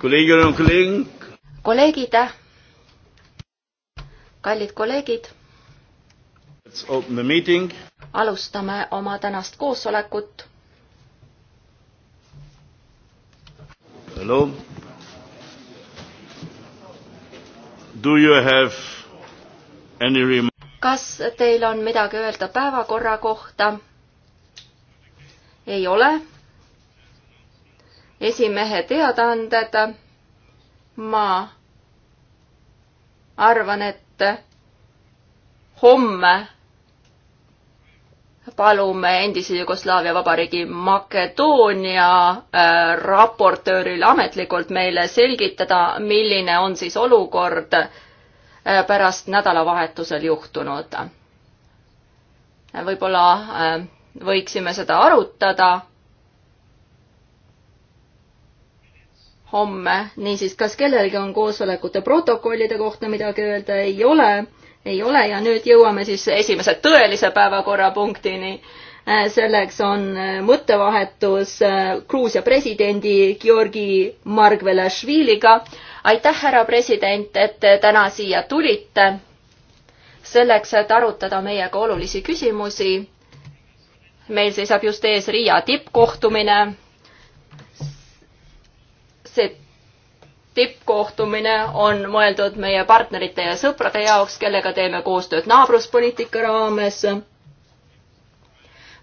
Kolleginnen und Kollegen. kolleegid, kallid kolleegid. alustame oma tänast koosolekut. Hello. Do you have any kas teil on midagi öelda päevakorra kohta? ei ole esimehe teadaanded. ma arvan, et homme palume endise Jugoslaavia Vabariigi Makedoonia äh, raportööril ametlikult meile selgitada, milline on siis olukord äh, pärast nädalavahetusel juhtunud. võib-olla äh, võiksime seda arutada homme. niisiis, kas kellelgi on koosolekute protokollide kohta midagi öelda? ei ole, ei ole ja nüüd jõuame siis esimese tõelise päevakorrapunktini. Äh, selleks on äh, mõttevahetus äh, Gruusia presidendi Georgi Margvelašviliga. aitäh, härra president, et te täna siia tulite selleks, et arutada meiega olulisi küsimusi. meil seisab just ees Riia tippkohtumine see tippkohtumine on mõeldud meie partnerite ja sõprade jaoks, kellega teeme koostööd naabruspoliitika raames.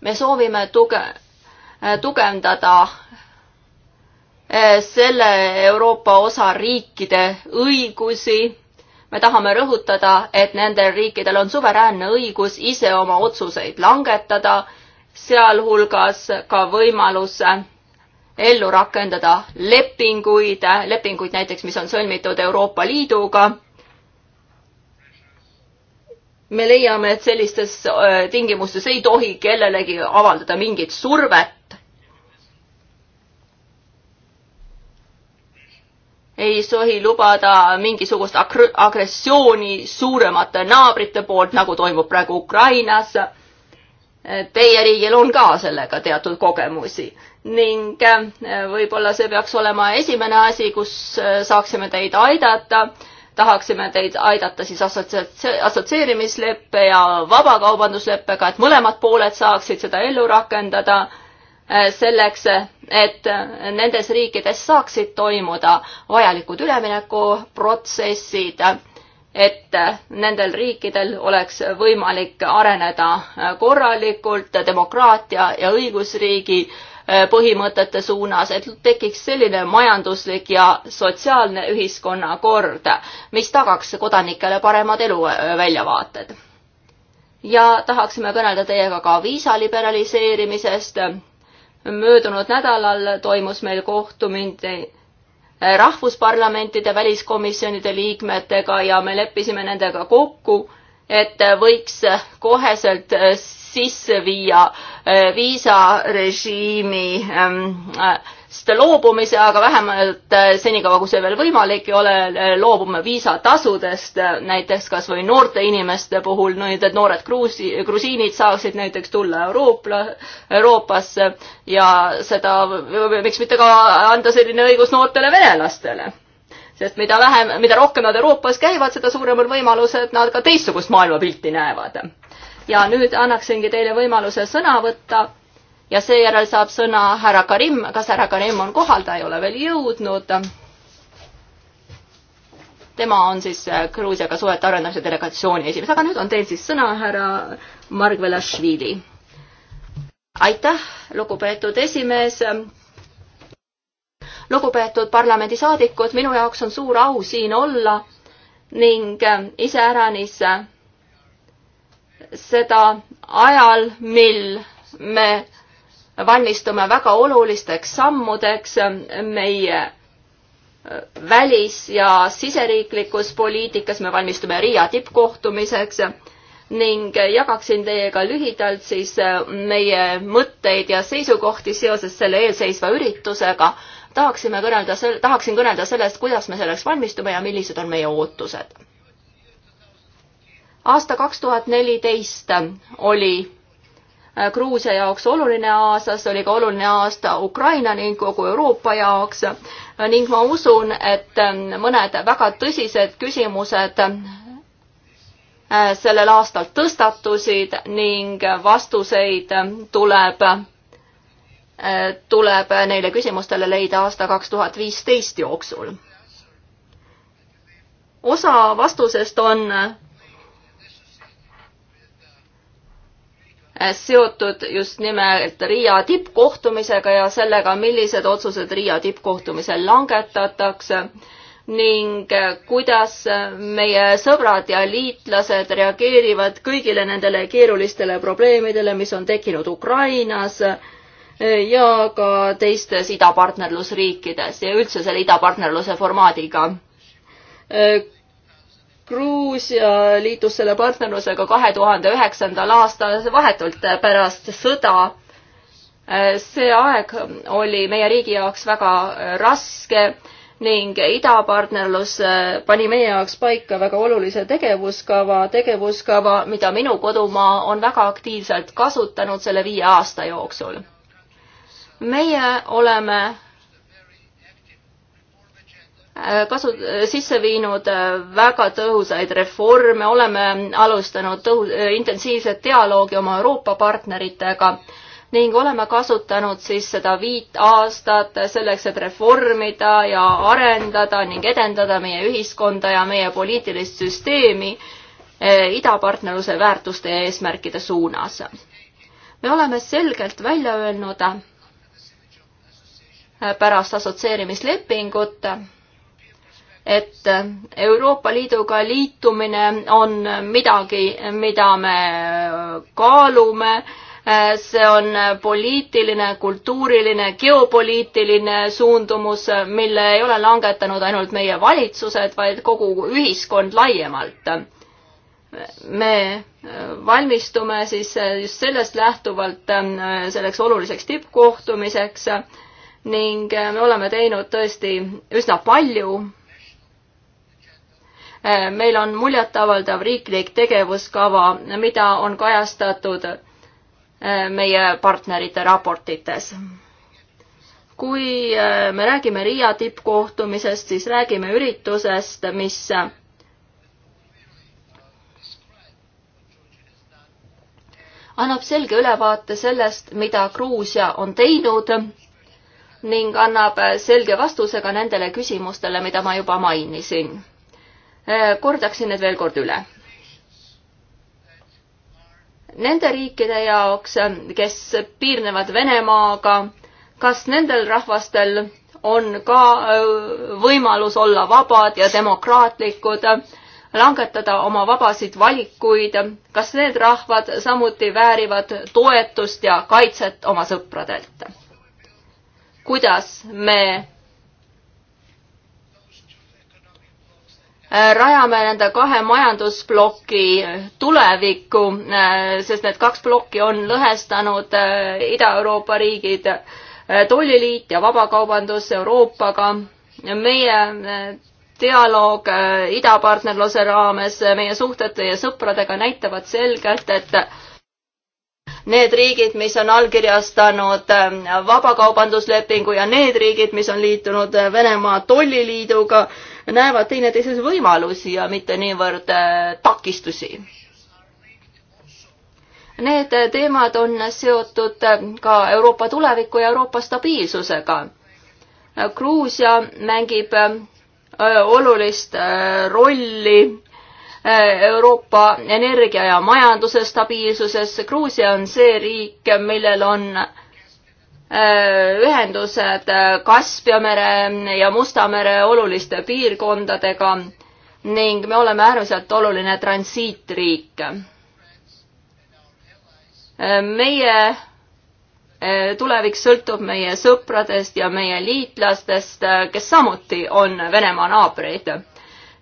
me soovime tuge-, tugevdada eh, selle Euroopa osa riikide õigusi. me tahame rõhutada, et nendel riikidel on suveräänne õigus ise oma otsuseid langetada, sealhulgas ka võimalus ellu rakendada lepinguid, lepinguid näiteks, mis on sõlmitud Euroopa Liiduga. me leiame, et sellistes äh, tingimustes ei tohi kellelegi avaldada mingit survet. ei tohi lubada mingisugust agressiooni suuremate naabrite poolt, nagu toimub praegu Ukrainas teie riigil on ka sellega teatud kogemusi ning äh, võib-olla see peaks olema esimene asi, kus äh, saaksime teid aidata. tahaksime teid aidata siis assotsieerimisleppe ja vabakaubandusleppega, et mõlemad pooled saaksid seda ellu rakendada äh, selleks, et nendes riikides saaksid toimuda vajalikud üleminekuprotsessid et nendel riikidel oleks võimalik areneda korralikult demokraatia ja õigusriigi eh, põhimõtete suunas, et tekiks selline majanduslik ja sotsiaalne ühiskonnakord, mis tagaks kodanikele paremad eluväljavaated. Eh, ja tahaksime kõnelda teiega ka viisa liberaliseerimisest. möödunud nädalal toimus meil kohtumine rahvusparlamentide väliskomisjonide liikmetega ja me leppisime nendega kokku, et võiks koheselt sisse viia eh, viisarežiimi ähm, loobumise, aga vähemalt äh, senikaua, kui see veel võimalik ei ole, äh, loobume viisatasudest äh, näiteks kas või noorte inimeste puhul, no et noored gruusi-, grusiinid saaksid näiteks tulla Euroopla, Euroopasse ja seda, miks mitte ka anda selline õigus noortele venelastele sest mida vähem, mida rohkem nad Euroopas käivad, seda suurem on võimalus, et nad ka teistsugust maailmapilti näevad. ja nüüd annaksingi teile võimaluse sõna võtta ja seejärel saab sõna härra Karim, kas härra Karim on kohal, ta ei ole veel jõudnud. tema on siis äh, Gruusiaga suhete arendamise delegatsiooni esimees, aga nüüd on teil siis sõna, härra Margvelašvili. aitäh, lugupeetud esimees lugupeetud parlamendisaadikud, minu jaoks on suur au siin olla ning äh, iseäranis äh, seda ajal, mil me valmistume väga olulisteks sammudeks meie välis- ja siseriiklikus poliitikas, me valmistume Riia tippkohtumiseks ning jagaksin teiega lühidalt siis meie mõtteid ja seisukohti seoses selle eelseisva üritusega. tahaksime kõnelda, tahaksin kõnelda sellest, kuidas me selleks valmistume ja millised on meie ootused. aasta kaks tuhat neliteist oli Äh, Gruusia jaoks oluline aasta, see oli ka oluline aasta Ukraina ning kogu Euroopa jaoks äh, ning ma usun, et ähm, mõned väga tõsised küsimused äh, sellel aastal tõstatusid ning vastuseid ähm, tuleb, tuleb neile küsimustele leida aasta kaks tuhat viisteist jooksul. osa vastusest on Äh, seotud just nimelt Riia tippkohtumisega ja sellega, millised otsused Riia tippkohtumisel langetatakse ning äh, kuidas äh, meie sõbrad ja liitlased reageerivad kõigile nendele keerulistele probleemidele, mis on tekkinud Ukrainas ja ka teistes idapartnerlusriikides ja üldse selle idapartnerluse formaadiga Gruusia liitus selle partnerlusega kahe tuhande üheksandal aastal, vahetult pärast sõda. see aeg oli meie riigi jaoks väga raske ning idapartnerlus pani meie jaoks paika väga olulise tegevuskava, tegevuskava, mida minu kodumaa on väga aktiivselt kasutanud selle viie aasta jooksul. meie oleme kasu, sisse viinud äh, väga tõhusaid reforme, oleme alustanud tõhu-, äh, intensiivset dialoogi oma Euroopa partneritega ning oleme kasutanud siis seda viit aastat selleks, et reformida ja arendada ning edendada meie ühiskonda ja meie poliitilist süsteemi äh, idapartnerluse väärtuste ja eesmärkide suunas. me oleme selgelt välja öelnud pärast assotsieerimislepingut, et Euroopa Liiduga liitumine on midagi, mida me kaalume. see on poliitiline, kultuuriline, geopoliitiline suundumus, mille ei ole langetanud ainult meie valitsused, vaid kogu ühiskond laiemalt. me valmistume siis just sellest lähtuvalt selleks oluliseks tippkohtumiseks ning me oleme teinud tõesti üsna palju meil on muljetavaldav riiklik tegevuskava, mida on kajastatud äh, meie partnerite raportites. kui äh, me räägime Riia tippkohtumisest, siis räägime üritusest, mis annab selge ülevaate sellest, mida Gruusia on teinud ning annab selge vastuse ka nendele küsimustele, mida ma juba mainisin Äh, kordaksin need veel kord üle. Nende riikide jaoks, kes piirnevad Venemaaga, kas nendel rahvastel on ka äh, võimalus olla vabad ja demokraatlikud, langetada oma vabasid valikuid, kas need rahvad samuti väärivad toetust ja kaitset oma sõpradelt? kuidas me Äh, rajame nende kahe majandusploki äh, tulevikku, äh, sest need kaks plokki on lõhestanud Ida-Euroopa riigid, tolliliit ja vabakaubandus Euroopaga. meie dialoog idapartnerluse raames meie suhtete ja sõpradega näitavad selgelt, et need riigid, mis on allkirjastanud vabakaubanduslepingu ja need riigid, mis on liitunud Venemaa tolliliiduga, näevad teineteises võimalusi ja mitte niivõrd äh, takistusi. Need äh, teemad on seotud äh, ka Euroopa tuleviku ja Euroopa stabiilsusega. Gruusia mängib olulist rolli Euroopa energia ja majanduse stabiilsuses. Gruusia on see riik, millel on äh, Äh, ühendused äh, Kaspia mere ja Musta mere oluliste piirkondadega ning me oleme äärmiselt oluline transiitriik. Äh, meie tulevik sõltub meie sõpradest ja meie liitlastest, kes samuti on Venemaa naabreid.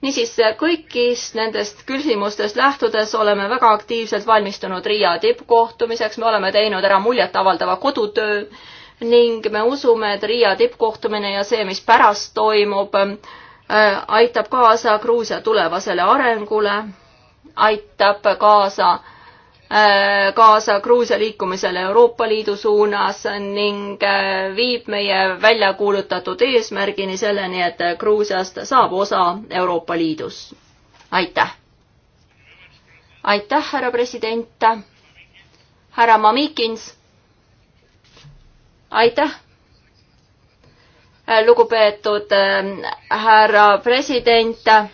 niisiis, kõigist nendest küsimustest lähtudes oleme väga aktiivselt valmistunud Riia tippkohtumiseks, me oleme teinud ära muljetavaldava kodutöö ning me usume, et Riia tippkohtumine ja see, mis pärast toimub, äh, aitab kaasa Gruusia tulevasele arengule, aitab kaasa äh, kaasa Gruusia liikumisele Euroopa Liidu suunas ning äh, viib meie välja kuulutatud eesmärgini selleni, et Gruusiast saab osa Euroopa Liidus. aitäh! aitäh, härra president! härra Mamikins aitäh lugupeetud ähm, härra president, äh,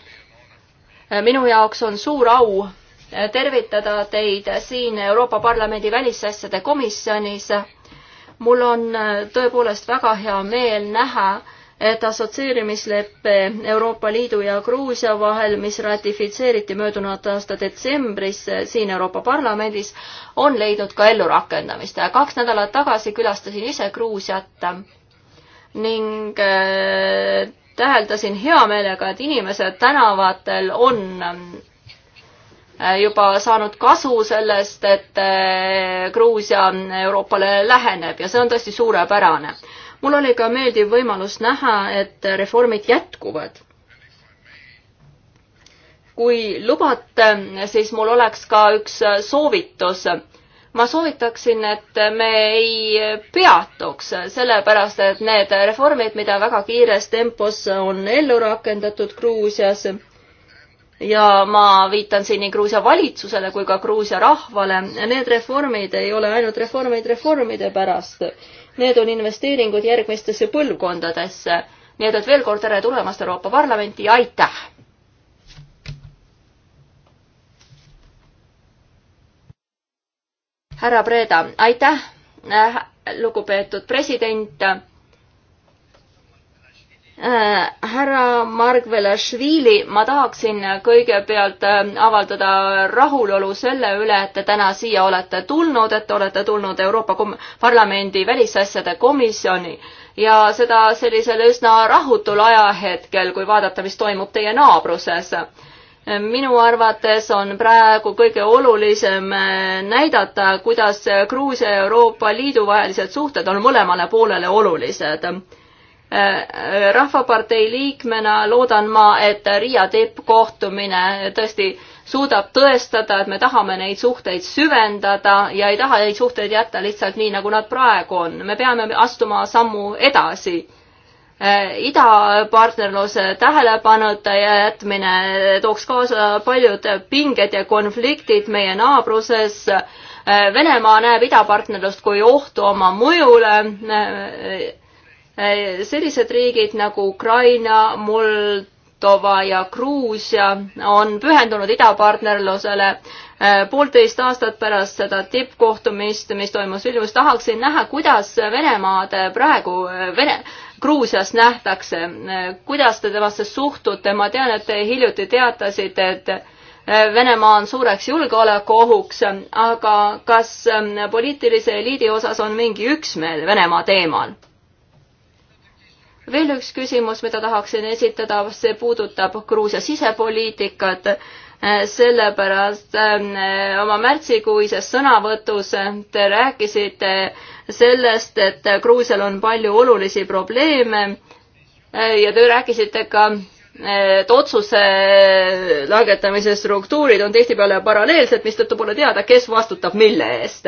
minu jaoks on suur au äh, tervitada teid siin Euroopa Parlamendi välisasjade komisjonis. mul on äh, tõepoolest väga hea meel näha, et assotsieerimislepe Euroopa Liidu ja Gruusia vahel, mis ratifitseeriti möödunud aasta detsembris siin Euroopa Parlamendis, on leidnud ka ellurakendamist. kaks nädalat tagasi külastasin ise Gruusiat ning äh, täheldasin hea meelega, et inimesed tänavatel on äh, juba saanud kasu sellest, et äh, Gruusia Euroopale läheneb ja see on tõesti suurepärane mul oli ka meeldiv võimalus näha, et reformid jätkuvad. kui lubate, siis mul oleks ka üks soovitus ma soovitaksin, et me ei peatuks, sellepärast et need reformid, mida väga kiires tempos on ellu rakendatud Gruusias ja ma viitan siin nii Gruusia valitsusele kui ka Gruusia rahvale, need reformid ei ole ainult reformid reformide pärast need on investeeringud järgmistesse põlvkondadesse. nii et, et veel kord tere tulemast Euroopa Parlamenti ja aitäh! härra Breda, aitäh, äh, lugupeetud president Äh, härra Marg Velašvili, ma tahaksin kõigepealt äh, avaldada rahulolu selle üle, et te täna siia olete tulnud, et te olete tulnud Euroopa Kom Parlamendi välisasjade komisjoni ja seda sellisel üsna rahutul ajahetkel, kui vaadata, mis toimub teie naabruses minu arvates on praegu kõige olulisem äh, näidata, kuidas Gruusia ja Euroopa Liidu vahelised suhted on mõlemale poolele olulised rahvapartei liikmena loodan ma, et Riia tippkohtumine tõesti suudab tõestada, et me tahame neid suhteid süvendada ja ei taha neid suhteid jätta lihtsalt nii, nagu nad praegu on. me peame astuma sammu edasi. idapartnerluse tähelepanuta jätmine tooks kaasa paljud pinged ja konfliktid meie naabruses Venemaa näeb idapartnerlust kui ohtu oma mõjule. Äh, sellised riigid nagu Ukraina, Moldova ja Gruusia on pühendunud idapartnerlusele. Äh, poolteist aastat pärast seda tippkohtumist, mis toimus Vilnius, tahaksin näha, kuidas Venemaad praegu, äh, Vene, Gruusias nähtakse, kuidas te temasse suhtute, ma tean, et te hiljuti teatasite, et Venemaa on suureks julgeolekuohuks, aga kas poliitilise eliidi osas on mingi üksmeel Venemaa teemal? veel üks küsimus, mida tahaksin esitada, see puudutab Gruusia sisepoliitikat, sellepärast ähm, oma märtsikuises sõnavõtus te rääkisite sellest, et Gruusial on palju olulisi probleeme äh, ja te rääkisite ka et otsuse langetamise struktuurid on tihtipeale paralleelsed, mistõttu pole teada, kes vastutab mille eest.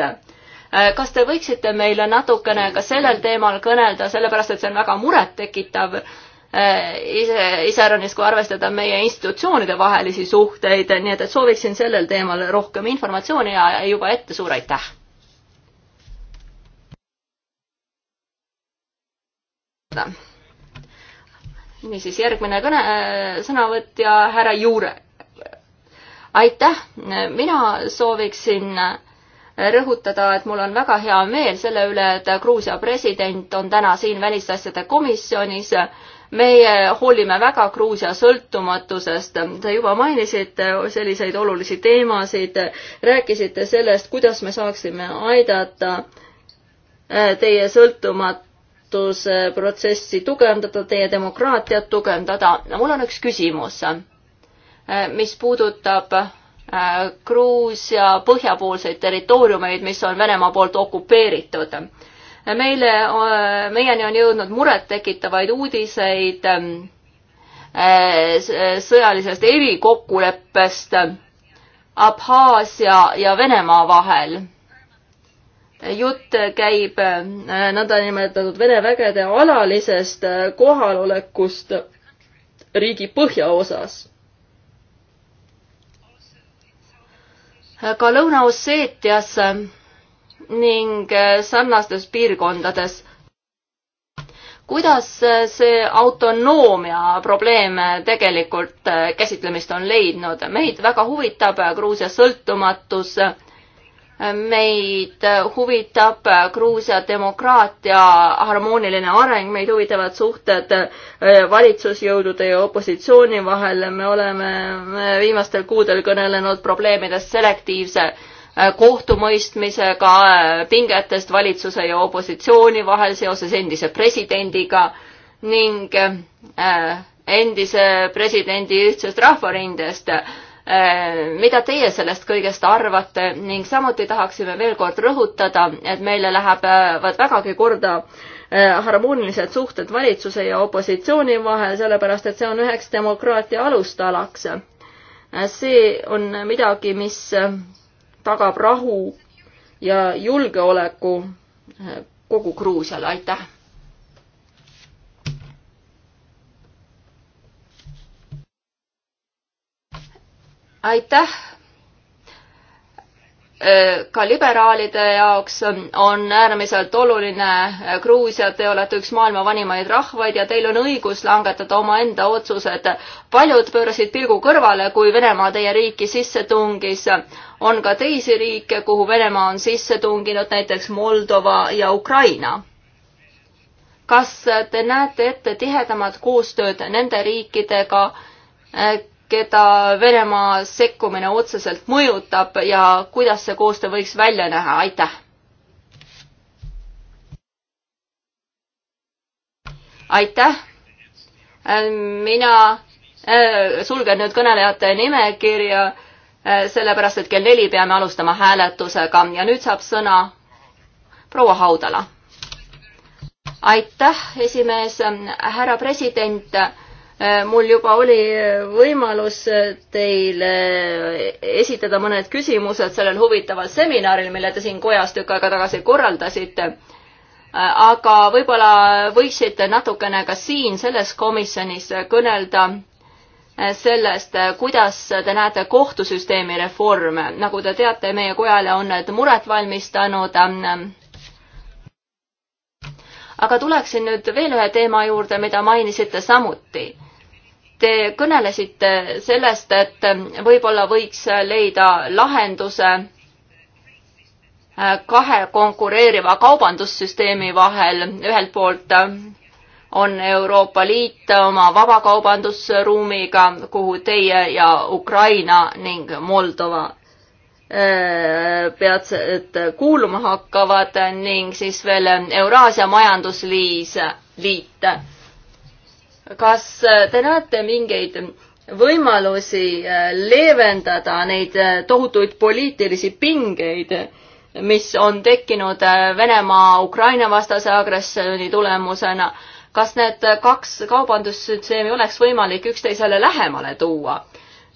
Äh, kas te võiksite meile natukene ka sellel teemal kõnelda, sellepärast et see on väga murettekitav äh, ise, iseäranis, kui arvestada meie institutsioonide vahelisi suhteid, nii et, et sooviksin sellel teemal rohkem informatsiooni ja juba ette suur aitäh! niisiis, järgmine kõne, äh, sõnavõtja härra Juure. aitäh, mina sooviksin äh, rõhutada, et mul on väga hea meel selle üle, et Gruusia president on täna siin välisasjade komisjonis. meie hoolime väga Gruusia sõltumatusest. Te juba mainisite selliseid olulisi teemasid, rääkisite sellest, kuidas me saaksime aidata äh, teie sõltumatuse protsessi tugevdada, teie demokraatiat tugevdada. mul on üks küsimus, äh, mis puudutab Äh, Gruusia põhjapoolseid territooriumeid, mis on Venemaa poolt okupeeritud. meile, äh, meieni on jõudnud murettekitavaid uudiseid ähm, äh, sõjalisest erikokkuleppest Abhaasia ja Venemaa vahel. jutt käib nõndanimetatud Vene vägede alalisest kohalolekust riigi põhjaosas ka Lõuna-Osseetias ning sarnastes piirkondades. kuidas see autonoomia probleem tegelikult käsitlemist on leidnud? meid väga huvitab Gruusia sõltumatus meid huvitab Gruusia demokraatia harmooniline areng, meid huvitavad suhted äh, valitsusjõudude ja opositsiooni vahel, me oleme äh, viimastel kuudel kõnelenud probleemidest selektiivse äh, kohtumõistmisega, pingetest valitsuse ja opositsiooni vahel seoses endise presidendiga ning endise presidendi ühtsest rahvarindest Äh, mida teie sellest kõigest arvate ning samuti tahaksime veel kord rõhutada, et meile lähevad vägagi korda äh, harmoonilised suhted valitsuse ja opositsiooni vahel, sellepärast et see on üheks demokraatia alustalaks. Äh, see on midagi, mis tagab rahu ja julgeoleku kogu Gruusiale, aitäh! aitäh! ka liberaalide jaoks on äärmiselt oluline Gruusia, te olete üks maailma vanimaid rahvaid ja teil on õigus langetada omaenda otsused. paljud pöörasid pilgu kõrvale, kui Venemaa teie riiki sisse tungis. on ka teisi riike, kuhu Venemaa on sisse tunginud, näiteks Moldova ja Ukraina. kas te näete ette tihedamat koostööd nende riikidega, keda Venemaa sekkumine otseselt mõjutab ja kuidas see koostöö võiks välja näha, aitäh! aitäh! mina äh, sulgen nüüd kõnelejate nimekirja, äh, sellepärast et kell neli peame alustama hääletusega ja nüüd saab sõna proua Haudala. aitäh, esimees, härra president Äh, mul juba oli äh, võimalus äh, teile esitada mõned küsimused sellel huvitaval seminaril, mille te siin kojas tükk aega tagasi korraldasite. aga võib-olla võiksite natukene ka siin selles komisjonis kõnelda sellest, kuidas te näete kohtusüsteemi reforme. nagu te teate, meie kojale on need muret valmistanud ähm, aga tuleksin nüüd veel ühe teema juurde, mida mainisite samuti. Te kõnelesite sellest, et võib-olla võiks leida lahenduse äh, kahe konkureeriva kaubandussüsteemi vahel, ühelt poolt on Euroopa Liit oma vabakaubandusruumiga, kuhu teie ja Ukraina ning Moldova äh, peatselt kuuluma hakkavad ning siis veel Euraasia Majandusliis, liit kas äh, te näete mingeid võimalusi äh, leevendada neid äh, tohutuid poliitilisi pingeid, mis on tekkinud Venemaa Ukraina vastase agressiooni tulemusena. kas need kaks kaubandussüsteemi oleks võimalik üksteisele lähemale tuua?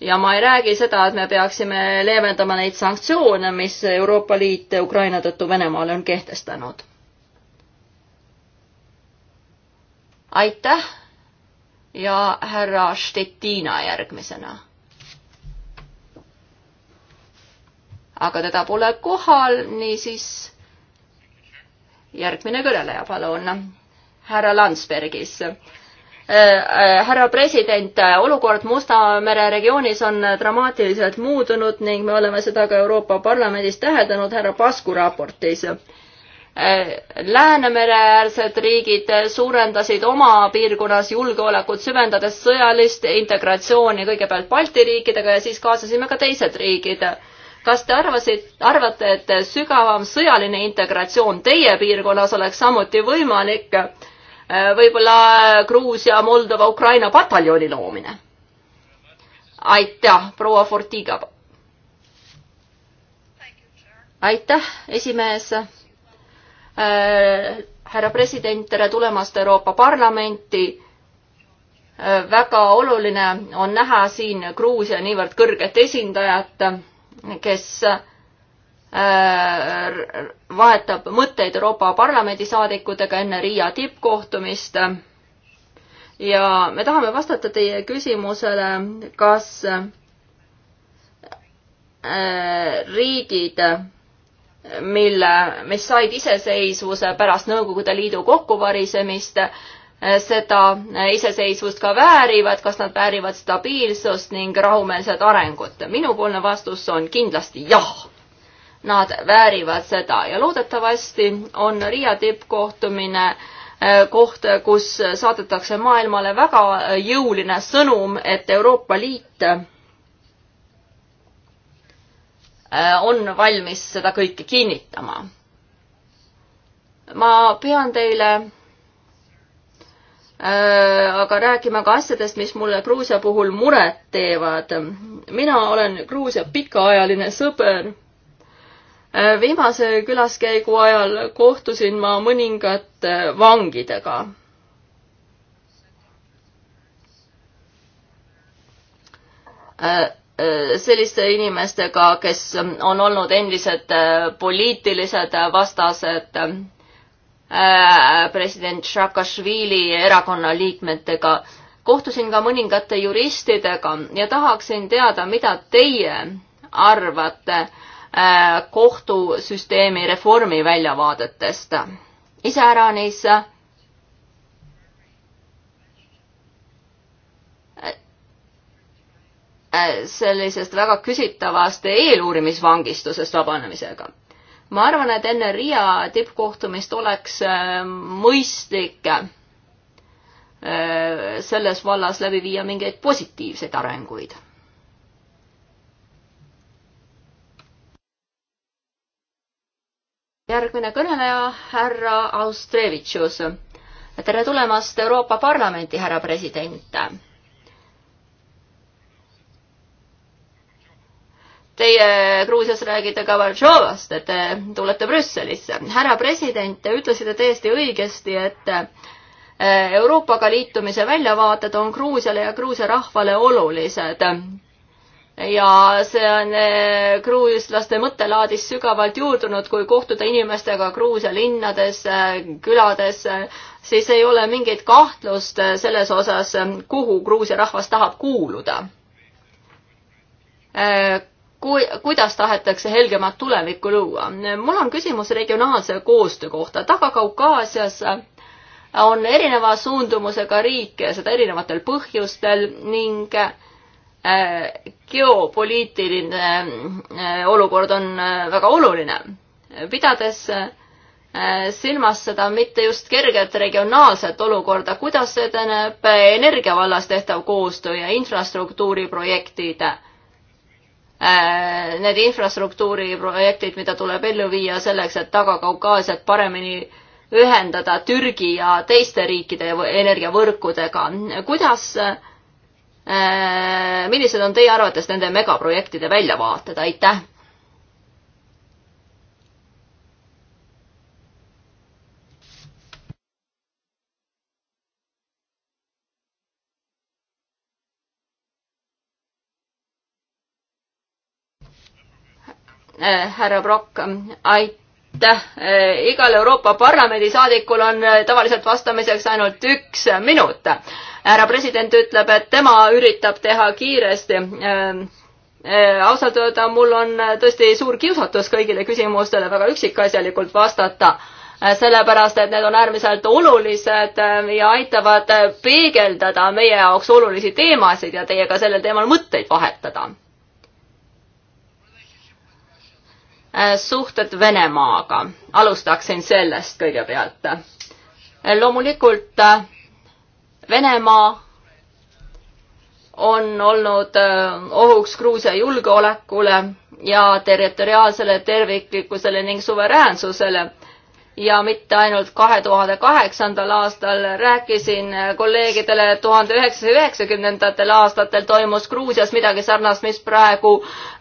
ja ma ei räägi seda, et me peaksime leevendama neid sanktsioone, mis Euroopa Liit Ukraina tõttu Venemaale on kehtestanud. aitäh ja härra Stettina järgmisena. aga teda pole kohal, niisiis järgmine kõneleja, palun. härra Landsbergis äh, äh, härra president, olukord Musta mere regioonis on dramaatiliselt muutunud ning me oleme seda ka Euroopa Parlamendis täheldanud härra Pasku raportis. Äh, Läänemere-äärsed riigid suurendasid oma piirkonnas julgeolekut, süvendades sõjalist integratsiooni kõigepealt Balti riikidega ja siis kaasasime ka teised riigid. kas te arvasid, arvate, et sügavam sõjaline integratsioon teie piirkonnas oleks samuti võimalik? Äh, võib-olla Gruusia, Moldova, Ukraina pataljoni loomine? aitäh, proua Fortiga. aitäh, esimees Äh, härra president, tere tulemast Euroopa Parlamenti. Äh, väga oluline on näha siin Gruusia niivõrd kõrget esindajat, kes äh, vahetab mõtteid Euroopa Parlamendi saadikutega enne Riia tippkohtumist. ja me tahame vastata teie küsimusele, kas riigid mille, mis said iseseisvuse pärast Nõukogude Liidu kokkuvarisemist, seda iseseisvust ka väärivad, kas nad väärivad stabiilsust ning rahumeelset arengut? minupoolne vastus on kindlasti jah. Nad väärivad seda ja loodetavasti on Riia tippkohtumine eh, koht, kus saadetakse maailmale väga jõuline sõnum, et Euroopa Liit Äh, on valmis seda kõike kinnitama. ma pean teile äh, aga rääkima ka asjadest, mis mulle Gruusia puhul muret teevad. mina olen Gruusia pikaajaline sõber. Äh, viimase külaskäigu ajal kohtusin ma mõningate vangidega. Äh, selliste inimestega, kes on olnud endised äh, poliitilised vastased äh, president Saakašvili erakonna liikmetega. kohtusin ka mõningate juristidega ja tahaksin teada, mida teie arvate kohtusüsteemi reformi väljavaadetest. iseäranis Äh, sellisest väga küsitavast eeluurimisvangistusest vabanemisega. ma arvan, et enne Riia tippkohtumist oleks äh, mõistlik äh, selles vallas läbi viia mingeid positiivseid arenguid. järgmine kõneleja, härra Austrevitšus. tere tulemast Euroopa Parlamenti, härra president Teie Gruusias räägite Kavartšovast, et te tulete Brüsselisse. härra president, te ütlesite täiesti õigesti, et eh, Euroopaga liitumise väljavaated on Gruusiale ja Gruusia rahvale olulised. ja see on eh, gruuslaste mõttelaadis sügavalt juurdunud, kui kohtuda inimestega Gruusia linnades, eh, külades, siis ei ole mingit kahtlust selles osas, kuhu Gruusia rahvas tahab kuuluda kui, kuidas tahetakse helgemat tulevikku luua. mul on küsimus regionaalse koostöö kohta. Taga-Kaukaasias on erineva suundumusega riike, seda erinevatel põhjustel ning äh, geopoliitiline äh, olukord on äh, väga oluline. pidades silmas seda mitte just kerget regionaalset olukorda, kuidas edeneb energia vallas tehtav koostöö ja infrastruktuuriprojektid Äh, need infrastruktuuriprojektid, mida tuleb ellu viia selleks, et Taga-Kaukaasiat paremini ühendada Türgi ja teiste riikide energiavõrkudega. kuidas, äh, millised on teie arvates nende megaprojektide väljavaated, aitäh? Eh, härra Brock, mm, aitäh. Eh, igal Euroopa Parlamendi saadikul on eh, tavaliselt vastamiseks ainult üks minut. härra president ütleb, et tema üritab teha kiiresti. ausalt öelda, mul on tõesti suur kiusatus kõigile küsimustele väga üksikasjalikult vastata sellepärast et need on äärmiselt olulised ja aitavad peegeldada meie jaoks olulisi teemasid ja teiega sellel teemal mõtteid vahetada Äh, suhted Venemaaga. alustaksin sellest kõigepealt. Äh, loomulikult äh, Venemaa on olnud ohuks Gruusia julgeolekule ja territoriaalsele terviklikkusele ning suveräänsusele ja mitte ainult kahe tuhande kaheksandal aastal, rääkisin kolleegidele, et tuhande üheksasaja üheksakümnendatel aastatel toimus Gruusias midagi sarnast, mis praegu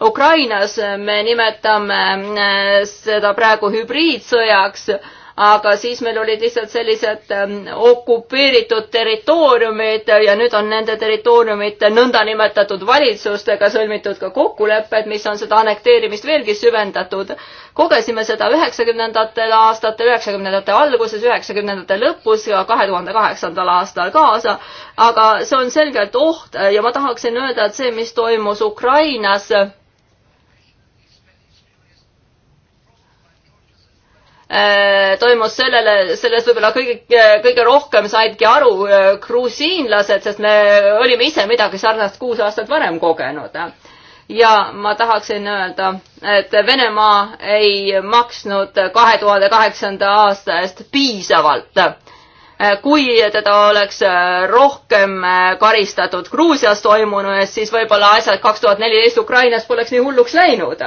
Ukrainas, me nimetame seda praegu hübriidsõjaks aga siis meil olid lihtsalt sellised ähm, okupeeritud territooriumid ja nüüd on nende territooriumite nõndanimetatud valitsustega sõlmitud ka kokkulepped, mis on seda annekteerimist veelgi süvendatud. kogesime seda üheksakümnendatel aastatel, üheksakümnendate alguses, üheksakümnendate lõpus ja kahe tuhande kaheksandal aastal kaasa, aga see on selgelt oht ja ma tahaksin öelda, et see, mis toimus Ukrainas, Äh, toimus sellele, sellest võib-olla kõige, kõige rohkem saidki aru grusiinlased, äh, sest me olime ise midagi sarnast kuus aastat varem kogenud. ja ma tahaksin öelda, et Venemaa ei maksnud kahe tuhande kaheksanda aasta eest piisavalt äh, kui teda oleks rohkem karistatud Gruusias toimunu eest, siis võib-olla asjad kaks tuhat neliteist Ukrainas poleks nii hulluks läinud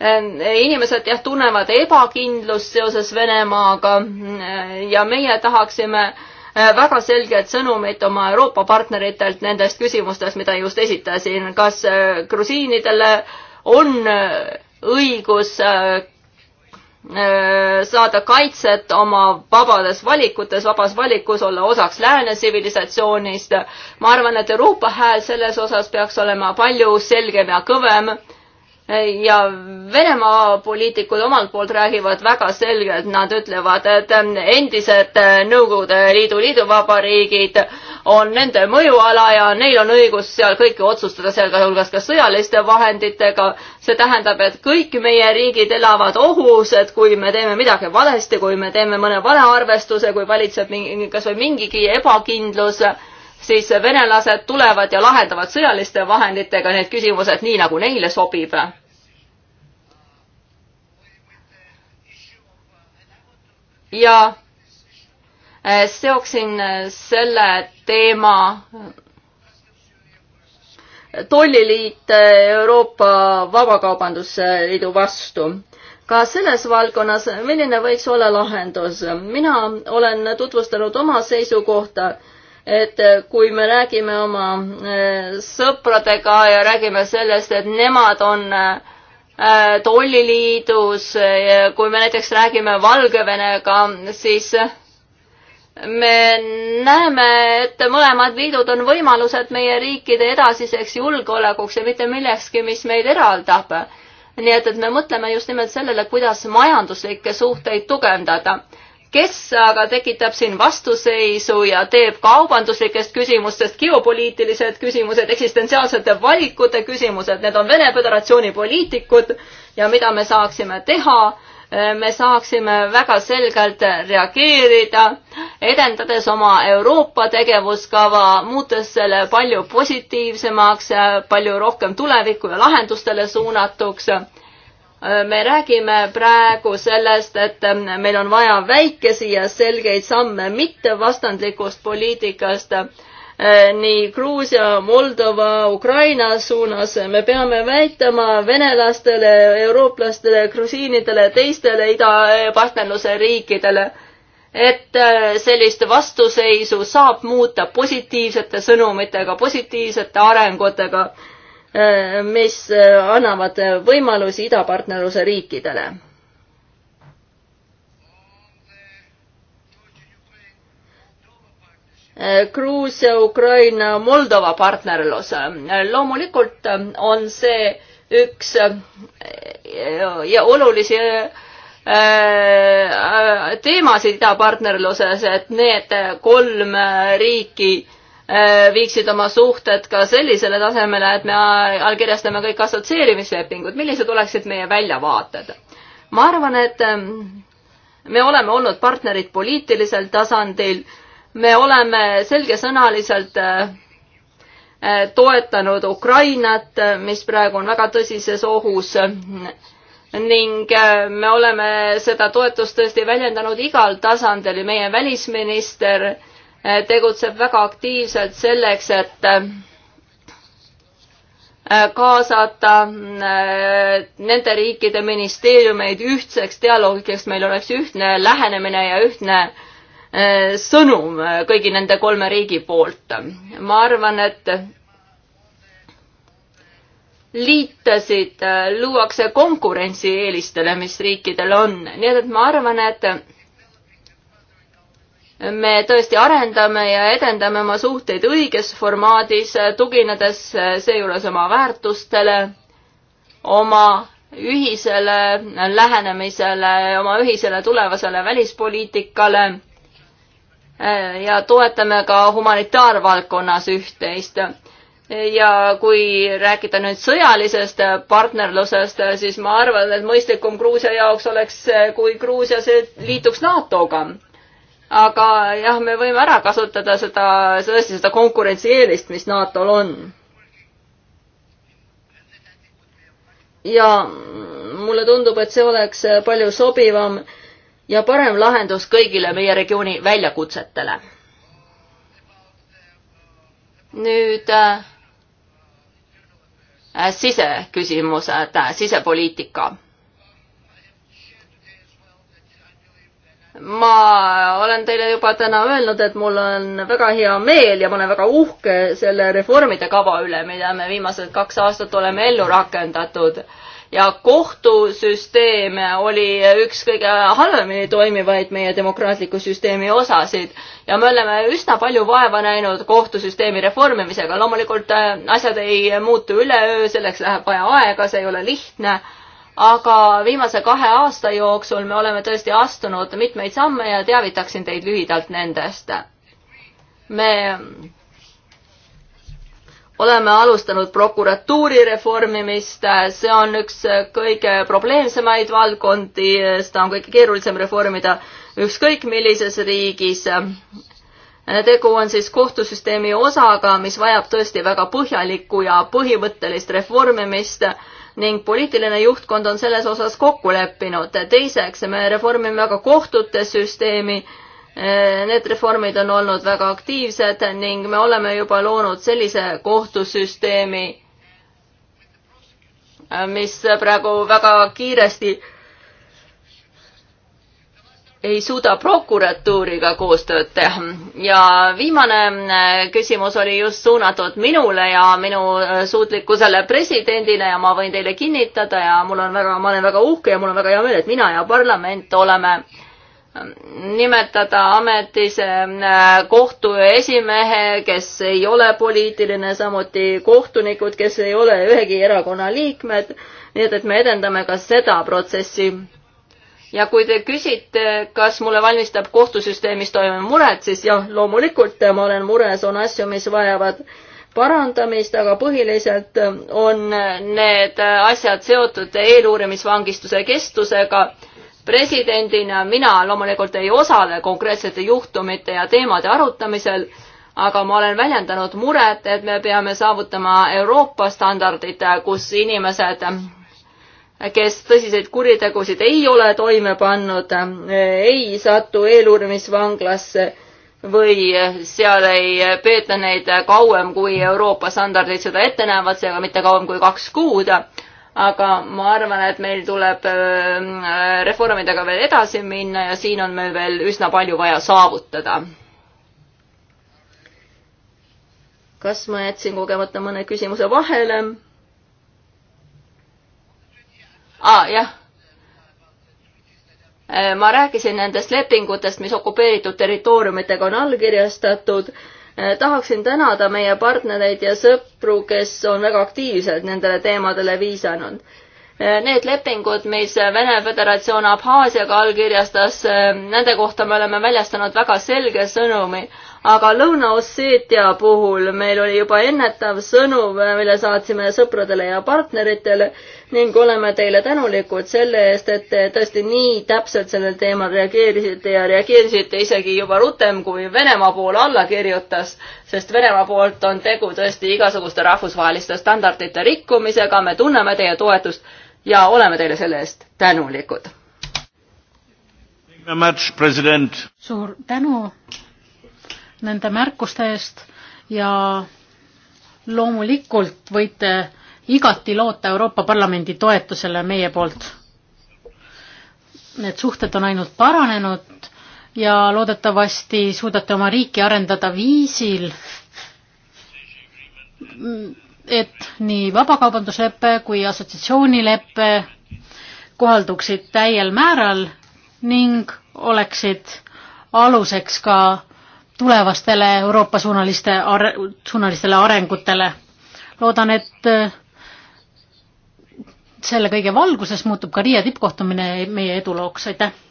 Ähm, inimesed jah, tunnevad ebakindlust seoses Venemaaga äh, ja meie tahaksime äh, väga selget sõnumit oma Euroopa partneritelt nendest küsimustest, mida just esitasin, kas äh, grusiinidele on õigus saada kaitset oma vabades valikutes, vabas valikus olla osaks lääne tsivilisatsioonist. ma arvan, et Euroopa hääl selles osas peaks olema palju selgem ja kõvem ja Venemaa poliitikud omalt poolt räägivad väga selgelt, nad ütlevad, et ähm, endised äh, Nõukogude Liidu liiduvabariigid on nende mõjuala ja neil on õigus seal kõike otsustada, sealhulgas ka sõjaliste vahenditega. see tähendab, et kõik meie riigid elavad ohus, et kui me teeme midagi valesti, kui me teeme mõne valearvestuse, kui valitseb mingi, kasvõi mingigi ebakindlus siis venelased tulevad ja lahendavad sõjaliste vahenditega need küsimused nii, nagu neile sobib. ja eh, seoksin eh, selle teema tolliliit eh, Euroopa Vabakaubandusliidu vastu. ka selles valdkonnas, milline võiks olla lahendus? mina olen tutvustanud oma seisukohta äh, et äh, kui me räägime oma äh, sõpradega ja räägime sellest, et nemad on äh, tolliliidus, kui me näiteks räägime Valgevenega, siis me näeme, et mõlemad liidud on võimalused meie riikide edasiseks julgeolekuks ja mitte millekski, mis meid eraldab. nii et, et me mõtleme just nimelt sellele, kuidas majanduslikke suhteid tugevdada kes aga tekitab siin vastuseisu ja teeb kaubanduslikest küsimustest geopoliitilised küsimused, eksistentsiaalsete valikute küsimused, need on Vene Föderatsiooni poliitikud ja mida me saaksime teha, me saaksime väga selgelt reageerida, edendades oma Euroopa tegevuskava, muutes selle palju positiivsemaks, palju rohkem tulevikku ja lahendustele suunatuks me räägime praegu sellest, et meil on vaja väikesi ja selgeid samme, mitte vastandlikust poliitikast eh, nii Gruusia, Moldova, Ukraina suunas. me peame väitama venelastele, eurooplastele, grusiinidele, teistele idapartnerluse riikidele, et eh, sellist vastuseisu saab muuta positiivsete sõnumitega, positiivsete arengutega Äh, mis äh, annavad võimalusi idapartnerluse riikidele. Äh, Gruusia, Ukraina, Moldova partnerlus. loomulikult on see üks ja olulisi teemasid idapartnerluses, et need kolm riiki Äh, viiksid oma suhted ka sellisele tasemele, et me allkirjastame kõik assotsieerimislepingud, millised oleksid meie väljavaated? ma arvan, et ähm, me oleme olnud partnerid poliitilisel tasandil, me oleme selgesõnaliselt äh, äh, toetanud Ukrainat, mis praegu on väga tõsises ohus ning me oleme seda toetust tõesti väljendanud igal tasandil, meie välisminister tegutseb väga aktiivselt selleks, et äh, kaasata äh, nende riikide ministeeriumeid ühtseks dialoogiks, meil oleks ühtne lähenemine ja ühtne äh, sõnum kõigi nende kolme riigi poolt. ma arvan, et liitasid luuakse konkurentsieelistele, mis riikidel on, nii et ma arvan, et me tõesti arendame ja edendame oma suhteid õiges formaadis, tuginedes eh, seejuures oma väärtustele, oma ühisele lähenemisele, oma ühisele tulevasele välispoliitikale eh, ja toetame ka humanitaarvaldkonnas üht-teist. ja kui rääkida nüüd sõjalisest partnerlusest, siis ma arvan, et mõistlikum Gruusia jaoks oleks, kui Gruusia liituks NATO-ga aga jah, me võime ära kasutada seda, tõesti seda konkurentsieelist, mis NATO-l on. ja mulle tundub, et see oleks palju sobivam ja parem lahendus kõigile meie regiooni väljakutsetele. nüüd äh, siseküsimused äh,, sisepoliitika ma olen teile juba täna öelnud, et mul on väga hea meel ja ma olen väga uhke selle reformide kava üle, mida me viimased kaks aastat oleme ellu rakendatud. ja kohtusüsteem oli üks kõige halvemini toimivaid meie demokraatliku süsteemi osasid ja me oleme üsna palju vaeva näinud kohtusüsteemi reformimisega. loomulikult äh, asjad ei muutu üleöö, selleks läheb vaja aega, see ei ole lihtne aga viimase kahe aasta jooksul me oleme tõesti astunud mitmeid samme ja teavitaksin teid lühidalt nendest. me oleme alustanud prokuratuuri reformimist, see on üks kõige probleemsemaid valdkondi, seda on kõige keerulisem reformida ükskõik millises riigis. tegu on siis kohtusüsteemi osaga, mis vajab tõesti väga põhjalikku ja põhimõttelist reformimist ning poliitiline juhtkond on selles osas kokku leppinud. teiseks, me reformime ka kohtute süsteemi. Need reformid on olnud väga aktiivsed ning me oleme juba loonud sellise kohtusüsteemi, mis praegu väga kiiresti ei suuda prokuratuuriga koostööd teha. ja viimane äh, küsimus oli just suunatud minule ja minu äh, suutlikkusele presidendina ja ma võin teile kinnitada ja mul on väga, ma olen väga uhke ja mul on väga hea meel, et mina ja parlament oleme ähm, nimetada ametisse äh, kohtu esimehe, kes ei ole poliitiline, samuti kohtunikud, kes ei ole ühegi erakonna liikmed. nii et, et me edendame ka seda protsessi ja kui te küsite, kas mulle valmistab kohtusüsteemis toimuv muret, siis jah, loomulikult ma olen mures, on asju, mis vajavad parandamist, aga põhiliselt on need asjad seotud eeluurimisvangistuse kestusega. presidendina mina loomulikult ei osale konkreetsete juhtumite ja teemade arutamisel, aga ma olen väljendanud muret, et me peame saavutama Euroopa standardid, kus inimesed kes tõsiseid kuritegusid ei ole toime pannud, ei satu eeluurimisvanglasse või seal ei peeta neid kauem, kui Euroopa standardid seda ette näevad, seega mitte kauem kui kaks kuud. aga ma arvan, et meil tuleb äh, reformidega veel edasi minna ja siin on meil veel üsna palju vaja saavutada. kas ma jätsin kogemata mõne küsimuse vahele? ah,. jah. Äh, ma rääkisin nendest lepingutest, mis okupeeritud territooriumitega on allkirjastatud. Äh, tahaksin tänada meie partnereid ja sõpru, kes on väga aktiivselt nendele teemadele viisanud äh, need lepingud, mis Vene Föderatsioon Abhaasiaga allkirjastas, nende kohta me oleme väljastanud väga selge sõnumi, aga Lõuna-Osseetia puhul meil oli juba ennetav sõnum, mille saatsime sõpradele ja partneritele ning oleme teile tänulikud selle eest, et te tõesti nii täpselt sellel teemal reageerisite ja reageerisite isegi juba rutem, kui Venemaa pool alla kirjutas, sest Venemaa poolt on tegu tõesti igasuguste rahvusvaheliste standardite rikkumisega, me tunneme teie toetust ja oleme teile selle eest tänulikud. suur tänu nende märkuste eest ja loomulikult võite igati loota Euroopa Parlamendi toetusele meie poolt. Need suhted on ainult paranenud ja loodetavasti suudate oma riiki arendada viisil, et nii vabakaubanduslepe kui assotsiatsioonilepe kohalduksid täiel määral ning oleksid aluseks ka tulevastele Euroopa suunaliste are,, suunalistele arengutele. loodan, et selle kõige valguses muutub ka Riia tippkohtumine meie edulooks, aitäh!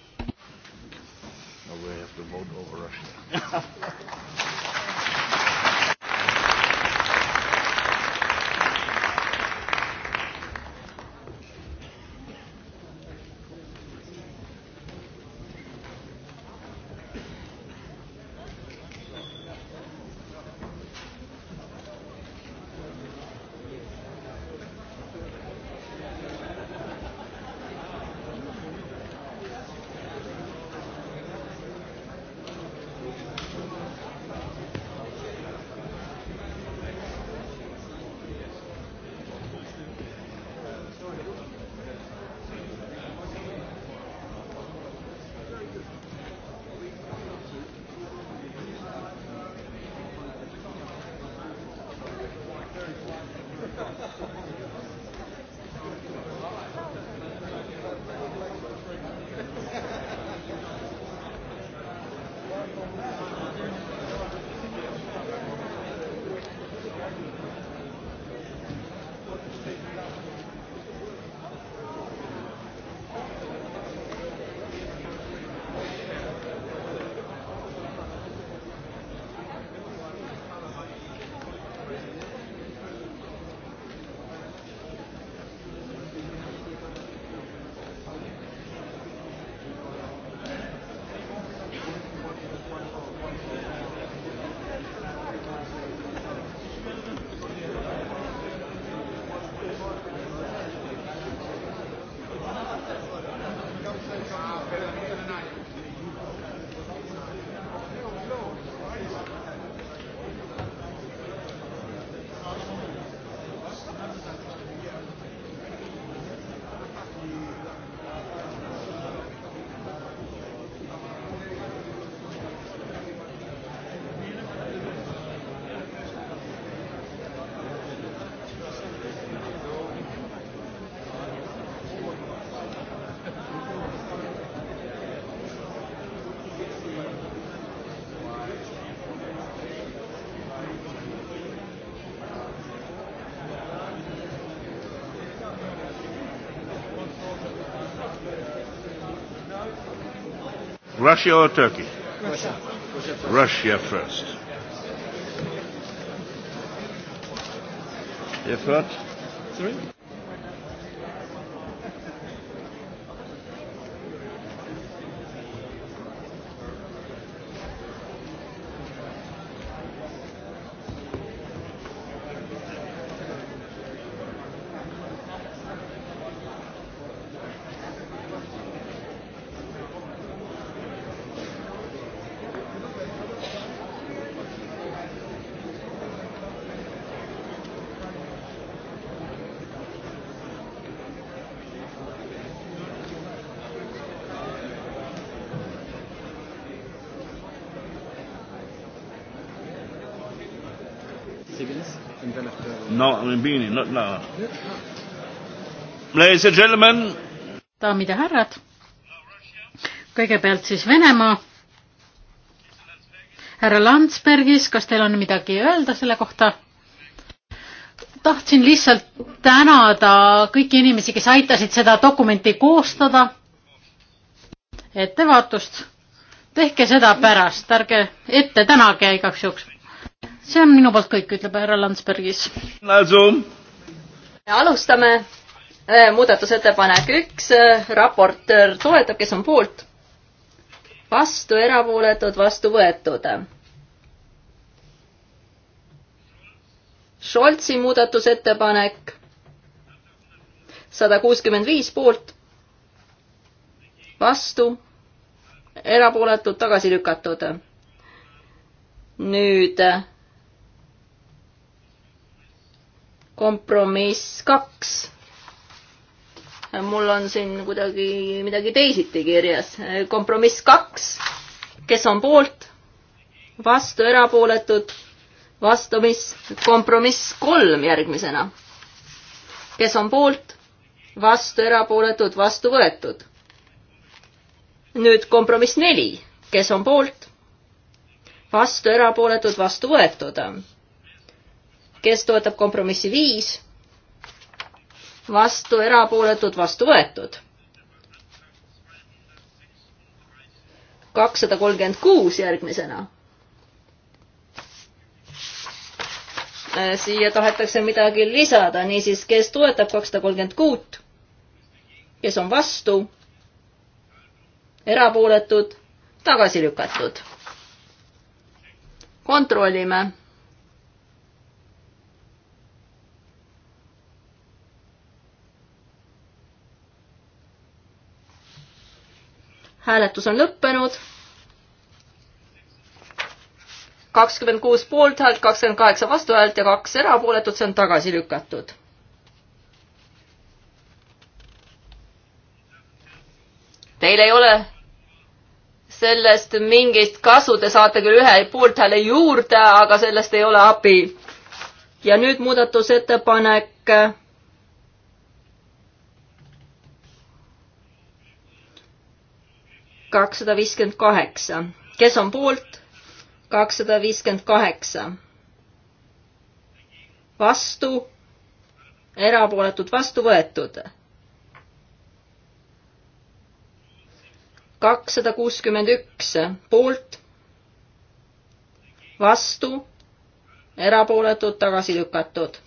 Russia or Turkey? Russia. Russia first. Ihr hört? Sorry? not now. Ladies and gentlemen. daamid ja härrad, kõigepealt siis Venemaa. härra Landsbergis, kas teil on midagi öelda selle kohta? tahtsin lihtsalt tänada kõiki inimesi, kes aitasid seda dokumenti koostada. ettevaatust, tehke seda pärast, ärge ette tänage igaks juhuks. see on minu poolt kõik, ütleb härra Landsbergis alustame. Äh, muudatusettepanek üks, äh, raportöör toetab, kes on poolt? vastu, erapooletud, vastu võetud. Scholzi muudatusettepanek sada kuuskümmend viis poolt, vastu, erapooletud, tagasi lükatud. nüüd kompromiss kaks. mul on siin kuidagi midagi teisiti kirjas. kompromiss kaks, kes on poolt, vastu, erapooletud, vastu, mis, kompromiss kolm järgmisena. kes on poolt, vastu, erapooletud, vastu võetud. nüüd kompromiss neli, kes on poolt, vastu, erapooletud, vastu võetud kes toetab kompromissi viis, vastu erapooletud, vastu võetud. kakssada kolmkümmend kuus järgmisena. Äh, siia tahetakse midagi lisada, niisiis, kes toetab kakssada kolmkümmend kuut, kes on vastu, erapooletud, tagasi lükatud. kontrollime hääletus on lõppenud. kakskümmend kuus poolthäält, kakskümmend kaheksa vastuhäält ja kaks erapooletut, see on tagasi lükatud. Teil ei ole sellest mingit kasu, te saate küll ühe poolthääle juurde, aga sellest ei ole abi. ja nüüd muudatusettepanek kakssada viiskümmend kaheksa. kes on poolt? kakssada viiskümmend kaheksa. vastu, erapooletud, vastu võetud. kakssada kuuskümmend üks poolt, vastu, erapooletud, tagasi lükatud.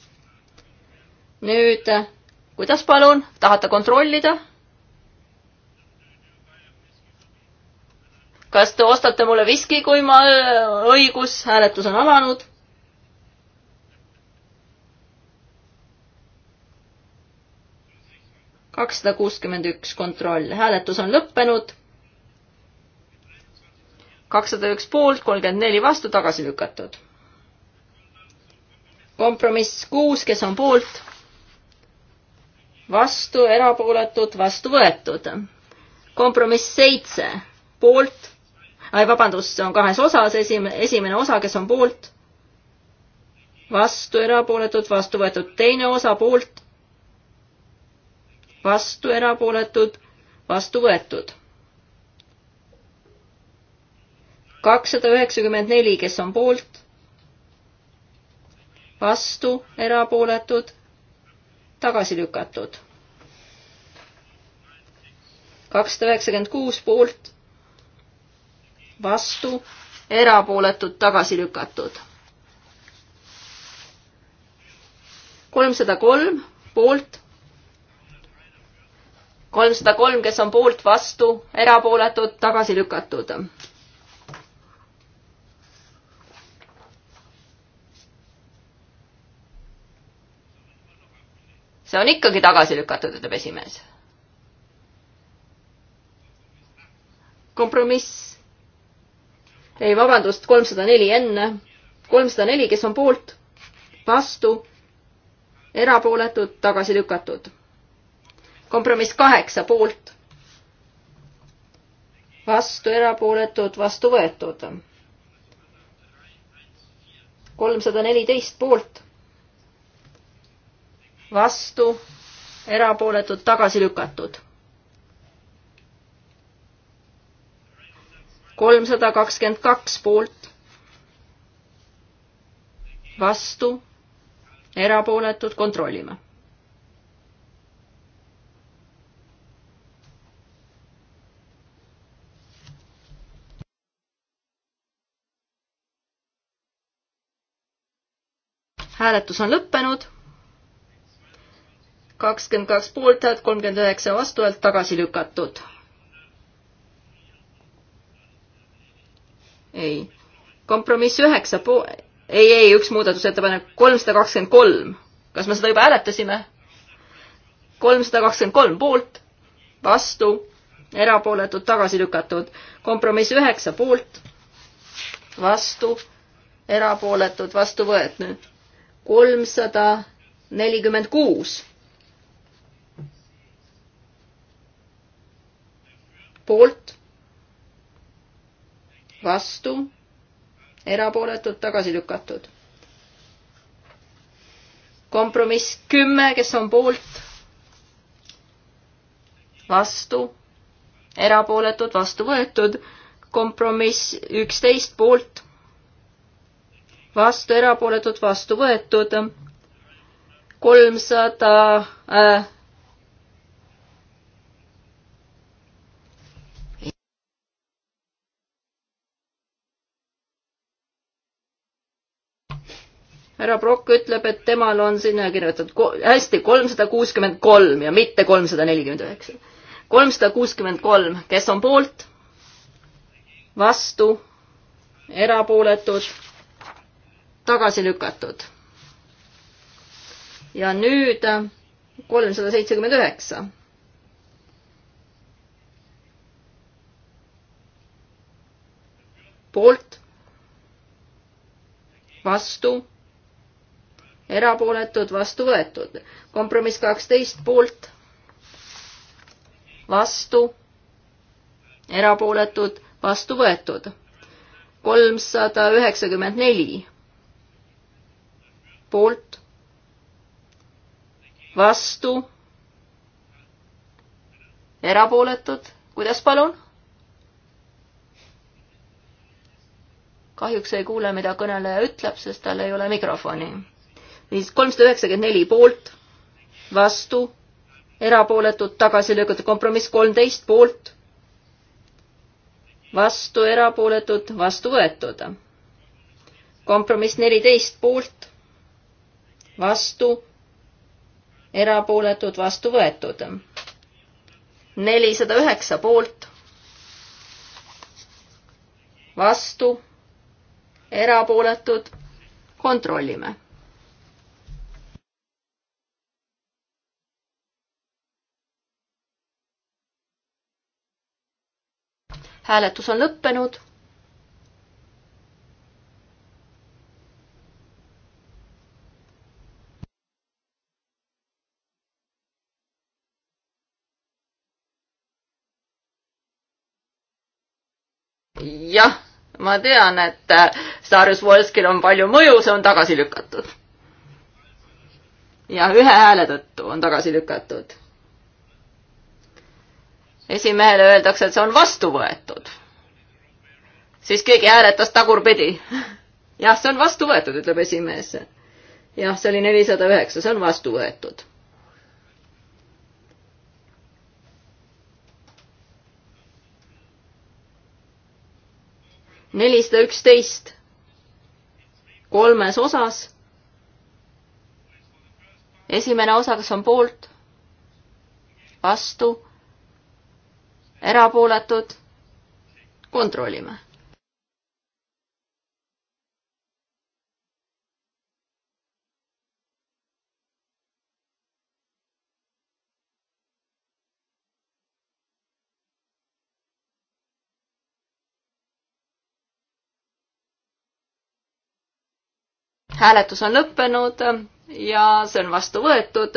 nüüd, kuidas palun, tahate kontrollida? kas te ostate mulle viski, kui ma, äh, õigus, hääletus on alanud. kakssada kuuskümmend üks kontroll, hääletus on lõppenud. kakssada üks poolt, kolmkümmend neli vastu, tagasi lükatud. kompromiss kuus, kes on poolt? vastu, erapooletud, vastu võetud. kompromiss seitse, poolt vabandust, see on kahes osas, esimene, esimene osa, kes on poolt, vastu erapooletud, vastu võetud, teine osa poolt, vastu erapooletud, vastu võetud. kakssada üheksakümmend neli, kes on poolt, vastu erapooletud, tagasi lükatud. kakssada üheksakümmend kuus poolt vastu, erapooletud, tagasi lükatud. kolmsada kolm poolt, kolmsada kolm, kes on poolt, vastu, erapooletud, tagasi lükatud. see on ikkagi tagasi lükatud, ütleb esimees. kompromiss ei, vabandust, kolmsada neli enne, kolmsada neli, kes on poolt, vastu, erapooletud, tagasi lükatud. kompromiss kaheksa poolt, vastu, erapooletud, vastu võetud. kolmsada neliteist poolt, vastu, erapooletud, tagasi lükatud kolmsada kakskümmend kaks poolt, vastu, erapooletud, kontrollime hääletus on lõppenud. kakskümmend kaks poolthäält, kolmkümmend üheksa vastuhäält tagasi lükatud. ei. kompromiss üheksa po-, ei, ei, üks muudatusettepanek, kolmsada kakskümmend kolm. kas me seda juba hääletasime? kolmsada kakskümmend kolm poolt, vastu, erapooletud, tagasi lükatud. kompromiss üheksa poolt, vastu, erapooletud, vastu võetud. kolmsada nelikümmend kuus poolt, vastu, erapooletud, tagasi lükatud. kompromiss kümme, kes on poolt, vastu, erapooletud, vastu võetud. kompromiss üksteist poolt, vastu, erapooletud, vastu võetud. kolmsada äh, härra Brock ütleb, et temal on sinna äh, kirjutatud hästi kolmsada kuuskümmend kolm ja mitte kolmsada nelikümmend üheksa. kolmsada kuuskümmend kolm, kes on poolt? vastu? erapooletud? tagasi lükatud? ja nüüd äh, kolmsada seitsekümmend üheksa poolt, vastu, erapooletud, vastu võetud. kompromiss kaksteist poolt, vastu, erapooletud, vastu võetud. kolmsada üheksakümmend neli poolt, vastu, erapooletud, kuidas palun? kahjuks ei kuule, mida kõneleja ütleb, sest tal ei ole mikrofoni viis, kolmsada üheksakümmend neli poolt, vastu, erapooletud, tagasi lükatud, kompromiss kolmteist poolt, vastu, erapooletud, vastu võetud. kompromiss neliteist poolt, vastu, erapooletud, vastu võetud. nelisada üheksa poolt, vastu, erapooletud, kontrollime hääletus on lõppenud. jah, ma tean, et äh, Sarjus Volskil on palju mõju, see on tagasi lükatud. jah, ühe hääle tõttu on tagasi lükatud esimehele öeldakse, et see on vastu võetud. siis keegi hääletas tagurpidi. jah, see on vastu võetud, ütleb esimees. jah, see oli nelisada üheksa, see on vastu võetud. nelisada üksteist kolmes osas. esimene osa, kas on poolt, vastu erapooletud, kontrollime. hääletus on lõppenud ja see on vastu võetud.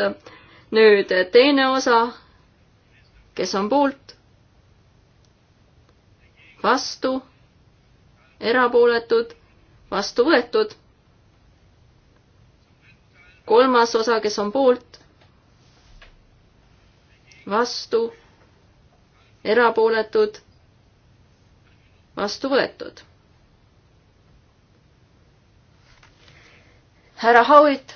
nüüd teine osa, kes on poolt, vastu, erapooletud, vastu võetud. kolmas osa, kes on poolt, vastu, erapooletud, vastu võetud. härra Howitt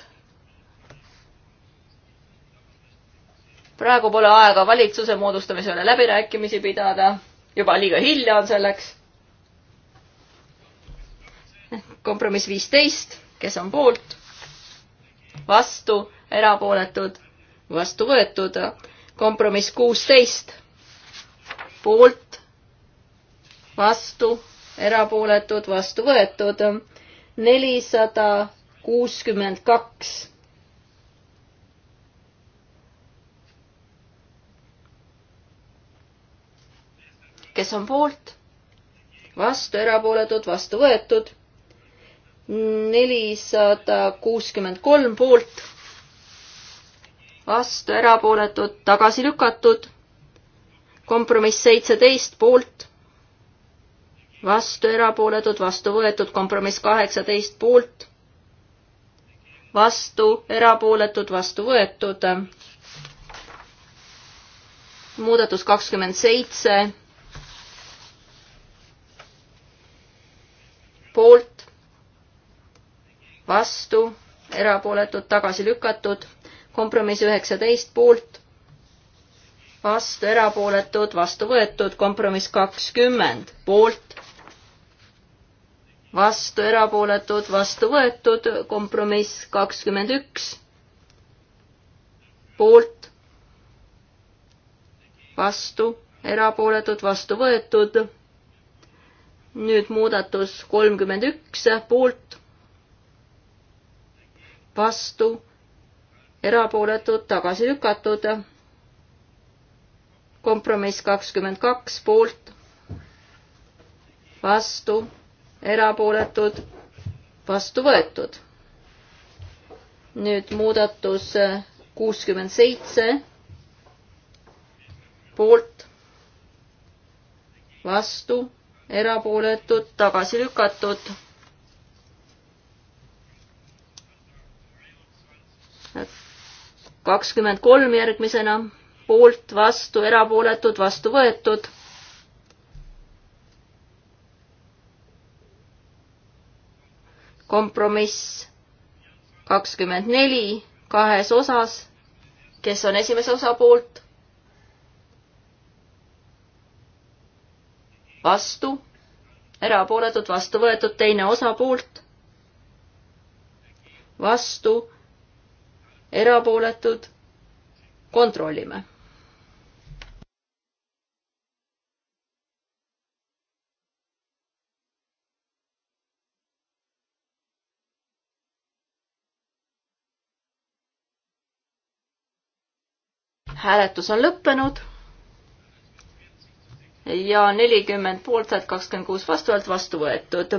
praegu pole aega valitsuse moodustamise üle läbirääkimisi pidada juba liiga hilja on selleks. kompromiss viisteist, kes on poolt, vastu, erapooletud, vastu võetud. kompromiss kuusteist, poolt, vastu, erapooletud, vastu võetud. nelisada kuuskümmend kaks kes on poolt, vastu, erapooletud, vastu võetud. nelisada kuuskümmend kolm poolt, vastu, erapooletud, tagasi lükatud. kompromiss seitseteist poolt, vastu, erapooletud, vastu võetud, kompromiss kaheksateist poolt vastu, erapooletud, vastu võetud. muudatus kakskümmend seitse poolt, vastu, erapooletud, tagasi lükatud, kompromiss üheksateist poolt, vastu, erapooletud, vastu võetud, kompromiss kakskümmend poolt, vastu, erapooletud, vastu võetud, kompromiss kakskümmend üks poolt, vastu, erapooletud, vastu võetud nüüd muudatus kolmkümmend üks poolt, vastu, erapooletud, tagasi lükatud. kompromiss kakskümmend kaks poolt, vastu, erapooletud, vastu võetud. nüüd muudatus kuuskümmend seitse poolt, vastu erapooletud, tagasi lükatud. kakskümmend kolm järgmisena, poolt, vastu, erapooletud, vastu võetud kompromiss kakskümmend neli kahes osas, kes on esimese osa poolt, vastu, erapooletud, vastu võetud, teine osa poolt, vastu, erapooletud, kontrollime. hääletus on lõppenud ja nelikümmend poolt häält, kakskümmend kuus vastuhäält vastu võetud.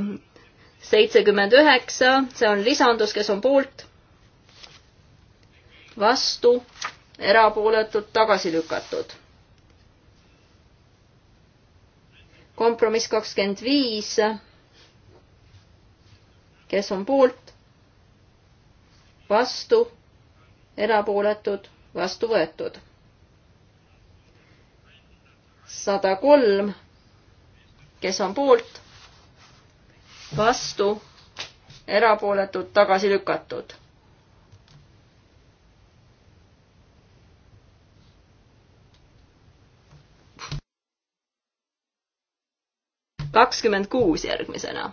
seitsekümmend üheksa, see on lisandus, kes on poolt, vastu, erapooletud, tagasi lükatud. kompromiss kakskümmend viis, kes on poolt, vastu, erapooletud, vastu võetud sada kolm, kes on poolt, vastu, erapooletud, tagasi lükatud. kakskümmend kuus järgmisena.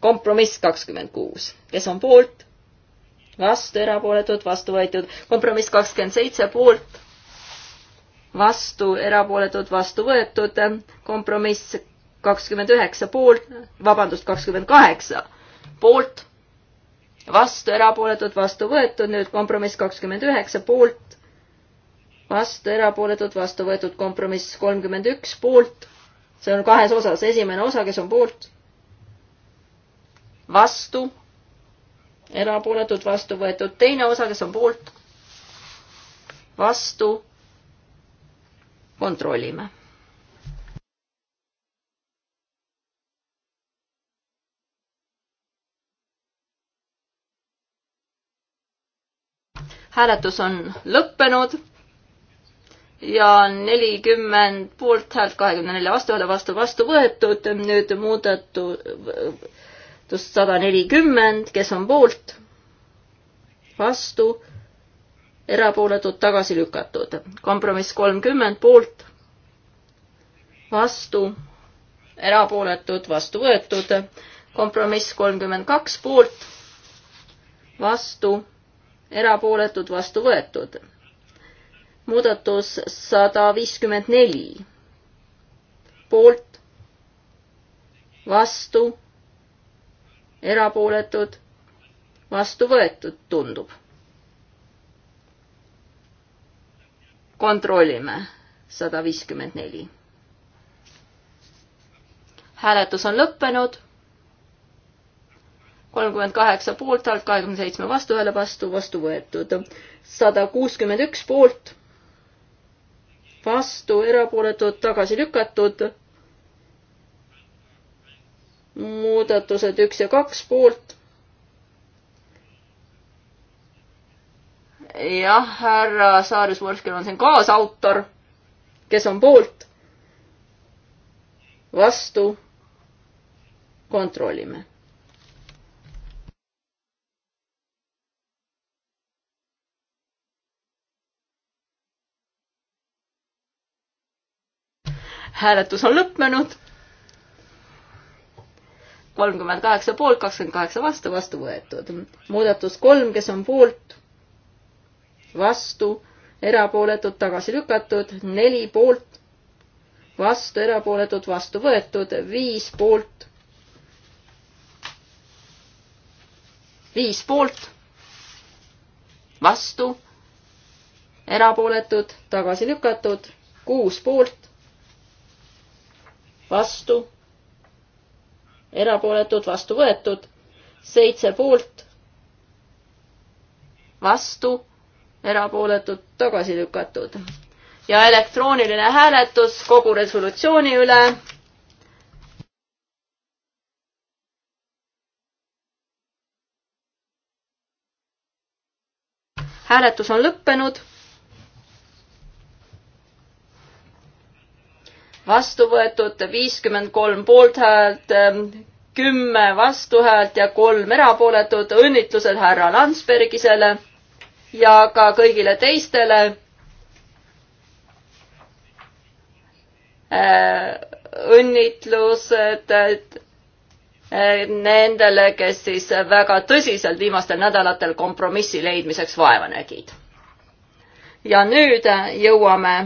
kompromiss kakskümmend kuus, kes on poolt, vastu, erapooletud, vastu võetud, kompromiss kakskümmend seitse poolt vastu, erapooletud, vastu võetud, kompromiss kakskümmend üheksa poolt, vabandust, kakskümmend kaheksa poolt, vastu, erapooletud, vastu võetud, nüüd kompromiss kakskümmend üheksa poolt, vastu, erapooletud, vastu võetud, kompromiss kolmkümmend üks poolt, see on kahes osas, esimene osa, kes on poolt, vastu, erapooletud, vastu võetud, teine osa, kes on poolt, vastu kontrollime. hääletus on lõppenud ja nelikümmend poolthäält, kahekümne nelja vastuhääle vastu vastu võetud, nüüd muudatus sada nelikümmend, kes on poolt, vastu erapooletud tagasi lükatud. kompromiss kolmkümmend poolt, vastu, erapooletud, vastu võetud. kompromiss kolmkümmend kaks poolt, vastu, erapooletud, vastu võetud. muudatus sada viiskümmend neli poolt, vastu, erapooletud, vastu võetud, tundub kontrollime. sada viiskümmend neli. hääletus on lõppenud. kolmkümmend kaheksa poolt, alt kahekümne seitsme vastu, ühele vastu, vastu võetud. sada kuuskümmend üks poolt, vastu, erapooletud, tagasi lükatud. muudatused üks ja kaks poolt, jah, härra Saarjus Vorskil on siin kaasautor, kes on poolt, vastu, kontrollime. hääletus on lõppenud. kolmkümmend kaheksa poolt, kakskümmend kaheksa vastu, vastu võetud. muudatus kolm, kes on poolt vastu, erapooletud, tagasi lükatud, neli poolt, vastu, erapooletud, vastu võetud, viis poolt, viis poolt, vastu, erapooletud, tagasi lükatud, kuus poolt, vastu, erapooletud, vastu võetud, seitse poolt, vastu erapooletud, tagasi lükatud. ja elektrooniline hääletus kogu resolutsiooni üle. hääletus on lõppenud. vastu võetud viiskümmend kolm poolthäält, kümme vastuhäält ja kolm erapooletut. õnnitlused härra Landsbergisele ja ka kõigile teistele äh, õnnitlused äh, nendele, kes siis väga tõsiselt viimastel nädalatel kompromissi leidmiseks vaeva nägid. ja nüüd äh, jõuame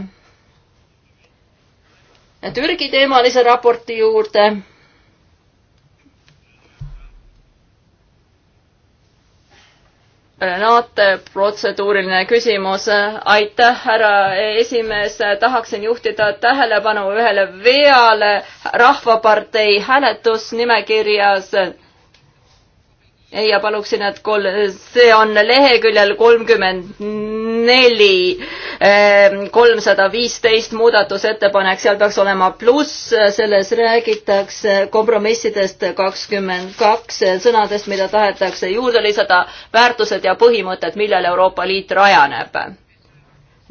Türgi teemalise raporti juurde Renate, protseduuriline küsimus. aitäh, härra esimees, tahaksin juhtida tähelepanu ühele veale Rahvapartei hääletusnimekirjas. ja paluksin, et kol-, see on leheküljel kolmkümmend neli, ehm, kolmsada viisteist muudatusettepanek, seal peaks olema pluss, selles räägitakse kompromissidest kakskümmend kaks sõnadest, mida tahetakse juurde lisada, väärtused ja põhimõtted, millel Euroopa Liit rajaneb.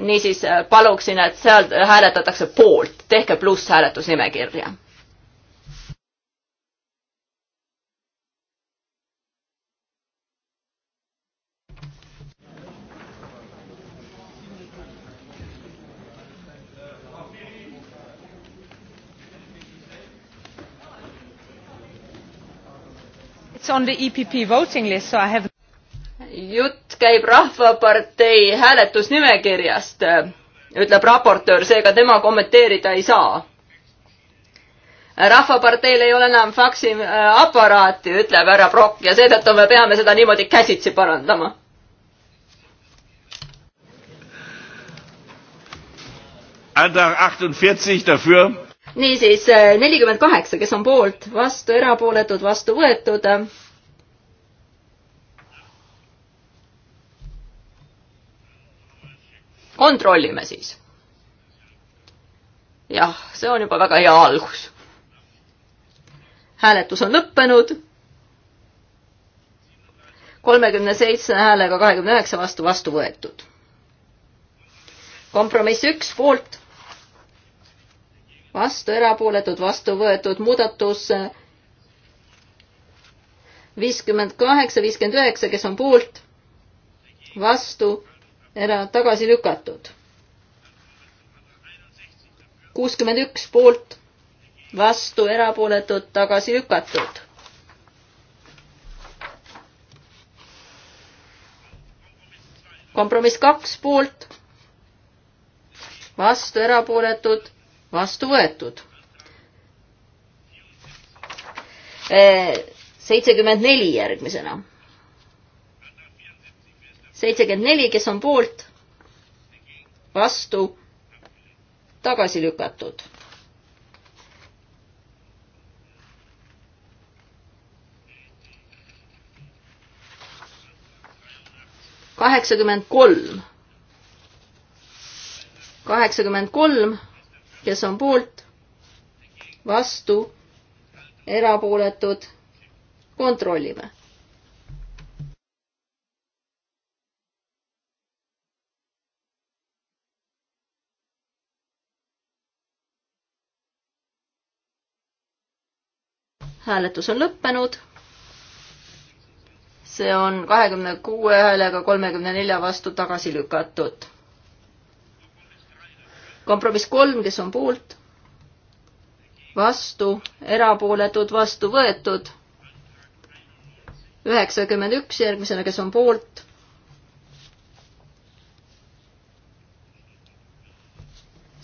niisiis paluksin, et seal hääletatakse poolt, tehke pluss hääletusnimekirja E list, have... jutt käib Rahvapartei hääletusnimekirjast, ütleb raportöör, seega tema kommenteerida ei saa. rahvaparteil ei ole enam faksiaparaati, äh, ütleb härra Brock ja seetõttu me peame seda niimoodi käsitsi parandama Antrag 48 dafür niisiis äh, nelikümmend kaheksa, kes on poolt, vastu, erapooletud, vastu võetud. kontrollime siis. jah, see on juba väga hea algus. hääletus on lõppenud. kolmekümne seitsme häälega kahekümne üheksa vastu vastu võetud. kompromiss üks poolt vastu erapooletud, vastu võetud, muudatus viiskümmend kaheksa, viiskümmend üheksa, kes on poolt, vastu, era-, tagasi lükatud. kuuskümmend üks poolt, vastu, erapooletud, tagasi lükatud kompromiss kaks poolt, vastu erapooletud, vastu võetud. seitsekümmend neli järgmisena. seitsekümmend neli, kes on poolt, vastu, tagasi lükatud kaheksakümmend kolm. kaheksakümmend kolm kes on poolt, vastu, erapooletud, kontrollime hääletus on lõppenud. see on kahekümne kuue häälega kolmekümne nelja vastu tagasi lükatud kompromiss kolm, kes on poolt, vastu, erapooletud, vastu võetud. üheksakümmend üks, järgmisena, kes on poolt.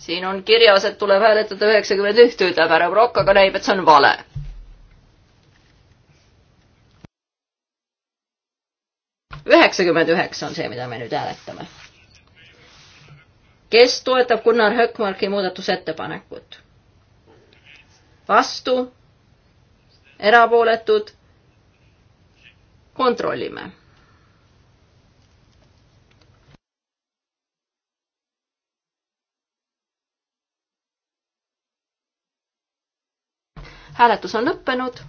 siin on kirjas, et tuleb hääletada üheksakümmend üht, ütleb härra Prokk, aga näib, et see on vale üheksakümmend üheksa on see, mida me nüüd hääletame kes toetab Gunnar Hökmarki muudatusettepanekut? vastu? erapooletud? kontrollime. hääletus on lõppenud.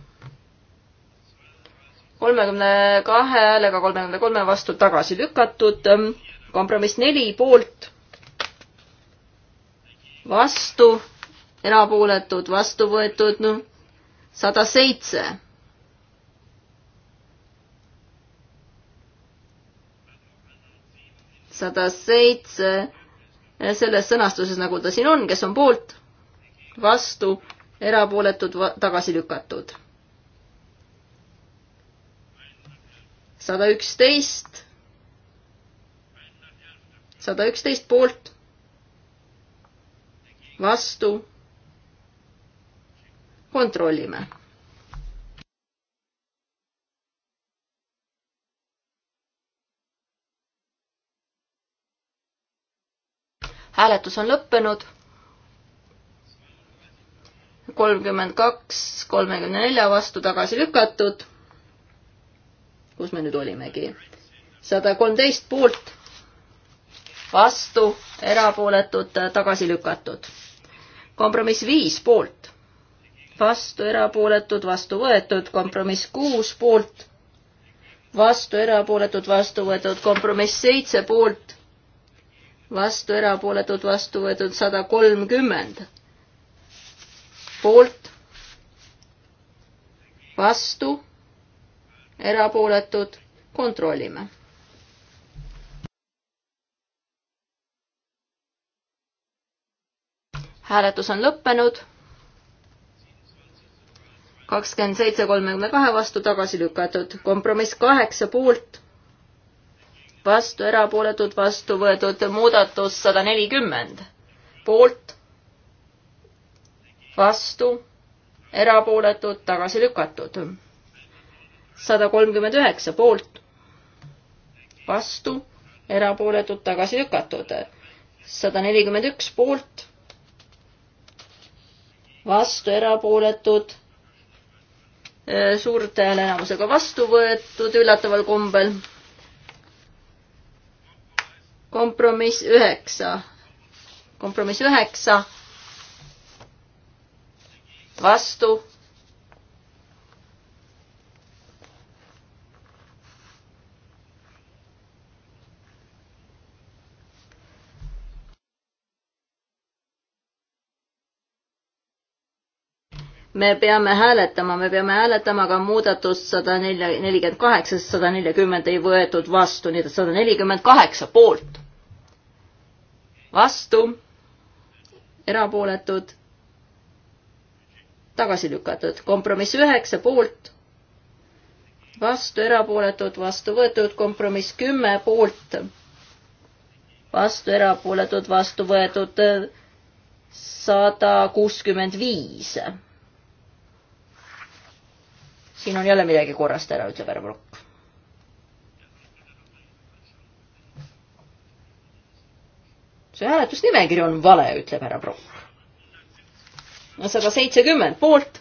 kolmekümne kahe häälega kolmekümne kolme vastu tagasi lükatud. kompromiss neli poolt vastu, erapooletud, vastu võetud, noh, sada seitse. sada seitse selles sõnastuses, nagu ta siin on, kes on poolt, vastu, erapooletud, tagasi lükatud. sada üksteist, sada üksteist poolt vastu. kontrollime. hääletus on lõppenud. kolmkümmend kaks, kolmekümne nelja vastu tagasi lükatud. kus me nüüd olimegi? sada kolmteist poolt, vastu, erapooletud, tagasi lükatud kompromiss viis poolt, vastu erapooletud, vastu võetud, kompromiss kuus poolt, vastu erapooletud, vastu võetud, kompromiss seitse poolt, vastu erapooletud, vastu võetud sada kolmkümmend poolt, vastu, erapooletud, kontrollime hääletus on lõppenud. kakskümmend seitse kolmekümne kahe vastu tagasi lükatud, kompromiss kaheksa poolt, vastu erapooletud, vastu võetud muudatus sada nelikümmend, poolt, vastu, erapooletud, tagasi lükatud. sada kolmkümmend üheksa poolt, vastu erapooletud tagasi lükatud. sada nelikümmend üks poolt, vastu erapooletud, äh, suurte häälenemusega vastu võetud üllataval kombel. kompromiss üheksa, kompromiss üheksa, vastu me peame hääletama, me peame hääletama ka muudatust sada nelja, nelikümmend kaheksa, sest sada nelikümmend ei võetud vastu, nii et sada nelikümmend kaheksa poolt. vastu, erapooletud, tagasi lükatud, kompromiss üheksa poolt, vastu erapooletud, vastu võetud, kompromiss kümme poolt, vastu erapooletud, vastu võetud sada kuuskümmend viis siin on jälle midagi korrast ära, ütleb härra Prokk. see hääletusnimekiri on vale, ütleb härra Prokk. sada seitsekümmend poolt,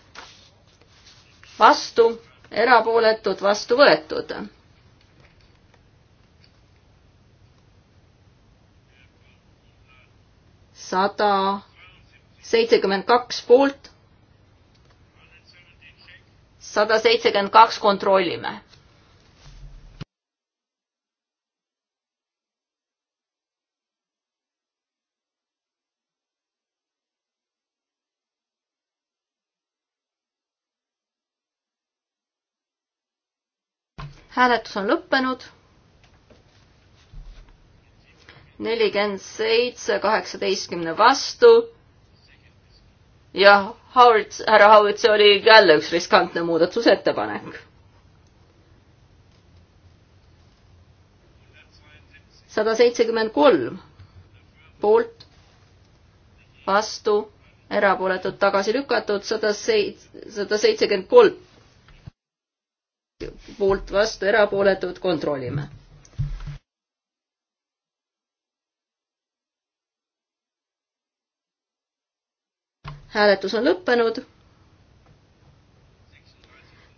vastu, erapooletud, vastu võetud sada seitsekümmend kaks poolt, sada seitsekümmend kaks kontrollime. hääletus on lõppenud. nelikümmend seitse kaheksateistkümne vastu jah, Howard, härra Howard, see oli jälle üks riskantne muudatusettepanek. sada seitsekümmend kolm poolt, vastu, erapooletud, tagasi lükatud, sada seit-, sada seitsekümmend kolm poolt, vastu, erapooletud, kontrollime hääletus on lõppenud.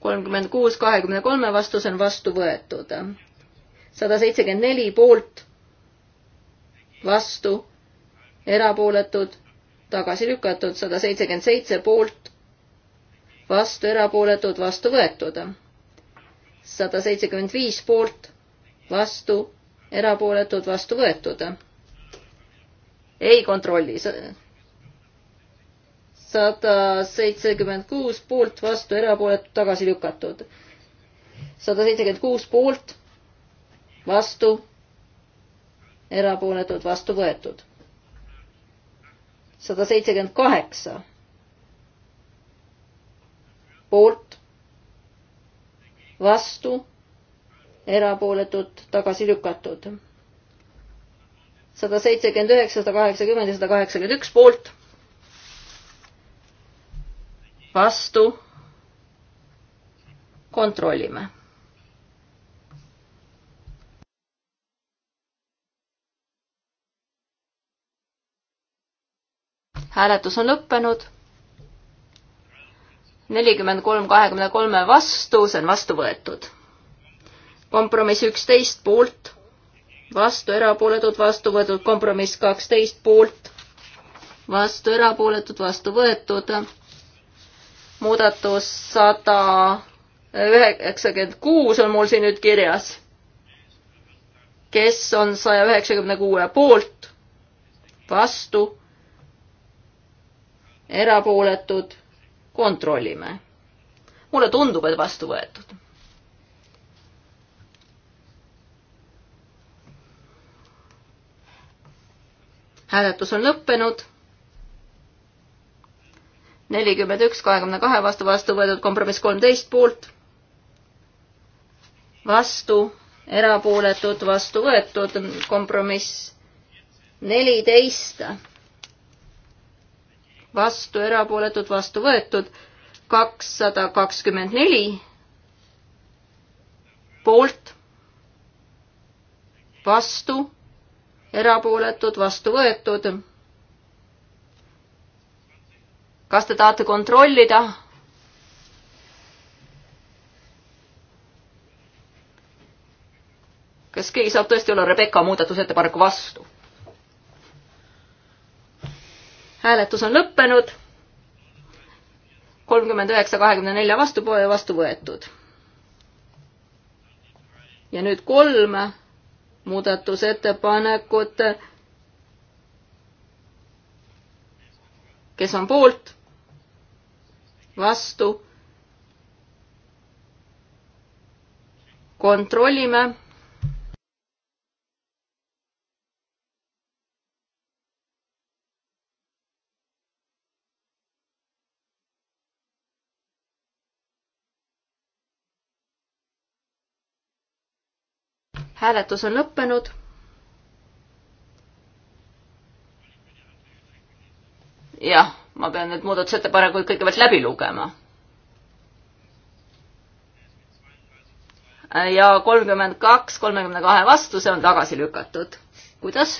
kolmkümmend kuus kahekümne kolme vastu, see on vastu võetud. sada seitsekümmend neli poolt, vastu, erapooletud, tagasi lükatud, sada seitsekümmend seitse poolt, vastu, erapooletud, vastu võetud. sada seitsekümmend viis poolt, vastu, erapooletud, vastu võetud. ei kontrolli sada seitsekümmend kuus poolt, vastu, erapooletud, tagasi lükatud. sada seitsekümmend kuus poolt, vastu, erapooletud, vastu võetud. sada seitsekümmend kaheksa poolt, vastu, erapooletud, tagasi lükatud. sada seitsekümmend üheksa, sada kaheksakümmend ja sada kaheksakümmend üks poolt vastu. kontrollime. hääletus on lõppenud. nelikümmend kolm kahekümne kolme vastu, see on vastu võetud. kompromiss üksteist poolt, vastu erapooletud, vastu võetud, kompromiss kaksteist poolt, vastu erapooletud, vastu võetud muudatus sada üheksakümmend kuus on mul siin nüüd kirjas. kes on saja üheksakümne kuue poolt, vastu, erapooletud, kontrollime. mulle tundub, et vastu võetud hääletus on lõppenud nelikümmend üks, kahekümne kahe vastu, vastu võetud kompromiss kolmteist poolt, vastu, erapooletud, vastu võetud, kompromiss neliteist, vastu, erapooletud, vastu võetud, kakssada kakskümmend neli, poolt, vastu, erapooletud, vastu võetud kas te tahate kontrollida? kas keegi saab tõesti olla Rebecca muudatusettepaneku vastu? hääletus on lõppenud. kolmkümmend üheksa, kahekümne nelja vastu, vastu võetud. ja nüüd kolm muudatusettepanekut. kes on poolt? vastu. kontrollime. hääletus on lõppenud jah, ma pean need muudatusettepanekud kõigepealt läbi lugema. ja kolmkümmend kaks, kolmekümne kahe vastu, see on tagasi lükatud. kuidas?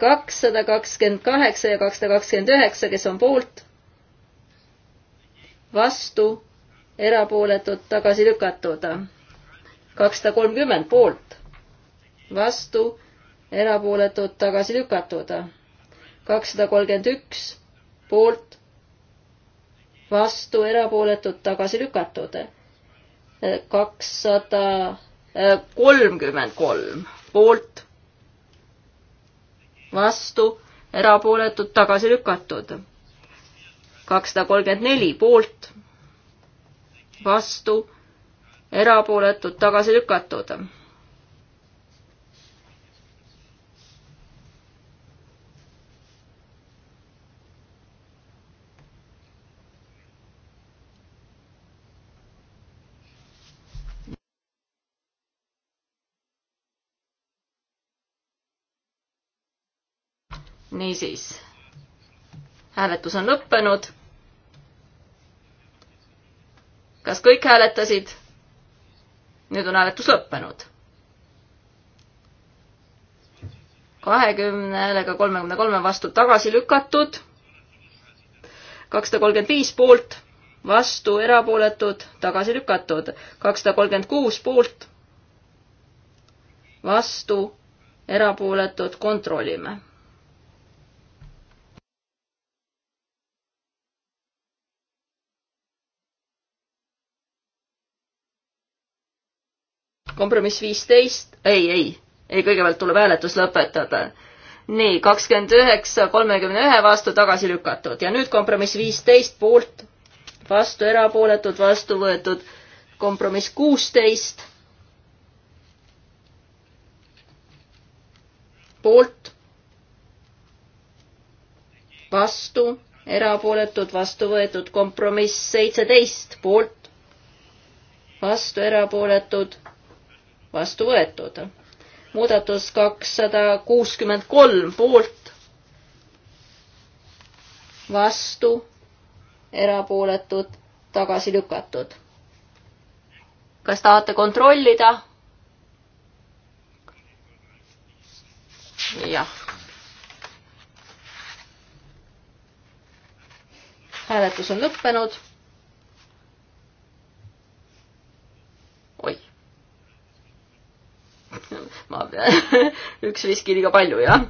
kakssada kakskümmend kaheksa ja kakssada kakskümmend üheksa, kes on poolt, vastu, erapooletud, tagasi lükatud. kakssada kolmkümmend poolt vastu, erapooletud, tagasi lükatud. kakssada kolmkümmend üks poolt, vastu, erapooletud, tagasi lükatud. kakssada kolmkümmend kolm poolt, vastu, erapooletud, tagasi lükatud. kakssada kolmkümmend neli poolt, vastu, erapooletud, tagasi lükatud niisiis, hääletus on lõppenud. kas kõik hääletasid? nüüd on hääletus lõppenud. kahekümnele ka kolmekümne kolme vastu tagasi lükatud. kakssada kolmkümmend viis poolt, vastu erapooletud, tagasi lükatud. kakssada kolmkümmend kuus poolt, vastu erapooletud, kontrollime kompromiss viisteist, ei, ei, ei, kõigepealt tuleb hääletus lõpetada. nii, kakskümmend üheksa, kolmekümne ühe vastu tagasi lükatud ja nüüd kompromiss viisteist poolt, vastu erapooletud, vastu võetud, kompromiss kuusteist poolt, vastu, erapooletud, vastu võetud, kompromiss seitseteist, poolt, vastu, erapooletud, vastu võetud. muudatus kakssada kuuskümmend kolm poolt, vastu, erapooletud, tagasi lükatud. kas tahate kontrollida? jah. hääletus on lõppenud ma üks viski liiga palju, jah.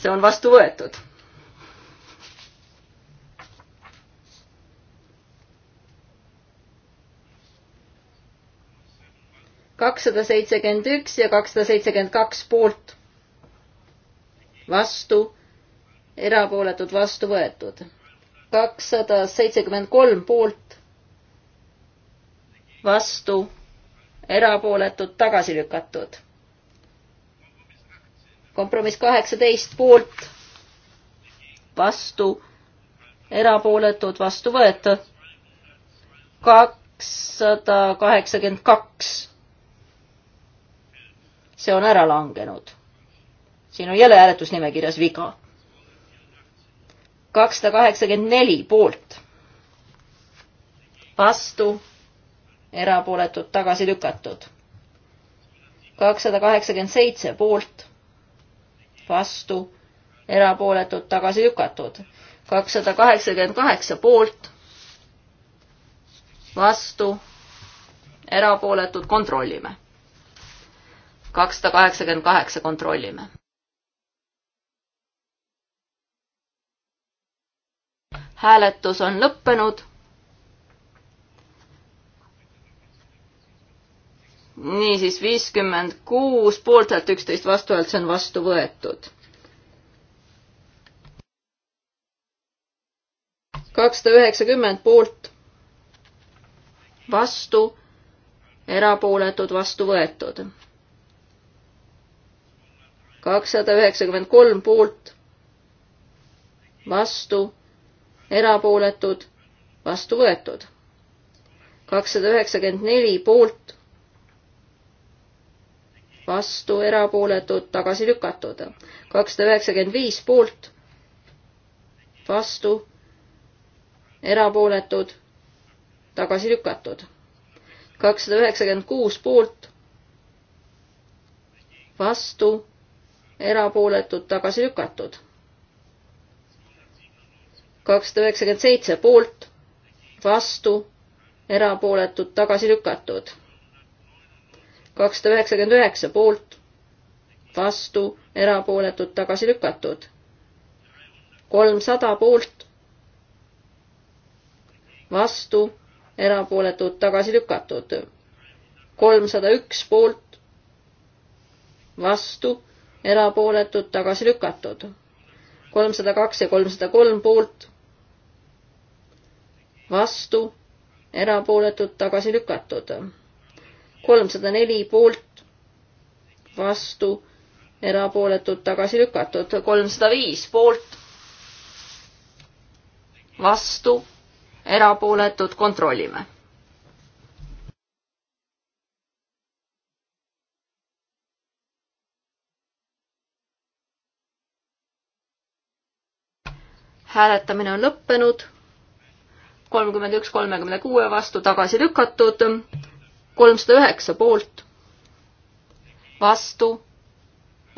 see on vastu võetud. kakssada seitsekümmend üks ja kakssada seitsekümmend kaks poolt, vastu, erapooletud, vastu võetud. kakssada seitsekümmend kolm poolt, vastu erapooletud tagasi lükatud kompromiss kaheksateist poolt, vastu, erapooletud, vastu võetud. kakssada kaheksakümmend kaks. see on ära langenud. siin on jälle hääletusnimekirjas viga. kakssada kaheksakümmend neli poolt, vastu, erapooletud, tagasi lükatud kakssada kaheksakümmend seitse poolt vastu, erapooletud, tagasi lükatud. kakssada kaheksakümmend kaheksa poolt, vastu, erapooletud, kontrollime. kakssada kaheksakümmend kaheksa, kontrollime. hääletus on lõppenud niisiis viiskümmend kuus poolt häält, üksteist vastu häält, see on vastu võetud. kakssada üheksakümmend poolt, vastu, erapooletud, vastu võetud. kakssada üheksakümmend kolm poolt, vastu, erapooletud, vastu võetud. kakssada üheksakümmend neli poolt vastu, erapooletud, tagasi lükatud. kakssada üheksakümmend viis poolt, vastu, erapooletud, tagasi lükatud. kakssada üheksakümmend kuus poolt, vastu, erapooletud, tagasi lükatud. kakssada üheksakümmend seitse poolt, vastu, erapooletud, tagasi lükatud kakssada üheksakümmend üheksa poolt, vastu, erapooletud, tagasi lükatud. kolmsada poolt, vastu, erapooletud, tagasi lükatud. kolmsada üks poolt, vastu, erapooletud, tagasi lükatud. kolmsada kaks ja kolmsada kolm poolt, vastu, erapooletud, tagasi lükatud kolmsada neli poolt, vastu, erapooletud, tagasi lükatud, kolmsada viis poolt, vastu, erapooletud, kontrollime hääletamine on lõppenud, kolmkümmend üks kolmekümne kuue vastu tagasi lükatud, kolmsada üheksa poolt, vastu,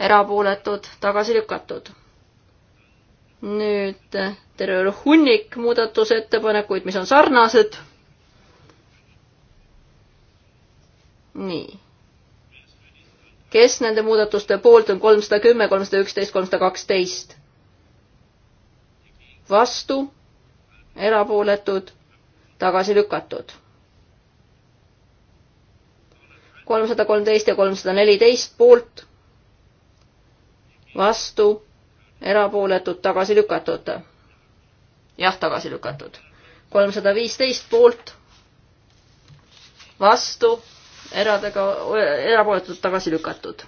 erapooletud, tagasi lükatud. nüüd eh, terve hunnik muudatusettepanekuid, mis on sarnased. nii. kes nende muudatuste poolt on kolmsada kümme, kolmsada üksteist, kolmsada kaksteist? vastu, erapooletud, tagasi lükatud kolmsada kolmteist ja kolmsada neliteist poolt, vastu, erapooletud, tagasi lükatud. jah, tagasi lükatud. kolmsada viisteist poolt, vastu, eradega, erapooletud, tagasi lükatud.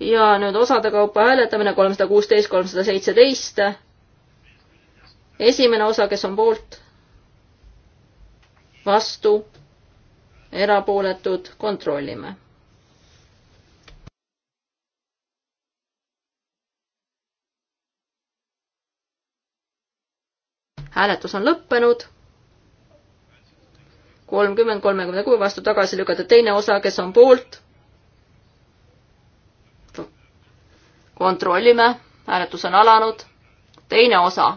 ja nüüd osade kaupa hääletamine kolmsada kuusteist, kolmsada seitseteist. esimene osa, kes on poolt vastu, erapooletud, kontrollime. hääletus on lõppenud. kolmkümmend kolmekümne kuue vastu tagasi lükata teine osa, kes on poolt. kontrollime, hääletus on alanud. teine osa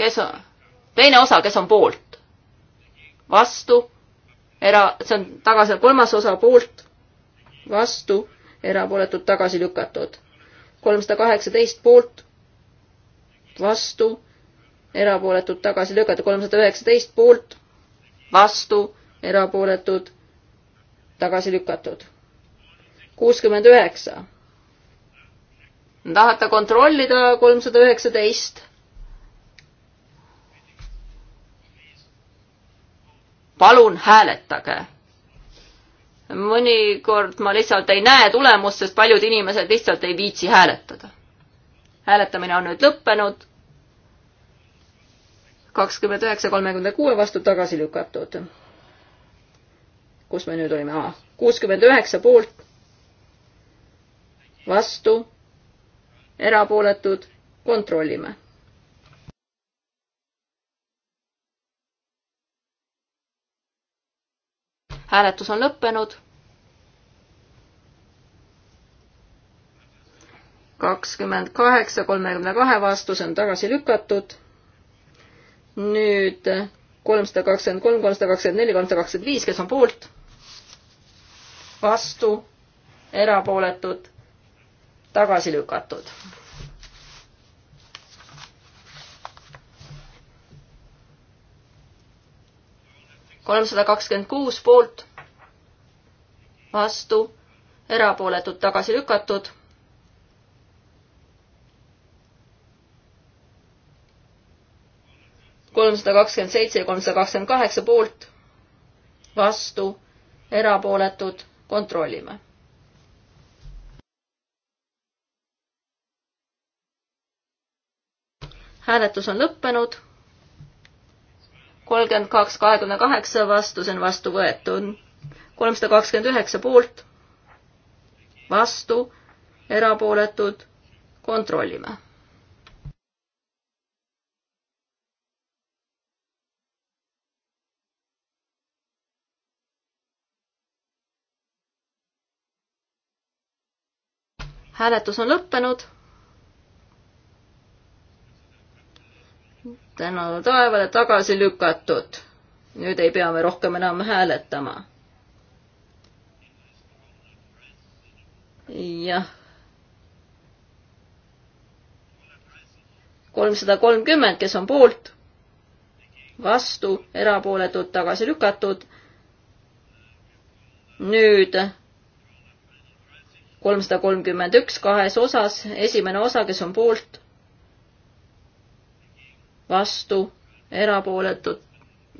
kes on, teine osa, kes on poolt, vastu, era-, see on tagasi, kolmas osa poolt, vastu, erapooletud, tagasi lükatud. kolmsada kaheksateist poolt, vastu, erapooletud, tagasi lükatud, kolmsada üheksateist poolt, vastu, erapooletud, tagasi lükatud. kuuskümmend üheksa tahate kontrollida kolmsada üheksateist? palun hääletage. mõnikord ma lihtsalt ei näe tulemust, sest paljud inimesed lihtsalt ei viitsi hääletada. hääletamine on nüüd lõppenud. kakskümmend üheksa kolmekümne kuue vastu tagasi lükatud. kus me nüüd olime? kuuskümmend üheksa poolt, vastu, erapooletud, kontrollime hääletus on lõppenud. kakskümmend kaheksa, kolmekümne kahe vastu, see on tagasi lükatud. nüüd kolmsada kakskümmend kolm, kolmsada kakskümmend neli, kolmsada kakskümmend viis, kes on poolt? vastu, erapooletud, tagasi lükatud kolmsada kakskümmend kuus poolt, vastu, erapooletud tagasi lükatud. kolmsada kakskümmend seitse ja kolmsada kakskümmend kaheksa poolt, vastu, erapooletud, kontrollime hääletus on lõppenud kolmkümmend kaks kahekümne kaheksa vastu, see on vastu võetud. kolmsada kakskümmend üheksa poolt, vastu, erapooletud, kontrollime hääletus on lõppenud täna taevale tagasi lükatud. nüüd ei pea me rohkem enam hääletama. jah. kolmsada kolmkümmend, kes on poolt, vastu, erapooletud, tagasi lükatud. nüüd kolmsada kolmkümmend üks kahes osas, esimene osa, kes on poolt, vastu, erapooletud,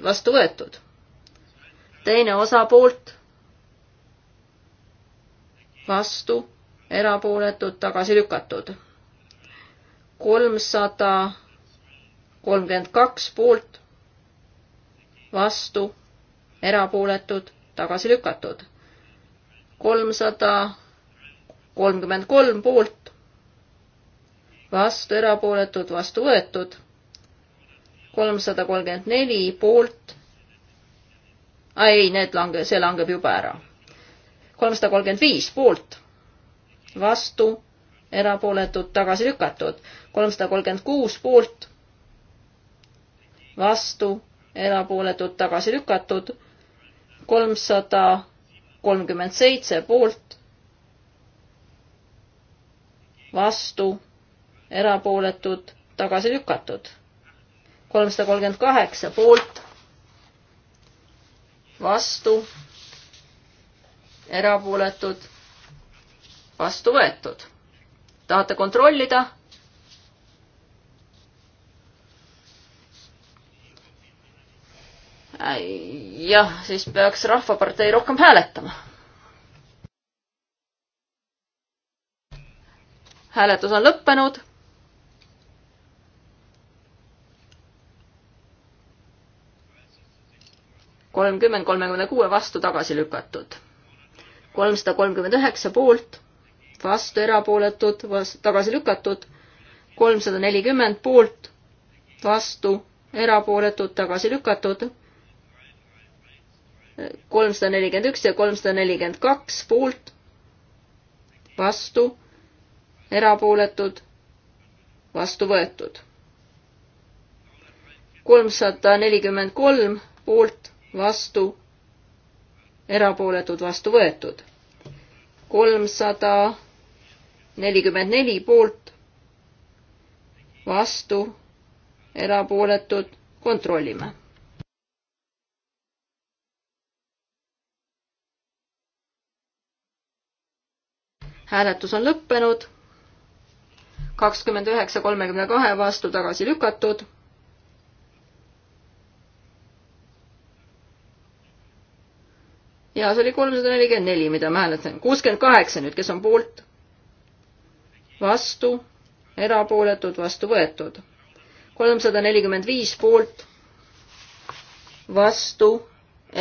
vastu võetud. teine osapoolt, vastu, erapooletud, tagasi lükatud. kolmsada kolmkümmend kaks poolt, vastu, erapooletud, tagasi lükatud. kolmsada kolmkümmend kolm poolt, vastu erapooletud, vastu võetud kolmsada kolmkümmend neli poolt. ei, need lange, see langeb juba ära. kolmsada kolmkümmend viis poolt, vastu, erapooletud, tagasi lükatud. kolmsada kolmkümmend kuus poolt, vastu, erapooletud, tagasi lükatud. kolmsada kolmkümmend seitse poolt, vastu, erapooletud, tagasi lükatud kolmsada kolmkümmend kaheksa poolt, vastu, erapooletud, vastu võetud. tahate kontrollida? jah, siis peaks Rahvapartei rohkem hääletama. hääletus on lõppenud kolmkümmend kolmekümne kuue vastu tagasi lükatud. kolmsada kolmkümmend üheksa poolt, vastu erapooletud, tagasi lükatud. kolmsada nelikümmend poolt, vastu erapooletud, tagasi lükatud. kolmsada nelikümmend üks ja kolmsada nelikümmend kaks poolt, vastu erapooletud, vastu võetud. kolmsada nelikümmend kolm poolt, vastu, erapooletud, vastu võetud. kolmsada nelikümmend neli poolt, vastu, erapooletud, kontrollime hääletus on lõppenud, kakskümmend üheksa kolmekümne kahe vastu tagasi lükatud ja see oli kolmsada nelikümmend neli, mida ma hääletasin. kuuskümmend kaheksa nüüd, kes on poolt? vastu, erapooletud, vastu võetud. kolmsada nelikümmend viis poolt, vastu,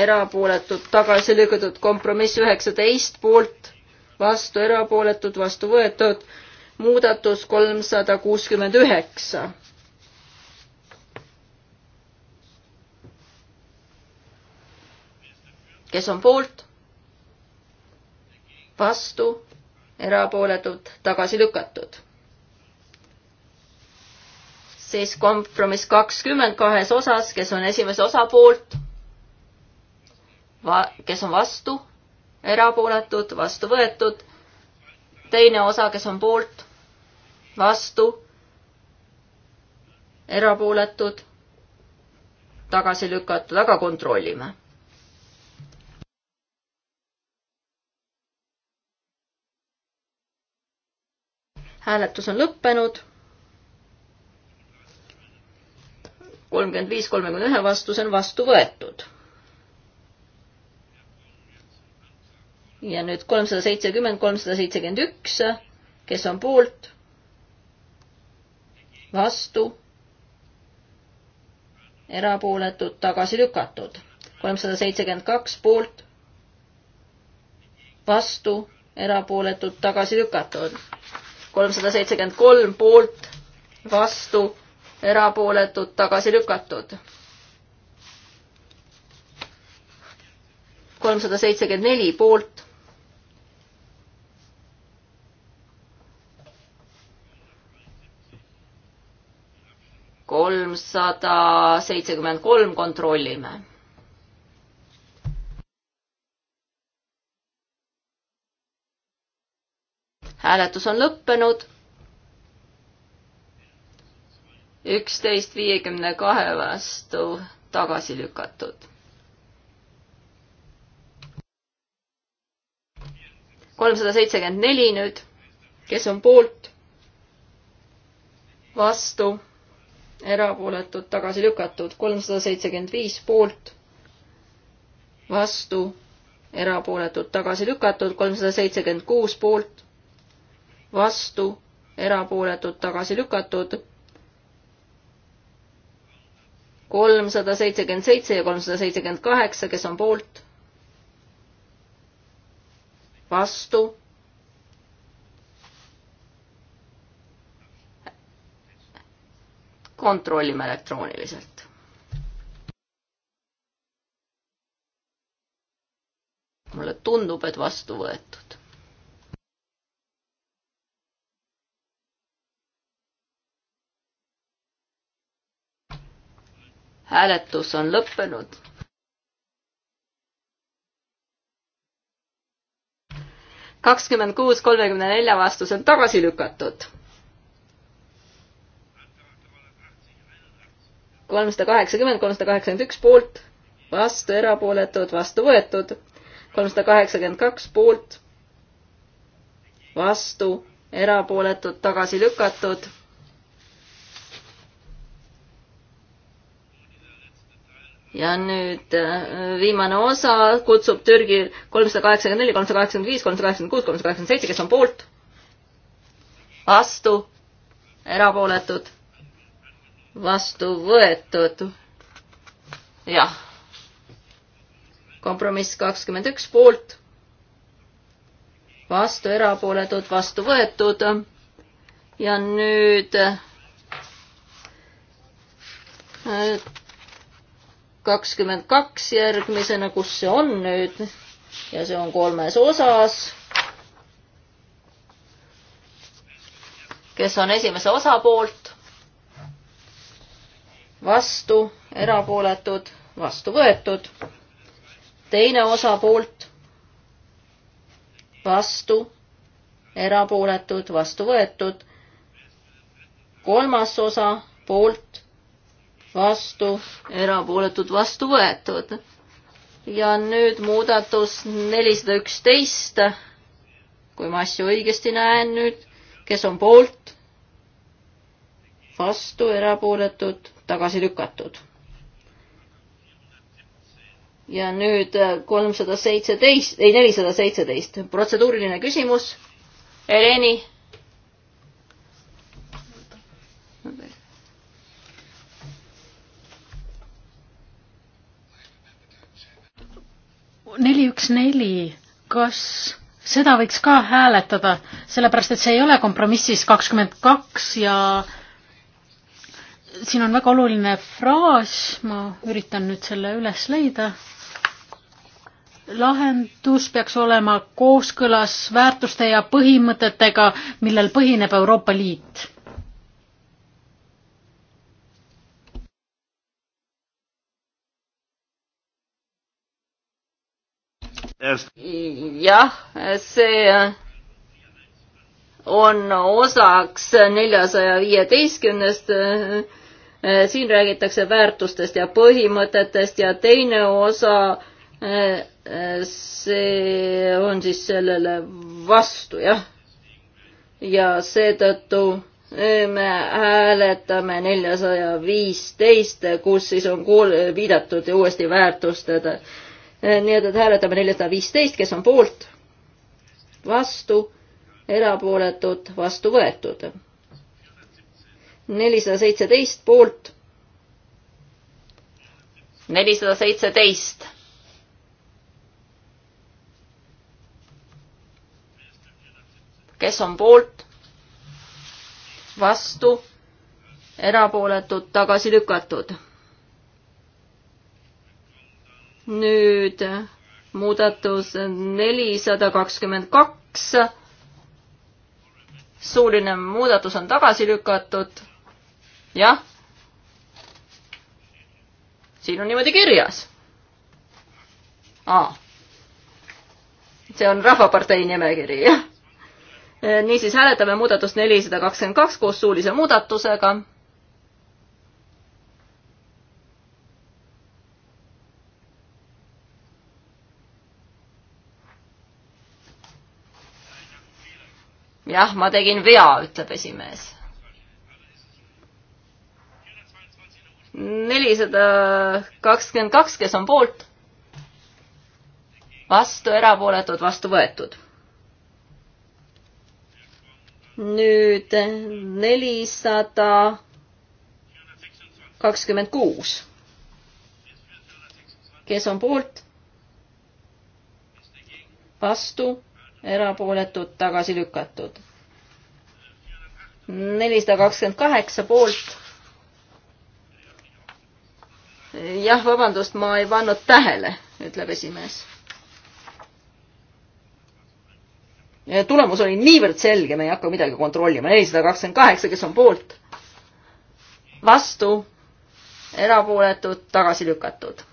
erapooletud, tagasi lükatud, kompromiss üheksateist poolt, vastu, erapooletud, vastu võetud, muudatus kolmsada kuuskümmend üheksa kes on poolt, vastu, erapooletud, tagasi lükatud. siis kompromiss kakskümmend kahes osas, kes on esimese osa poolt, kes on vastu, erapooletud, vastu võetud, teine osa, kes on poolt, vastu, erapooletud, tagasi lükatud, aga kontrollime hääletus on lõppenud. kolmkümmend viis, kolmekümne ühe vastu, see on vastu võetud. ja nüüd kolmsada seitsekümmend, kolmsada seitsekümmend üks, kes on poolt? vastu? erapooletud, tagasi lükatud. kolmsada seitsekümmend kaks poolt, vastu, erapooletud, tagasi lükatud kolmsada seitsekümmend kolm poolt, vastu, erapooletud, tagasi lükatud. kolmsada seitsekümmend neli poolt. kolmsada seitsekümmend kolm kontrollime hääletus on lõppenud. üksteist viiekümne kahe vastu tagasi lükatud. kolmsada seitsekümmend neli nüüd, kes on poolt, vastu, erapooletud, tagasi lükatud, kolmsada seitsekümmend viis poolt, vastu, erapooletud, tagasi lükatud, kolmsada seitsekümmend kuus poolt vastu, erapooletud, tagasi lükatud. kolmsada seitsekümmend seitse ja kolmsada seitsekümmend kaheksa, kes on poolt, vastu. kontrollime elektrooniliselt. mulle tundub, et vastu võetud. hääletus on lõppenud. kakskümmend kuus kolmekümne nelja vastus on tagasi lükatud. kolmsada kaheksakümmend, kolmsada kaheksakümmend üks poolt, vastu erapooletud, vastu võetud, kolmsada kaheksakümmend kaks poolt, vastu erapooletud, tagasi lükatud ja nüüd äh, viimane osa kutsub Türgi kolmsada kaheksakümmend neli, kolmsada kaheksakümmend viis, kolmsada kaheksakümmend kuus, kolmsada kaheksakümmend seitse, kes on poolt, vastu, erapooletud, vastu võetud, jah. kompromiss kakskümmend üks poolt, vastu erapooletud, vastu võetud ja nüüd et äh, kakskümmend kaks järgmisena, kus see on nüüd ja see on kolmes osas. kes on esimese osa poolt? vastu, erapooletud, vastu võetud. teine osa poolt, vastu, erapooletud, vastu võetud. kolmas osa poolt vastu, erapooletud, vastu võetud. ja nüüd muudatus nelisada üksteist, kui ma asju õigesti näen nüüd, kes on poolt, vastu, erapooletud, tagasi lükatud. ja nüüd kolmsada seitseteist, ei nelisada seitseteist, protseduuriline küsimus. Eleni neli, üks, neli, kas seda võiks ka hääletada, sellepärast et see ei ole kompromissis kakskümmend kaks ja siin on väga oluline fraas, ma üritan nüüd selle üles leida. lahendus peaks olema kooskõlas väärtuste ja põhimõtetega, millel põhineb Euroopa Liit jah, see on osaks neljasaja viieteistkümnest. siin räägitakse väärtustest ja põhimõtetest ja teine osa, see on siis sellele vastu, jah. ja, ja seetõttu me hääletame neljasaja viisteist, kus siis on kuul-, viidatud uuesti väärtustele Äh, nii et, et hääletame neljasada viisteist, kes on poolt, vastu, erapooletud, vastu võetud. nelisada seitseteist poolt. nelisada seitseteist. kes on poolt, vastu, erapooletud, tagasi lükatud nüüd muudatus nelisada kakskümmend kaks. suuline muudatus on tagasi lükatud. jah. siin on niimoodi kirjas. aa. see on Rahvapartei nimekiri, jah. niisiis hääletame muudatust nelisada kakskümmend kaks koos suulise muudatusega jah, ma tegin vea, ütleb esimees. nelisada kakskümmend kaks, kes on poolt? vastu, erapooletud, vastu võetud. nüüd nelisada kakskümmend kuus. kes on poolt? vastu erapooletud, tagasi lükatud. nelisada kakskümmend kaheksa poolt. jah, vabandust, ma ei pannud tähele, ütleb esimees. tulemus oli niivõrd selge, me ei hakka midagi kontrollima. nelisada kakskümmend kaheksa, kes on poolt, vastu, erapooletud, tagasi lükatud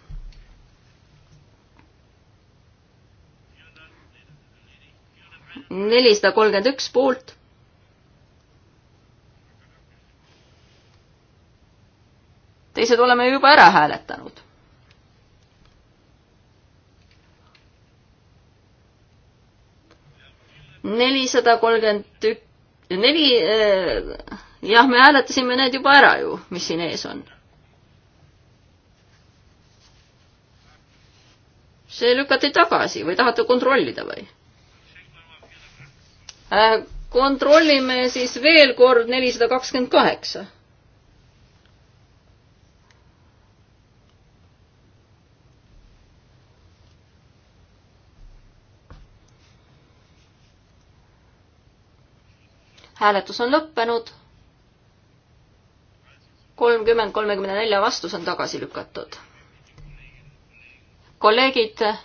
nelisada kolmkümmend üks poolt. teised oleme juba ära hääletanud. nelisada kolmkümmend ük-, neli, äh, jah, me hääletasime need juba ära ju, mis siin ees on see lükati tagasi või tahate kontrollida või? Äh, kontrollime siis veel kord nelisada kakskümmend kaheksa. hääletus on lõppenud. kolmkümmend kolmekümne nelja vastus on tagasi lükatud. kolleegid äh,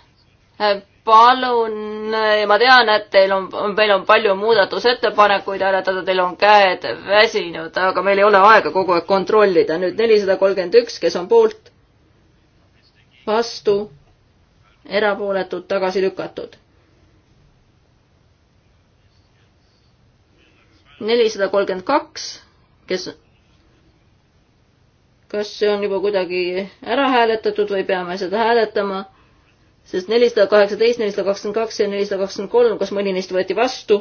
palun, eh, ma tean, et teil on, meil on palju muudatusettepanekuid hääletada, teil on käed väsinud, aga meil ei ole aega kogu aeg kontrollida. nüüd nelisada kolmkümmend üks, kes on poolt, vastu, erapooletud, tagasi lükatud. nelisada kolmkümmend kaks, kes, kas see on juba kuidagi ära hääletatud või peame seda hääletama? sest nelisada kaheksateist, nelisada kakskümmend kaks ja nelisada kakskümmend kolm, kas mõni neist võeti vastu?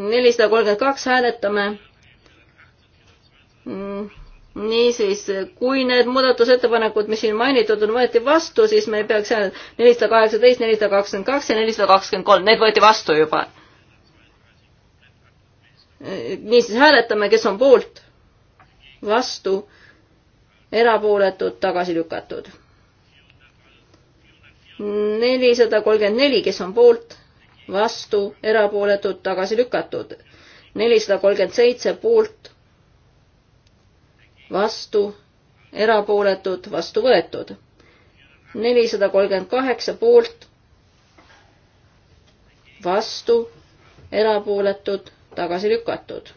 nelisada kolmkümmend kaks hääletame. Mm, niisiis, kui need muudatusettepanekud, mis siin mainitud on, võeti vastu, siis me ei peaks nelisada kaheksateist, nelisada kakskümmend kaks ja nelisada kakskümmend kolm, need võeti vastu juba. niisiis hääletame, kes on poolt vastu, erapooletud, tagasi lükatud. nelisada kolmkümmend neli, kes on poolt, vastu, erapooletud, tagasi lükatud. nelisada kolmkümmend seitse poolt, vastu, erapooletud, vastu võetud. nelisada kolmkümmend kaheksa poolt, vastu, erapooletud, tagasi lükatud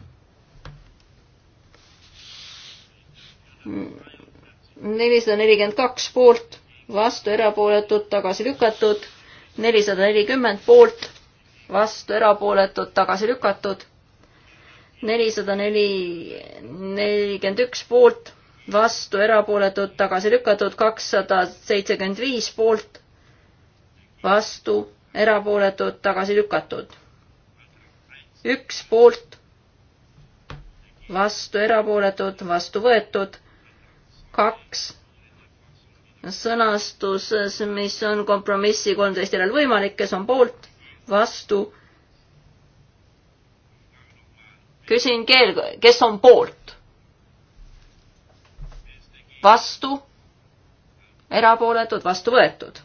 nelisada nelikümmend kaks poolt, vastu erapooletud, tagasi lükatud. nelisada nelikümmend poolt, vastu erapooletud, tagasi lükatud. nelisada neli, nelikümmend üks poolt, vastu erapooletud, tagasi lükatud. kakssada seitsekümmend viis poolt, vastu erapooletud, tagasi lükatud. üks poolt, vastu erapooletud, vastu võetud kaks sõnastuses, mis on kompromissi kolmteist järel võimalik, kes on poolt, vastu. küsin keel, kes on poolt? vastu, erapooletud, vastu võetud.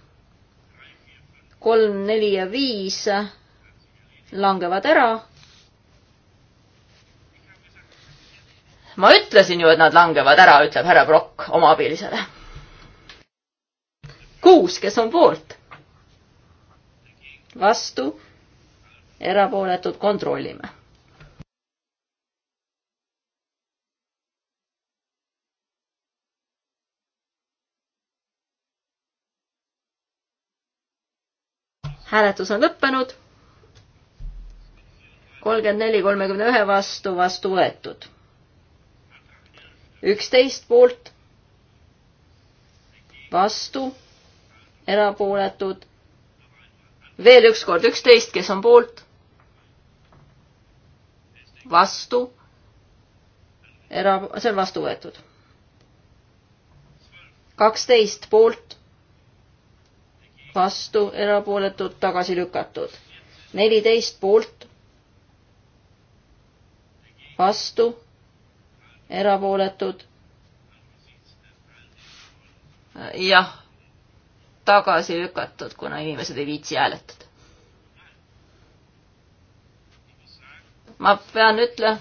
kolm, neli ja viis langevad ära ma ütlesin ju, et nad langevad ära, ütleb härra Brock oma abilisele. kuus, kes on poolt? vastu, erapooletud, kontrollime hääletus on lõppenud. kolmkümmend neli, kolmekümne ühe vastu, vastu võetud üksteist poolt, vastu, erapooletud, veel üks kord üksteist, kes on poolt, vastu, era-, see on vastu võetud. kaksteist poolt, vastu, erapooletud, tagasi lükatud. neliteist poolt, vastu erapooletud. jah, tagasi lükatud, kuna inimesed ei viitsi hääletada. ma pean ütlema,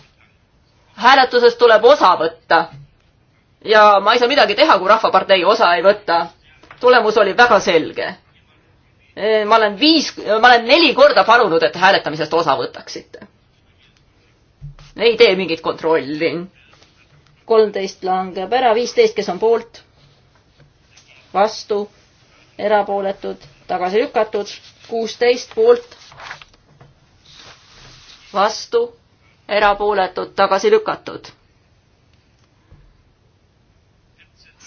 hääletuses tuleb osa võtta. ja ma ei saa midagi teha, kui Rahvapartei osa ei võta. tulemus oli väga selge. E, ma olen viis, ma olen neli korda palunud, et hääletamisest osa võtaksite. ei tee mingit kontrolli kolmteist langeb ära, viisteist, kes on poolt, vastu, erapooletud, tagasi lükatud, kuusteist poolt, vastu, erapooletud, tagasi lükatud.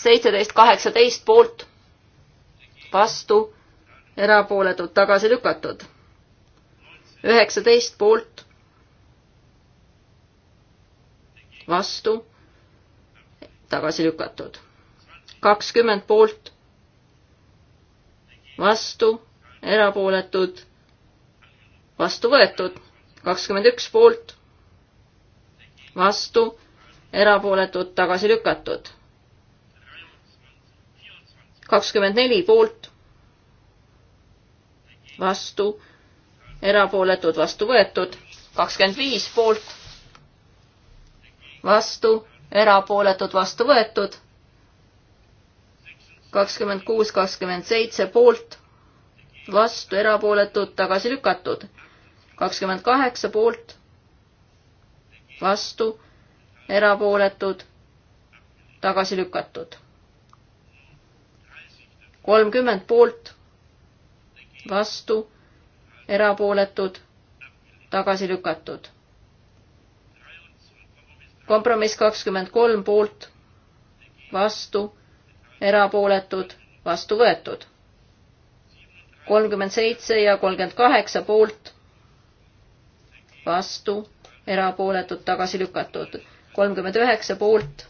seitseteist, kaheksateist poolt, vastu, erapooletud, tagasi lükatud. üheksateist poolt, vastu tagasi lükatud. kakskümmend poolt, vastu, erapooletud, vastu võetud. kakskümmend üks poolt, vastu, erapooletud, tagasi lükatud. kakskümmend neli poolt, vastu, erapooletud, vastu võetud. kakskümmend viis poolt, vastu erapooletud, vastu võetud. kakskümmend kuus, kakskümmend seitse poolt, vastu, erapooletud, tagasi lükatud. kakskümmend kaheksa poolt, vastu, erapooletud, tagasi lükatud. kolmkümmend poolt, vastu, erapooletud, tagasi lükatud kompromiss kakskümmend kolm poolt, vastu, erapooletud, vastu võetud. kolmkümmend seitse ja kolmkümmend kaheksa poolt, vastu, erapooletud, tagasi lükatud. kolmkümmend üheksa poolt,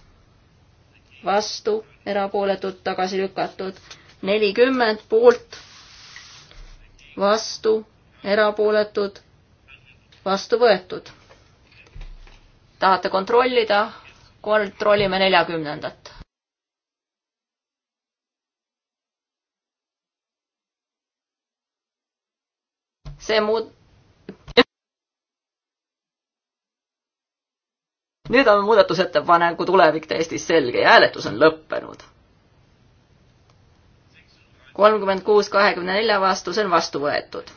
vastu, erapooletud, tagasi lükatud. nelikümmend poolt, vastu, erapooletud, vastu võetud tahate kontrollida? kontrollime neljakümnendat. see muud-. nüüd on muudatusettepaneku tulevik täiesti selge ja hääletus on lõppenud. kolmkümmend kuus kahekümne nelja vastu, see on vastu võetud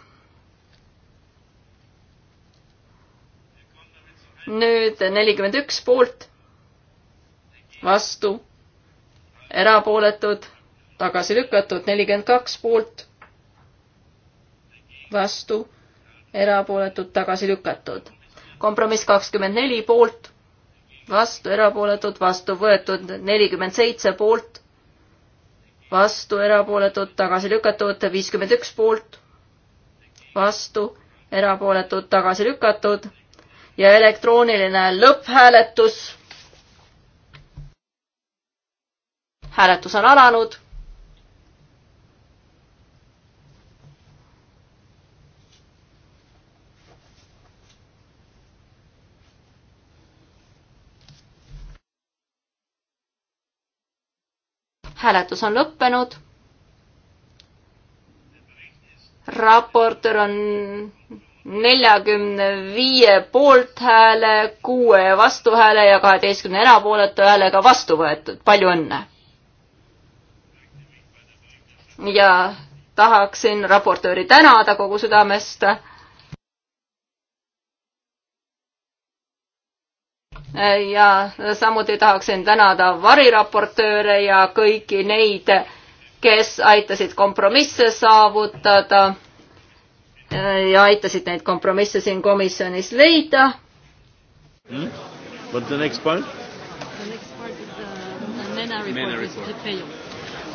nüüd nelikümmend üks poolt, vastu, erapooletud, tagasi lükatud, nelikümmend kaks poolt, vastu, erapooletud, tagasi lükatud. kompromiss kakskümmend neli poolt, vastu, erapooletud, vastu võetud, nelikümmend seitse poolt, vastu, erapooletud, tagasi lükatud, viiskümmend üks poolt, vastu, erapooletud, tagasi lükatud ja elektrooniline lõpphääletus. hääletus on alanud. hääletus on lõppenud raportöör on neljakümne viie poolthääle, kuue vastuhääle ja kaheteistkümne erapooletu häälega vastu võetud. palju õnne! ja tahaksin raportööri tänada kogu südamest. ja samuti tahaksin tänada variraportööre ja kõiki neid, kes aitasid kompromisse saavutada Äh, ja aitasid neid kompromisse siin komisjonis leida hmm?. But the next part? The next part is the, uh, the MENA report, MENA report. is Peyo.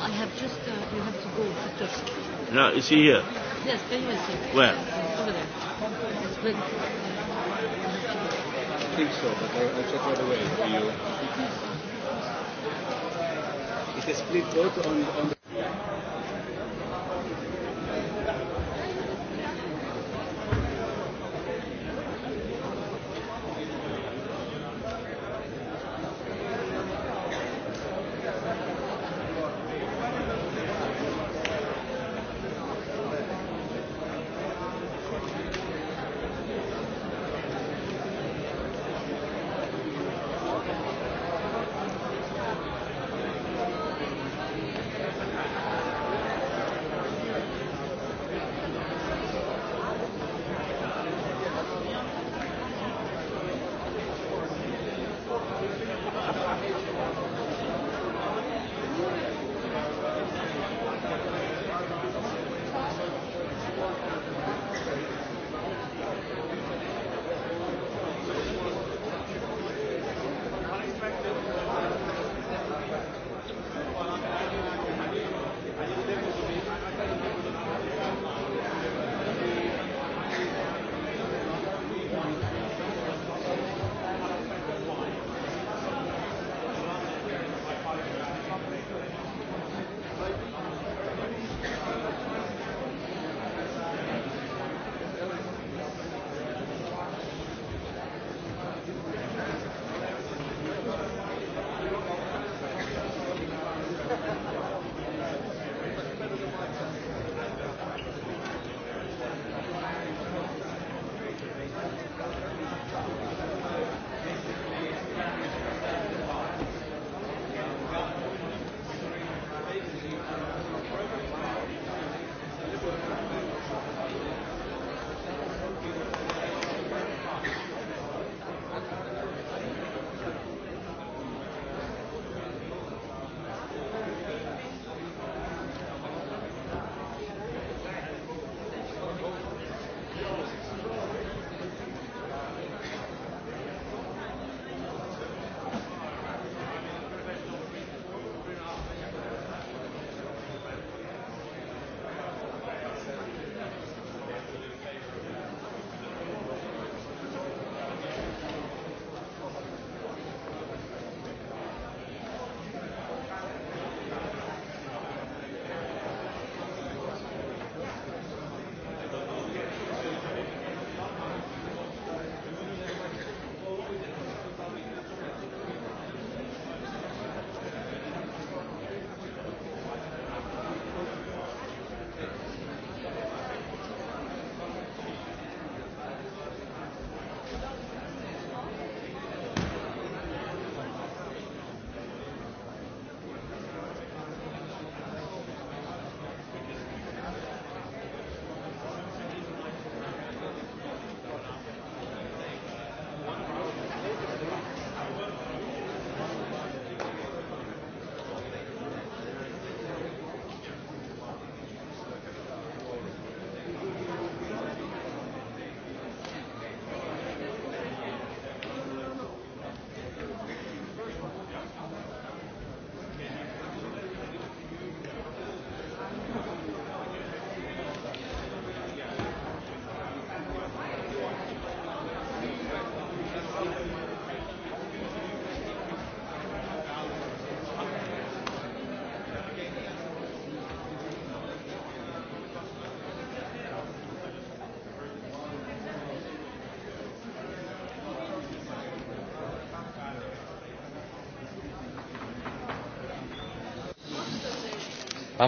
I have just, uh, you have to go to Tusk. No, is he here? Yes, Peyo is here. Where? Yes, over there. It's big. I think so, but I'll, I'll check right away for you. It's a split vote on, on the...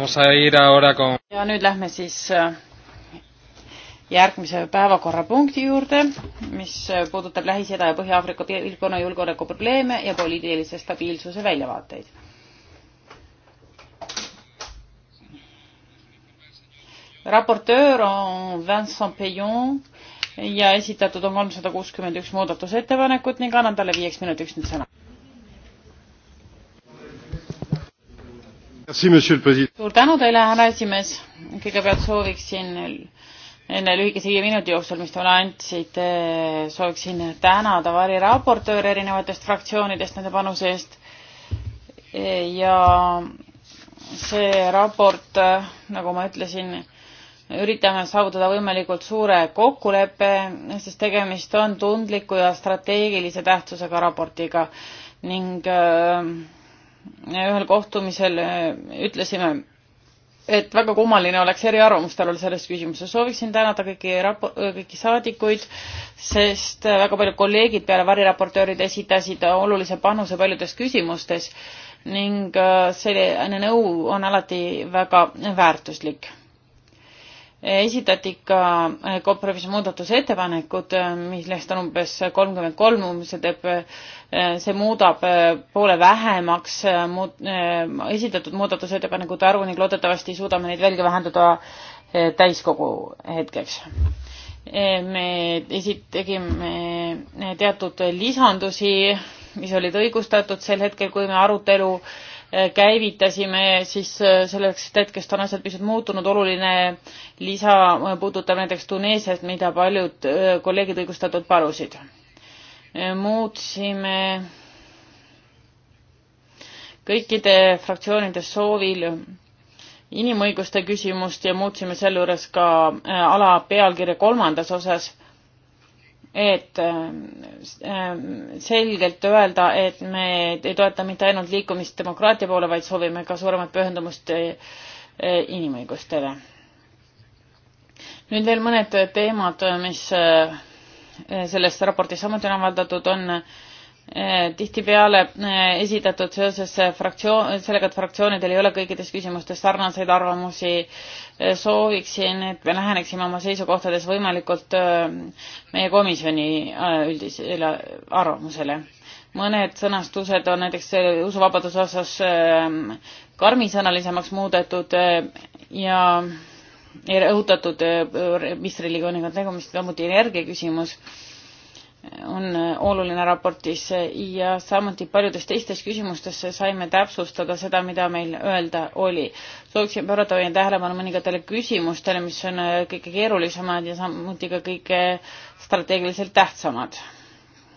Vamos a ir ahora con... ja nüüd lähme siis äh, järgmise päevakorrapunkti juurde, mis äh, puudutab Lähis-Ida ja Põhja-Aafrika piirkonna julgeolekuprobleeme ja poliitilise stabiilsuse väljavaateid. raportöör on Vincent Payon ja esitatud on kolmsada kuuskümmend üks muudatusettepanekut ning annan talle viieks minutiks nüüd sõna. suur tänu teile, härra esimees. kõigepealt sooviksin enne lühikese viie minuti jooksul, mis te mulle andsite, sooviksin tänada variraportööre erinevatest fraktsioonidest nende panuse eest. ja see raport, nagu ma ütlesin, üritame saavutada võimalikult suure kokkuleppe, sest tegemist on tundliku ja strateegilise tähtsusega raportiga ning äh, ühel kohtumisel äh, ütlesime, et väga kummaline oleks eriarvamustel olla selles küsimuses. sooviksin tänada kõiki rapo-, kõiki saadikuid, sest äh, väga paljud kolleegid peale variraportöörid esitasid olulise panuse paljudes küsimustes ning äh, selline nõu on alati väga väärtuslik esitati ka kompromissmuudatuse äh, ettepanekud, äh, millest on umbes kolmkümmend kolm, umbes see teeb, äh, see muudab poole vähemaks muud, esitatud muudatusettepanekute arvu ning loodetavasti suudame neid veelgi vähendada täiskogu hetkeks. me esit-, tegime teatud lisandusi, mis olid õigustatud sel hetkel, kui me arutelu äh, käivitasime, siis äh, sellest hetkest on asjad pisut muutunud, oluline lisa äh, puudutab näiteks Tuneesiat, mida paljud äh, kolleegid õigustatult palusid. muutsime kõikide fraktsioonide soovil inimõiguste küsimust ja muutsime selle juures ka ala pealkirja kolmandas osas et ähm, ähm, selgelt öelda, et me ei toeta mitte ainult liikumist demokraatia poole, vaid soovime ka suuremat pühendumust äh, äh, inimõigustele. nüüd veel mõned teemad, mis äh, selles raportis samuti on avaldatud, on Eh, tihtipeale eh, esitatud seoses eh, fraktsioon, sellega, et fraktsioonidel ei ole kõikides küsimustes sarnaseid arvamusi. sooviksin, et me läheneksime oma seisukohtades võimalikult meie komisjoni üldisele arvamusele. mõned sõnastused on näiteks usuvabaduse osas karmisõnalisemaks muudetud ja rõhutatud, mis religiooniga on tegemist, samuti energiaküsimus on äh, oluline raportis ja samuti paljudes teistes küsimustes saime täpsustada seda, mida meil öelda oli. sooviksin pöörata meie tähelepanu mõningatele küsimustele, mis on äh, kõige keerulisemad ja samuti ka kõige strateegiliselt tähtsamad.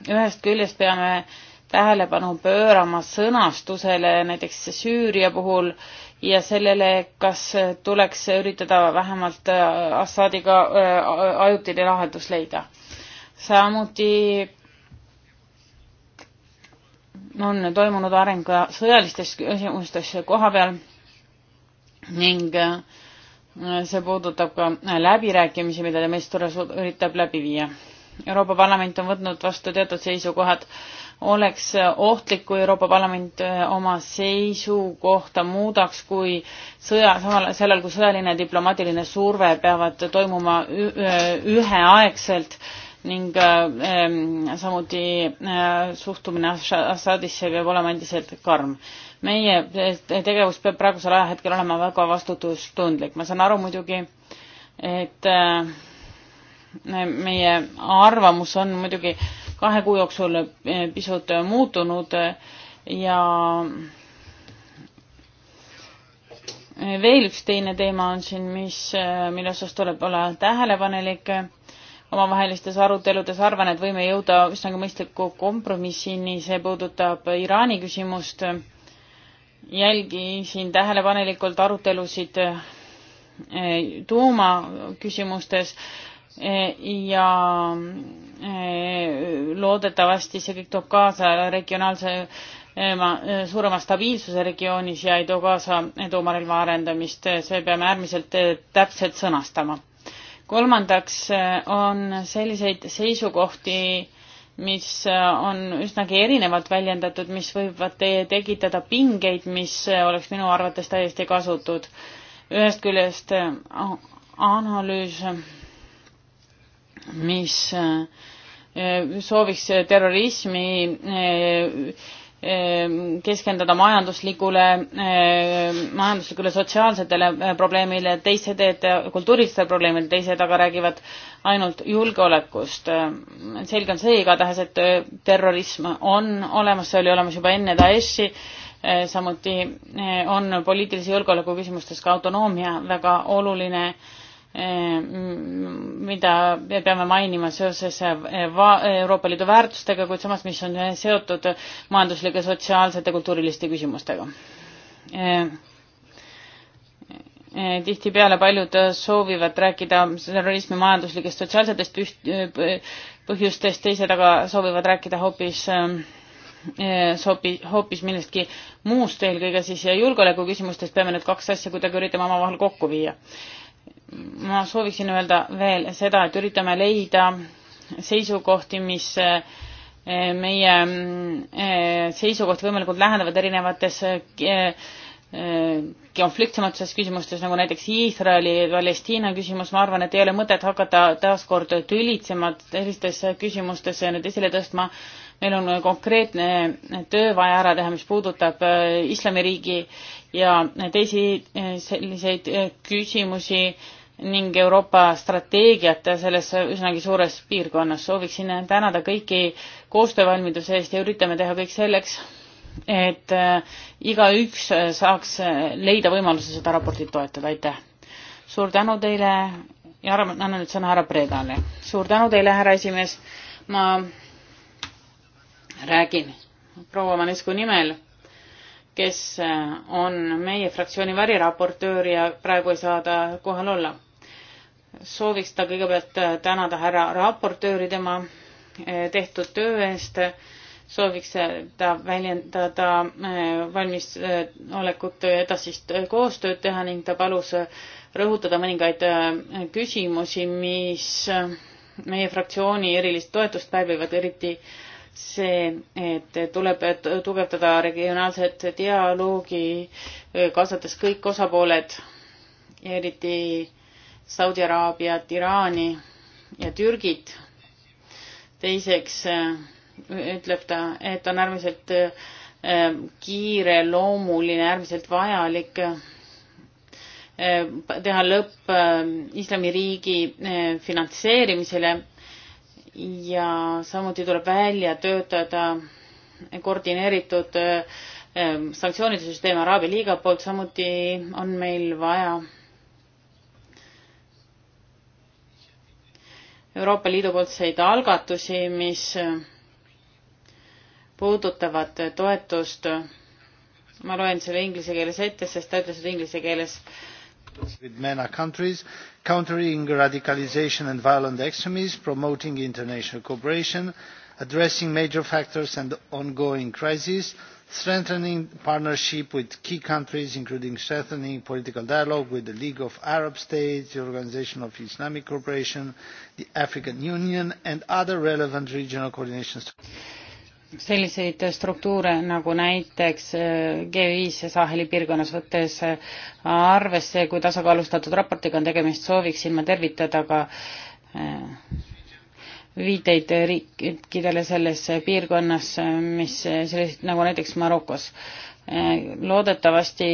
ühest küljest peame tähelepanu pöörama sõnastusele näiteks Süüria puhul ja sellele, kas tuleks üritada vähemalt Assadiga äh, ajutine lahendus leida samuti on toimunud areng ka sõjalistes küsimustes koha peal ning äh, see puudutab ka läbirääkimisi, mida Demestura üritab läbi viia. Euroopa Parlament on võtnud vastu teatud seisukohad. oleks ohtlik, kui Euroopa Parlament äh, oma seisukohta muudaks, kui sõja, sellel kui sõjaline ja diplomaatiline surve peavad toimuma üheaegselt ühe ning äh, ähm, samuti äh, suhtumine Assadisse peab olema endiselt karm. meie äh, tegevus peab praegusel ajahetkel olema väga vastutustundlik. ma saan aru muidugi, et äh, meie arvamus on muidugi kahe kuu jooksul äh, pisut muutunud äh, ja veel üks teine teema on siin, mis, mille osas tuleb olla tähelepanelik omavahelistes aruteludes, arvan, et võime jõuda üsnagi mõistliku kompromissini, see puudutab Iraani küsimust. jälgisin tähelepanelikult arutelusid eh, tuumaküsimustes eh, ja eh, loodetavasti see kõik toob kaasa regionaalse suurema stabiilsuse regioonis ja ei too kaasa tuumarelva arendamist, see peame äärmiselt täpselt sõnastama kolmandaks eh, on selliseid seisukohti, mis eh, on üsnagi erinevalt väljendatud, mis võivad teie tekitada pingeid, mis eh, oleks minu arvates täiesti kasutud. ühest küljest analüüs, mis sooviks terrorismi Ehm, keskenduda majanduslikule, ehm, majanduslikule, sotsiaalsetele eh, probleemile, teised eh, kultuurilistele probleemidele, teised aga räägivad ainult julgeolekust. Ehm, selge on see igatahes, et eh, terrorism on olemas, see oli olemas juba enne Daeshi, samuti on poliitilise julgeoleku küsimustes ka autonoomia väga oluline äh, Ehm, mida me peame mainima seoses eh, Euroopa Liidu väärtustega, kuid samas, mis on eh, seotud majanduslike, sotsiaalsete, kultuuriliste küsimustega. Ehm, eh, tihtipeale paljud soovivad rääkida terrorismi majanduslikest, sotsiaalsetest põhjustest, teised aga soovivad rääkida hoopis ehm, sobi-, hoopis millestki muust eelkõige siis ja julgeolekuküsimustes peame need kaks asja kuidagi üritama omavahel kokku viia ma sooviksin öelda veel seda, et üritame leida seisukohti, mis eh, meie eh, seisukohti võimalikult lähendavad erinevates eh, konfliktsemates küsimustes, nagu näiteks Iisraeli ja Palestiina küsimus, ma arvan, et ei ole mõtet hakata taaskord tülitsema sellistes küsimustes ja nüüd esile tõstma äh, meil on äh, konkreetne äh, töö vaja ära teha, mis puudutab äh, islamiriigi ja teisi selliseid küsimusi ning Euroopa strateegiat selles üsnagi suures piirkonnas. sooviksin tänada kõiki koostöövalmiduse eest ja üritame teha kõik selleks, et igaüks saaks leida võimaluse seda raportit toetada, aitäh. suur tänu teile ja annan nüüd sõna härra Predale. suur tänu teile, härra esimees. ma räägin proua Manescu nimel, kes äh, on meie fraktsiooni variraportöör ja praegu ei saa ta kohal olla. sooviks ta kõigepealt äh, tänada härra raportööri tema äh, tehtud töö eest, sooviks ta väljendada valmisolekut edasist koostööd teha ning ta palus rõhutada mõningaid küsimusi, mis meie fraktsiooni erilist toetust pälvivad, eriti äh, see, et tuleb tugevdada regionaalset dialoogi, kaasates kõik osapooled, eriti Saudi Araabiat, Iraani ja Türgit. teiseks ütleb ta, et on äärmiselt ähm, kiireloomuline, äärmiselt vajalik äh, teha lõpp ähm, islamiriigi äh, finantseerimisele ja samuti tuleb välja töötada koordineeritud ähm, sanktsioonide süsteem Araabia liiga poolt, samuti on meil vaja Euroopa Liidu poolseid algatusi, mis puudutavad toetust. ma loen selle inglise keeles ette, sest ta ütles, et inglise keeles äh, with MENA countries, countering radicalization and violent extremism, promoting international cooperation, addressing major factors and ongoing crises, strengthening partnership with key countries, including strengthening political dialogue with the League of Arab States, the Organization of Islamic Cooperation, the African Union, and other relevant regional coordination structures selliseid struktuure nagu näiteks äh, G5 ja Saheli piirkonnas võttes äh, arvesse, kui tasakaalustatud raportiga on tegemist, sooviksin ma tervitada ka äh, viiteid riikidele selles piirkonnas, mis sellised nagu näiteks Marokos. loodetavasti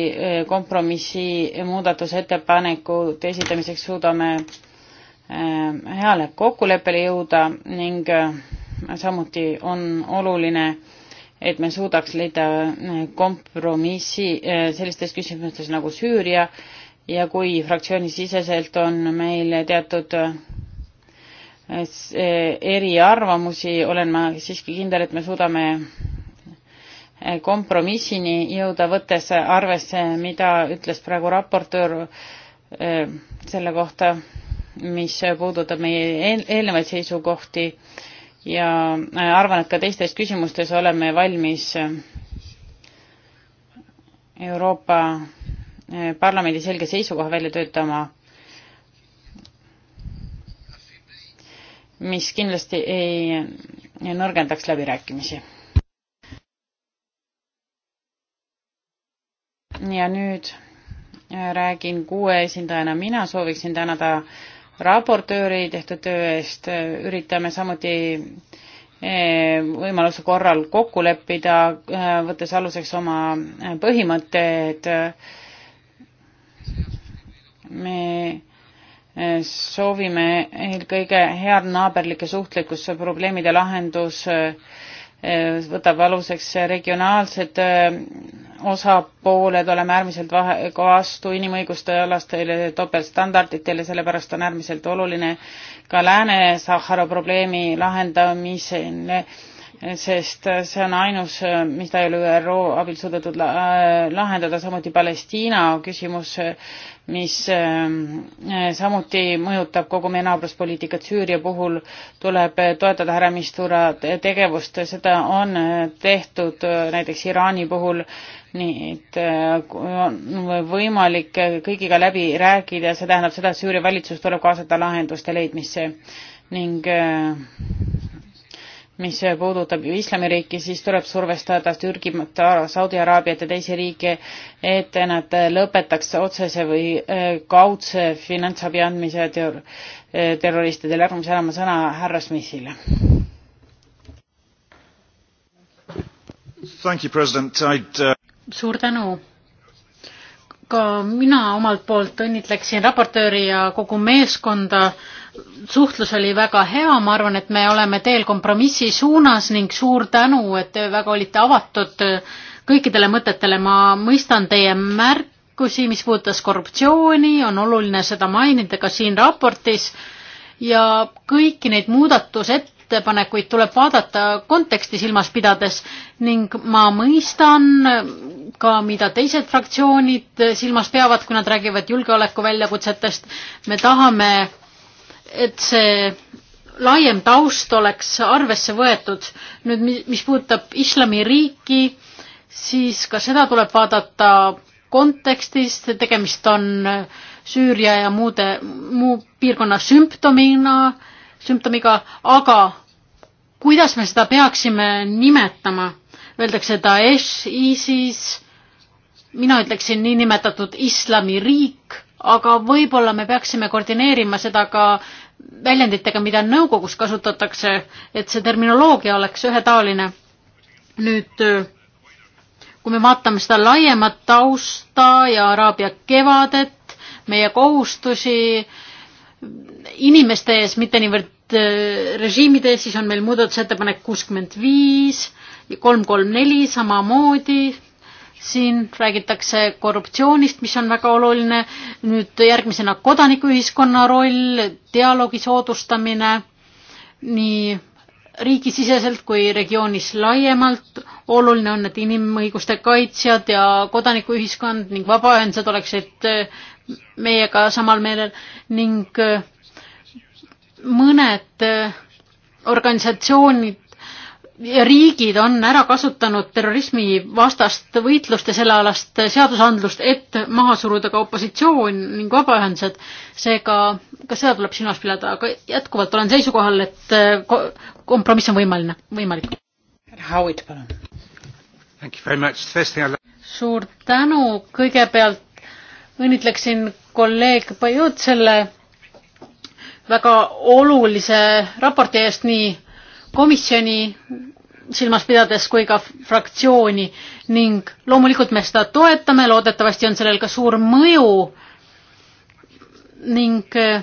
kompromissi muudatusettepanekute esitamiseks suudame heale kokkuleppele jõuda ning samuti on oluline, et me suudaks leida äh, kompromissi äh, sellistes küsimustes nagu Süüria ja kui fraktsioonisiseselt on meil teatud äh, eriarvamusi, olen ma siiski kindel, et me suudame kompromissini jõuda, võttes arvesse, mida ütles praegu raportöör selle kohta, mis puudutab meie eelnevaid seisukohti ja äh, arvan, et ka teistes küsimustes oleme valmis äh, Euroopa äh, Parlamendi selge seisukoha välja töötama, mis kindlasti ei nõrgendaks läbirääkimisi. ja nüüd räägin kuue esindajana, mina sooviksin tänada raportööri tehtud töö eest, üritame samuti eh, võimaluse korral kokku leppida, eh, võttes aluseks oma eh, põhimõtted. me soovime eelkõige head naaberlikke suhtlikkuse probleemide lahendus äh, Äh, võtab aluseks regionaalsed äh, osapooled, oleme äärmiselt vahe, vastu inimõiguste alastele topeltstandarditele, sellepärast on äärmiselt oluline ka Lääne-Sahara probleemi lahendamisel sest see on ainus, mida ei ole ÜRO abil suudetud lahendada, samuti Palestiina küsimus, mis eh, samuti mõjutab kogu meie naabruspoliitikat. Süüria puhul tuleb toetada härra Mistura tegevust, seda on tehtud näiteks Iraani puhul, nii et eh, on võimalik kõigiga läbi rääkida, see tähendab seda, et Süüria valitsus tuleb kaasata lahenduste leidmisse ning eh, mis puudutab islamiriiki, siis tuleb survestada Türgit, Saudi Araabiat ja teisi riike, et nad lõpetaks otsese või äh, kaudse finantsabi andmise terror-, äh, terroristidele. järgmisena anname sõna härra Smithile. Uh... suur tänu. ka mina omalt poolt õnnitleksin raportööri ja kogu meeskonda uh, suhtlus oli väga hea, ma arvan, et me oleme teel kompromissi suunas ning suur tänu, et te väga olite avatud kõikidele mõtetele, ma mõistan teie märkusi, mis puudutas korruptsiooni, on oluline seda mainida ka siin raportis ja kõiki neid muudatusettepanekuid tuleb vaadata konteksti silmas pidades ning ma mõistan ka, mida teised fraktsioonid silmas peavad, kui nad räägivad julgeoleku väljakutsetest. me tahame et see laiem taust oleks arvesse võetud. nüüd, mis puudutab islamiriiki, siis ka seda tuleb vaadata kontekstis, tegemist on Süüria ja muude, muu piirkonna sümptomina, sümptomiga, aga kuidas me seda peaksime nimetama? Öeldakse Daesh, ISIS, mina ütleksin niinimetatud islamiriik aga võib-olla me peaksime koordineerima seda ka väljenditega, mida nõukogus kasutatakse, et see terminoloogia oleks ühetaoline. nüüd kui me vaatame seda laiemat tausta ja Araabia kevadet, meie kohustusi inimeste ees, mitte niivõrd äh, režiimide ees, siis on meil muudatusettepanek kuuskümmend viis, kolm, kolm, neli samamoodi siin räägitakse korruptsioonist, mis on väga oluline, nüüd järgmisena kodanikuühiskonna roll, dialoogi soodustamine nii riigisiseselt kui regioonis laiemalt. oluline on, et inimõiguste kaitsjad ja kodanikuühiskond ning vabaühendused oleksid eh, meiega samal meelel ning eh, mõned eh, organisatsioonid riigid on ära kasutanud terrorismi vastast võitlust ja sellealast seadusandlust, et maha suruda ka opositsioon ning vabaühendused. seega ka seda tuleb silmas pidada, aga jätkuvalt olen seisukohal, et eh, kompromiss on võimaline, võimalik. härra Howitt, palun. suur tänu, kõigepealt õnnitleksin kolleeg Pajut selle väga olulise raporti eest nii komisjoni silmas pidades kui ka fraktsiooni ning loomulikult me seda toetame, loodetavasti on sellel ka suur mõju ning eh,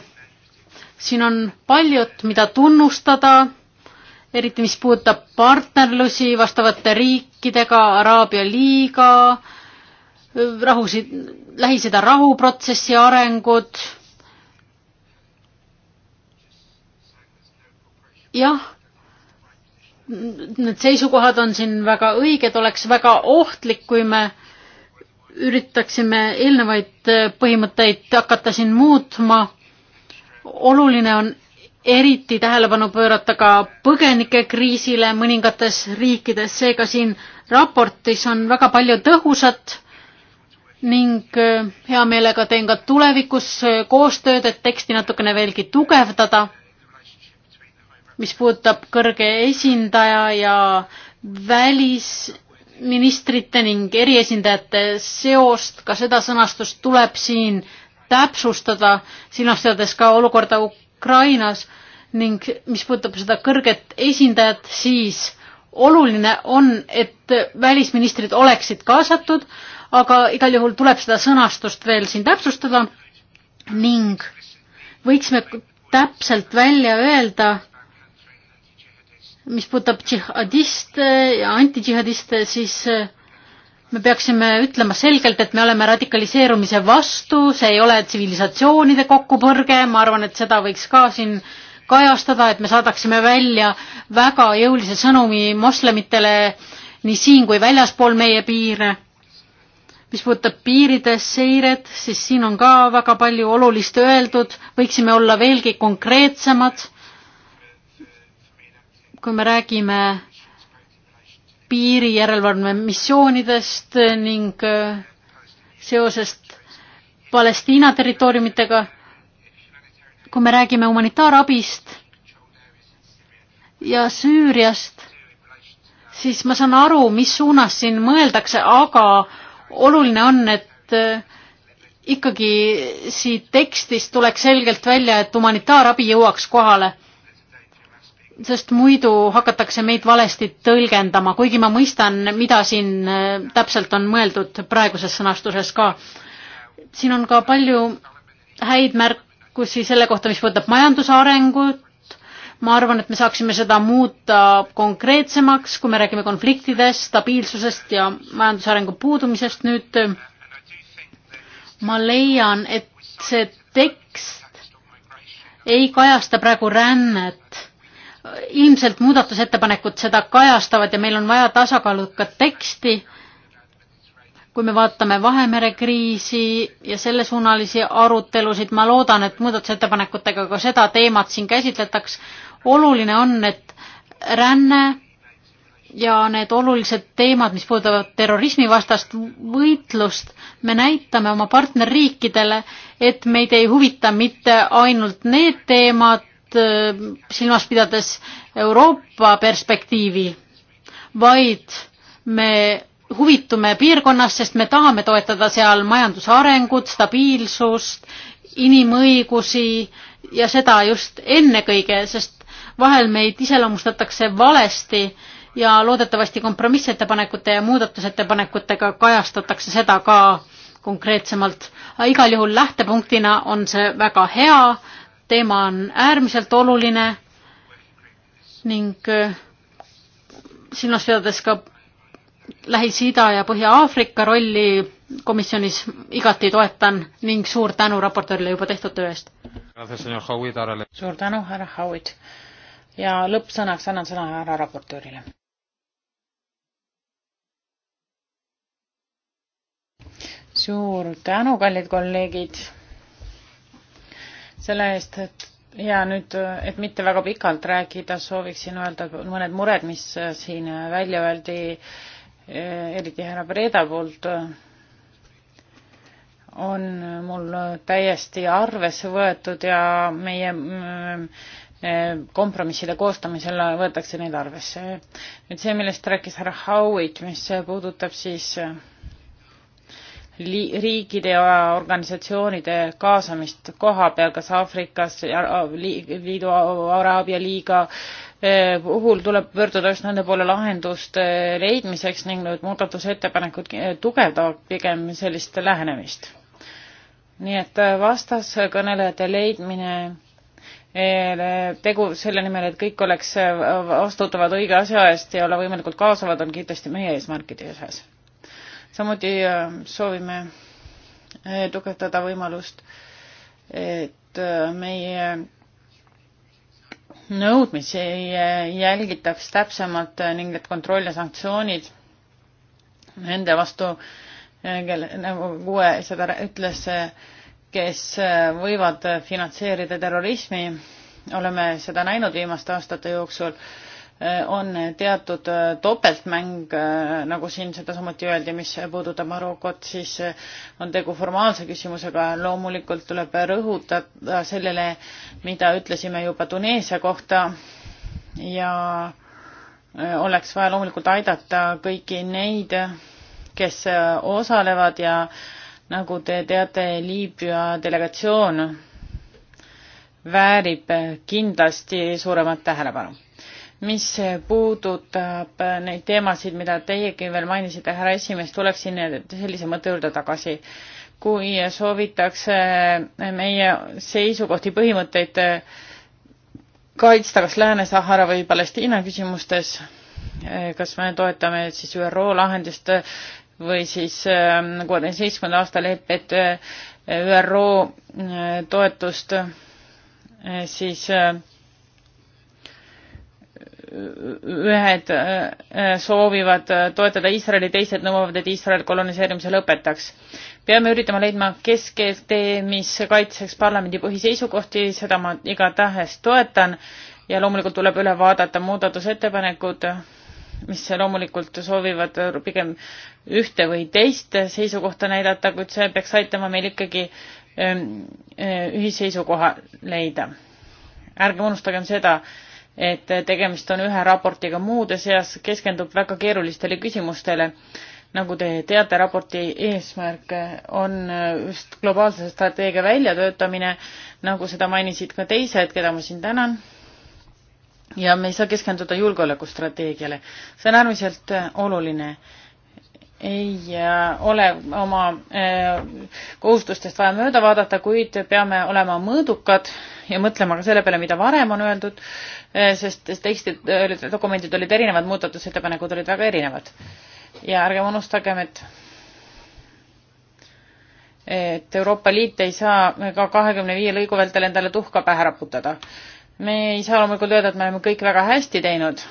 siin on paljut, mida tunnustada, eriti mis puudutab partnerlusi vastavate riikidega, Araabia liiga, eh, rahusid, Lähis-Ida rahuprotsessi arengud. jah need seisukohad on siin väga õiged, oleks väga ohtlik, kui me üritaksime eelnevaid äh, põhimõtteid hakata siin muutma. oluline on eriti tähelepanu pöörata ka põgenikekriisile mõningates riikides, seega siin raportis on väga palju tõhusat ning äh, hea meelega teen ka tulevikus äh, koostööd, et teksti natukene veelgi tugevdada mis puudutab kõrge esindaja ja välisministrite ning eriesindajate seost, ka seda sõnastust tuleb siin täpsustada, silmastades ka olukorda Ukrainas ning mis puudutab seda kõrget esindajat, siis oluline on, et välisministrid oleksid kaasatud, aga igal juhul tuleb seda sõnastust veel siin täpsustada ning võiksime täpselt välja öelda, mis puudutab džihadiste ja antidžihadiste, siis äh, me peaksime ütlema selgelt, et me oleme radikaliseerumise vastu, see ei ole tsivilisatsioonide kokkupõrge, ma arvan, et seda võiks ka siin kajastada, et me saadaksime välja väga jõulise sõnumi moslemitele nii siin kui väljaspool meie piire. mis puudutab piiride seiret, siis siin on ka väga palju olulist öeldud, võiksime olla veelgi konkreetsemad kui me räägime piirijärelevalve missioonidest ning äh, seosest Palestiina territooriumitega, kui me räägime humanitaarabist ja Süüriast, siis ma saan aru, mis suunas siin mõeldakse, aga oluline on, et äh, ikkagi siit tekstist tuleks selgelt välja, et humanitaarabi jõuaks kohale sest muidu hakatakse meid valesti tõlgendama, kuigi ma mõistan, mida siin äh, täpselt on mõeldud praeguses sõnastuses ka. siin on ka palju häid märkusi selle kohta, mis puudutab majanduse arengut, ma arvan, et me saaksime seda muuta konkreetsemaks, kui me räägime konfliktidest, stabiilsusest ja majandusarengu puudumisest nüüd. ma leian, et see tekst ei kajasta praegu rännet ilmselt muudatusettepanekud seda kajastavad ja meil on vaja tasakaalukat teksti. kui me vaatame Vahemere kriisi ja sellesuunalisi arutelusid, ma loodan, et muudatusettepanekutega ka seda teemat siin käsitletaks. oluline on, et ränne ja need olulised teemad, mis puudutavad terrorismivastast võitlust, me näitame oma partnerriikidele, et meid ei huvita mitte ainult need teemad, Eh, silmas pidades Euroopa perspektiivi, vaid me huvitume piirkonnast, sest me tahame toetada seal majanduse arengut, stabiilsust, inimõigusi ja seda just ennekõige, sest vahel meid iseloomustatakse valesti ja loodetavasti kompromissettepanekute ja muudatusettepanekutega kajastatakse seda ka konkreetsemalt. igal juhul lähtepunktina on see väga hea, teema on äärmiselt oluline ning äh, silmas pidades ka Lähis-Ida ja Põhja-Aafrika rolli komisjonis igati toetan ning suur tänu raportöörile juba tehtud töö eest. suur tänu, härra Howitt. ja lõppsõnaks annan sõna härra raportöörile. suur tänu, kallid kolleegid selle eest, et ja nüüd, et mitte väga pikalt rääkida, sooviksin öelda mõned mured, mis siin välja öeldi, eriti härra Breda poolt, on mul täiesti arvesse võetud ja meie mm, kompromisside koostamisel võetakse neid arvesse. nüüd see, millest rääkis härra Howitt, mis puudutab siis riikide ja organisatsioonide kaasamist koha peal, kas Aafrikas Liidu Araabia liiga eh, puhul tuleb pöörduda just nende poole lahenduste leidmiseks ning need muudatusettepanekud eh, tugevdavad pigem sellist lähenemist. nii et eh, vastaskõnelejate leidmine tegu selle nimel, et kõik oleks vastutavad õige asja eest ja ole võimalikult kaasavad, on kindlasti meie eesmärkide seas samuti ähm, soovime äh, tugevdada võimalust, et äh, meie nõudmisi äh, jälgitaks täpsemalt ning et kontroll ja sanktsioonid nende vastu, kelle, nagu Kuue seda ütles, kes võivad finantseerida terrorismi, oleme seda näinud viimaste aastate jooksul Eh, on teatud eh, topeltmäng, eh, nagu siin seda samuti öeldi, mis puudutab Marokot, siis on tegu formaalse küsimusega. loomulikult tuleb rõhutada sellele, mida ütlesime juba Tuneesia kohta ja oleks vaja loomulikult aidata kõiki neid, kes osalevad ja nagu te teate, Liibüa delegatsioon väärib kindlasti suuremat tähelepanu mis puudutab neid teemasid, mida teiegi veel mainisite, härra esimees, tuleksin sellise mõtte juurde tagasi. kui soovitakse meie seisukohti, põhimõtteid kaitsta kas Lääne-Sahara või Palestiina küsimustes, kas me toetame siis ÜRO lahendist või siis kuuekümne nagu seitsmenda aasta lepet ÜRO toetust, siis äh, ühed äh, äh, soovivad äh, toetada Iisraeli, teised nõuavad, et Iisrael koloniseerimise lõpetaks. peame üritama leidma kesktee, mis kaitseks parlamendi põhiseisukohti, seda ma igatahes toetan ja loomulikult tuleb üle vaadata muudatusettepanekud, mis loomulikult soovivad pigem ühte või teist seisukohta näidata, kuid see peaks aitama meil ikkagi ähm, ühisseisukoha leida. ärgem unustagem seda, et tegemist on ühe raportiga muude seas, keskendub väga keerulistele küsimustele. nagu te teate, raporti eesmärk on just globaalse strateegia väljatöötamine, nagu seda mainisid ka teised, keda ma siin tänan. ja me ei saa keskenduda julgeolekustrateegiale, see on äärmiselt oluline ei äh, ole oma äh, kohustustest vaja mööda vaadata, kuid peame olema mõõdukad ja mõtlema ka selle peale, mida varem on öeldud, äh, sest tekstid, dokumendid olid erinevad, muudatusettepanekud olid väga erinevad. ja ärgem unustagem, et et Euroopa Liit ei saa ka kahekümne viie lõigu vältel endale tuhka pähe raputada. me ei saa loomulikult öelda, et me oleme kõik väga hästi teinud,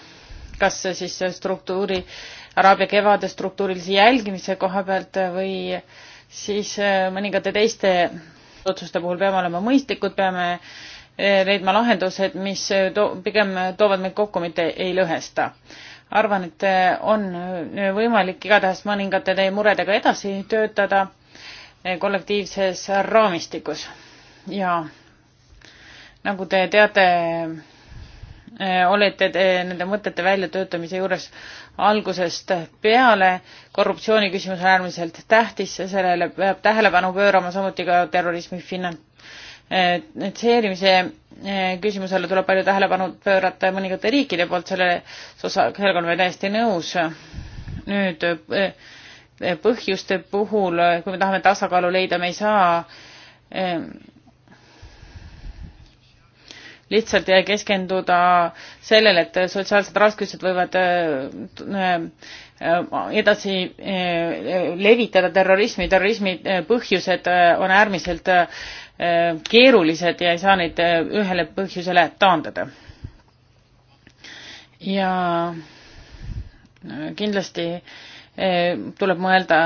kas siis struktuuri äh, Araabia kevade struktuurilise jälgimise koha pealt või siis äh, mõningate teiste otsuste puhul peame olema mõistlikud, peame äh, leidma lahendused, mis äh, to-, pigem toovad meid kokku, mitte ei lõhesta. arvan, et on võimalik igatahes mõningate teie muredega edasi töötada kollektiivses raamistikus ja nagu te teate, olete te nende mõtete väljatöötamise juures algusest peale. korruptsiooniküsimus on äärmiselt tähtis ja sellele peab tähelepanu pöörama, samuti ka terrorismi finantseerimise eh, eh, küsimusele tuleb palju tähelepanu pöörata mõningate riikide poolt, selle osa, sellega olen täiesti nõus. nüüd eh, põhjuste puhul, kui me tahame tasakaalu leida, me ei saa lihtsalt keskenduda sellele, et sotsiaalsed raskused võivad äh, äh, edasi äh, levitada terrorismi, terrorismi põhjused on äärmiselt keerulised ja ei saa neid ühele põhjusele taandada. ja kindlasti tuleb mõelda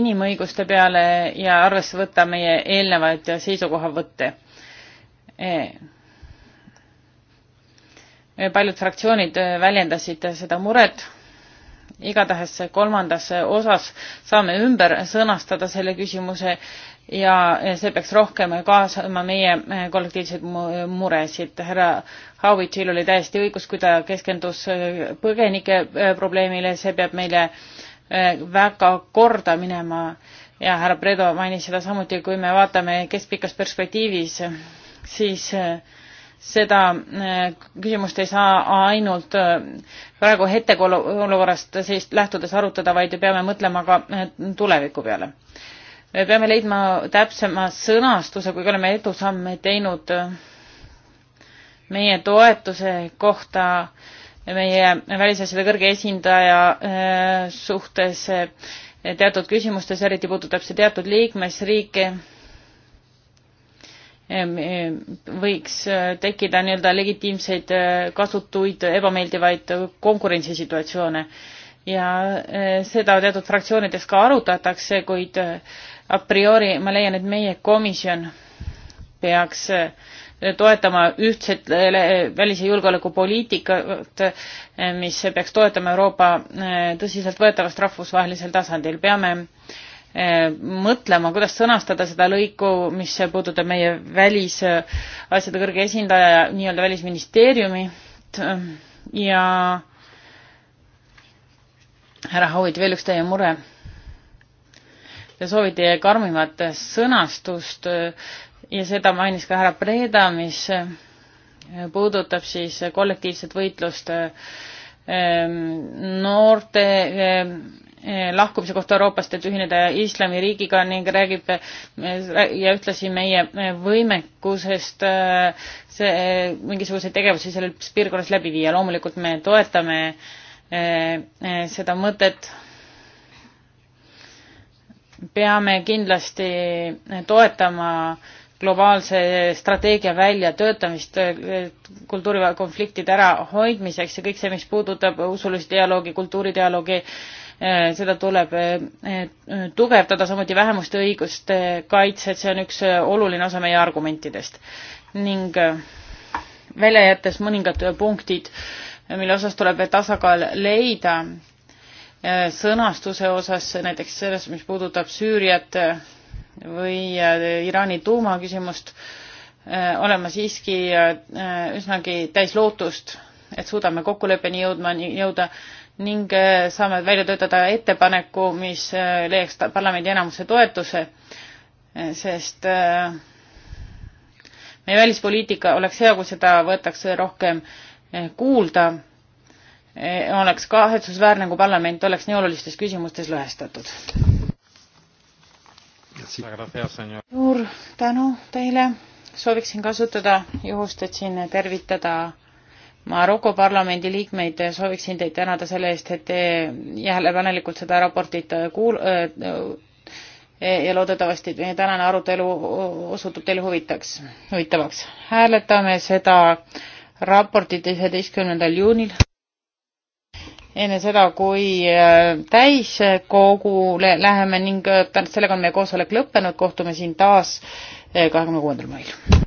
inimõiguste peale ja arvesse võtta meie eelnevaid seisukohavõtte Eh, paljud fraktsioonid eh, väljendasid seda muret. igatahes kolmandas osas saame ümber sõnastada selle küsimuse ja eh, see peaks rohkem kaasama meie kollektiivseid muresid. härra Howitsil oli täiesti õigus, kui ta keskendus põgenike probleemile, see peab meile väga korda minema ja härra Predo mainis seda samuti, kui me vaatame keskpikas perspektiivis siis äh, seda äh, küsimust ei saa ainult äh, praegu hetkeolukorrast siis lähtudes arutada, vaid peame mõtlema ka tuleviku peale. me peame leidma täpsema sõnastuse, kuigi oleme edusamme teinud meie toetuse kohta meie välisasjade kõrge esindaja suhtes teatud küsimustes, eriti puudutab see teatud liikmesriike võiks äh, tekkida nii-öelda legitiimseid äh, kasutuid ebameeldivaid konkurentsisituatsioone ja äh, seda teatud fraktsioonides ka arutatakse, kuid a priori ma leian, et meie komisjon peaks toetama ühtset välis- ja julgeolekupoliitikat, mis peaks toetama Euroopa tõsiseltvõetavast rahvusvahelisel tasandil. peame Eh, mõtlema, kuidas sõnastada seda lõiku, mis puudutab meie välisasjade kõrge esindaja nii-öelda välisministeeriumit eh, ja härra Howitt, veel üks teie mure. Te soovite karmimat sõnastust eh, ja seda mainis ka härra Breda, mis puudutab siis kollektiivset võitlust noorte Eh, lahkumise kohta Euroopast, et ühineda islamiriigiga ning räägib ja ühtlasi meie võimekusest eh, see, eh, mingisuguseid tegevusi selles piirkonnas läbi viia. loomulikult me toetame seda mõtet. peame kindlasti toetama globaalse strateegia väljatöötamist kultuurikonfliktide ärahoidmiseks ja kõik see, mis puudutab usulist dialoogi, kultuuridialoogi äh, Äh, seda tuleb äh, äh, tugevdada, samuti vähemuste õiguste kaitset, see on üks oluline osa meie argumentidest. ning välja jättes mõningad punktid, mille osas tuleb tasakaal leida, sõnastuse osas, näiteks selles, mis puudutab Süüriat või Iraani tuumaküsimust, olen ma siiski üsnagi täis lootust, et suudame kokkuleppeni jõudma, jõuda ning äh, saame välja töötada ettepaneku, mis äh, leiaks parlamendi enamuse toetuse, äh, sest meie välispoliitika oleks hea, kui seda võetaks rohkem kuulda, oleks kahetsusväärne, kui parlament oleks nii olulistes küsimustes lõhestatud. suur tänu teile, sooviksin kasutada juhust, et siin tervitada Maroko parlamendi liikmeid sooviksin teid tänada selle eest, et te tähelepanelikult seda raportit äh, kuul- äh, äh, ja loodetavasti meie tänane arutelu osutub teile huvitaks, huvitavaks. hääletame seda raportit üheteistkümnendal juunil enne seda, kui täiskogule läheme ning sellega on meie koosolek lõppenud, kohtume siin taas kahekümne kuuendal mail.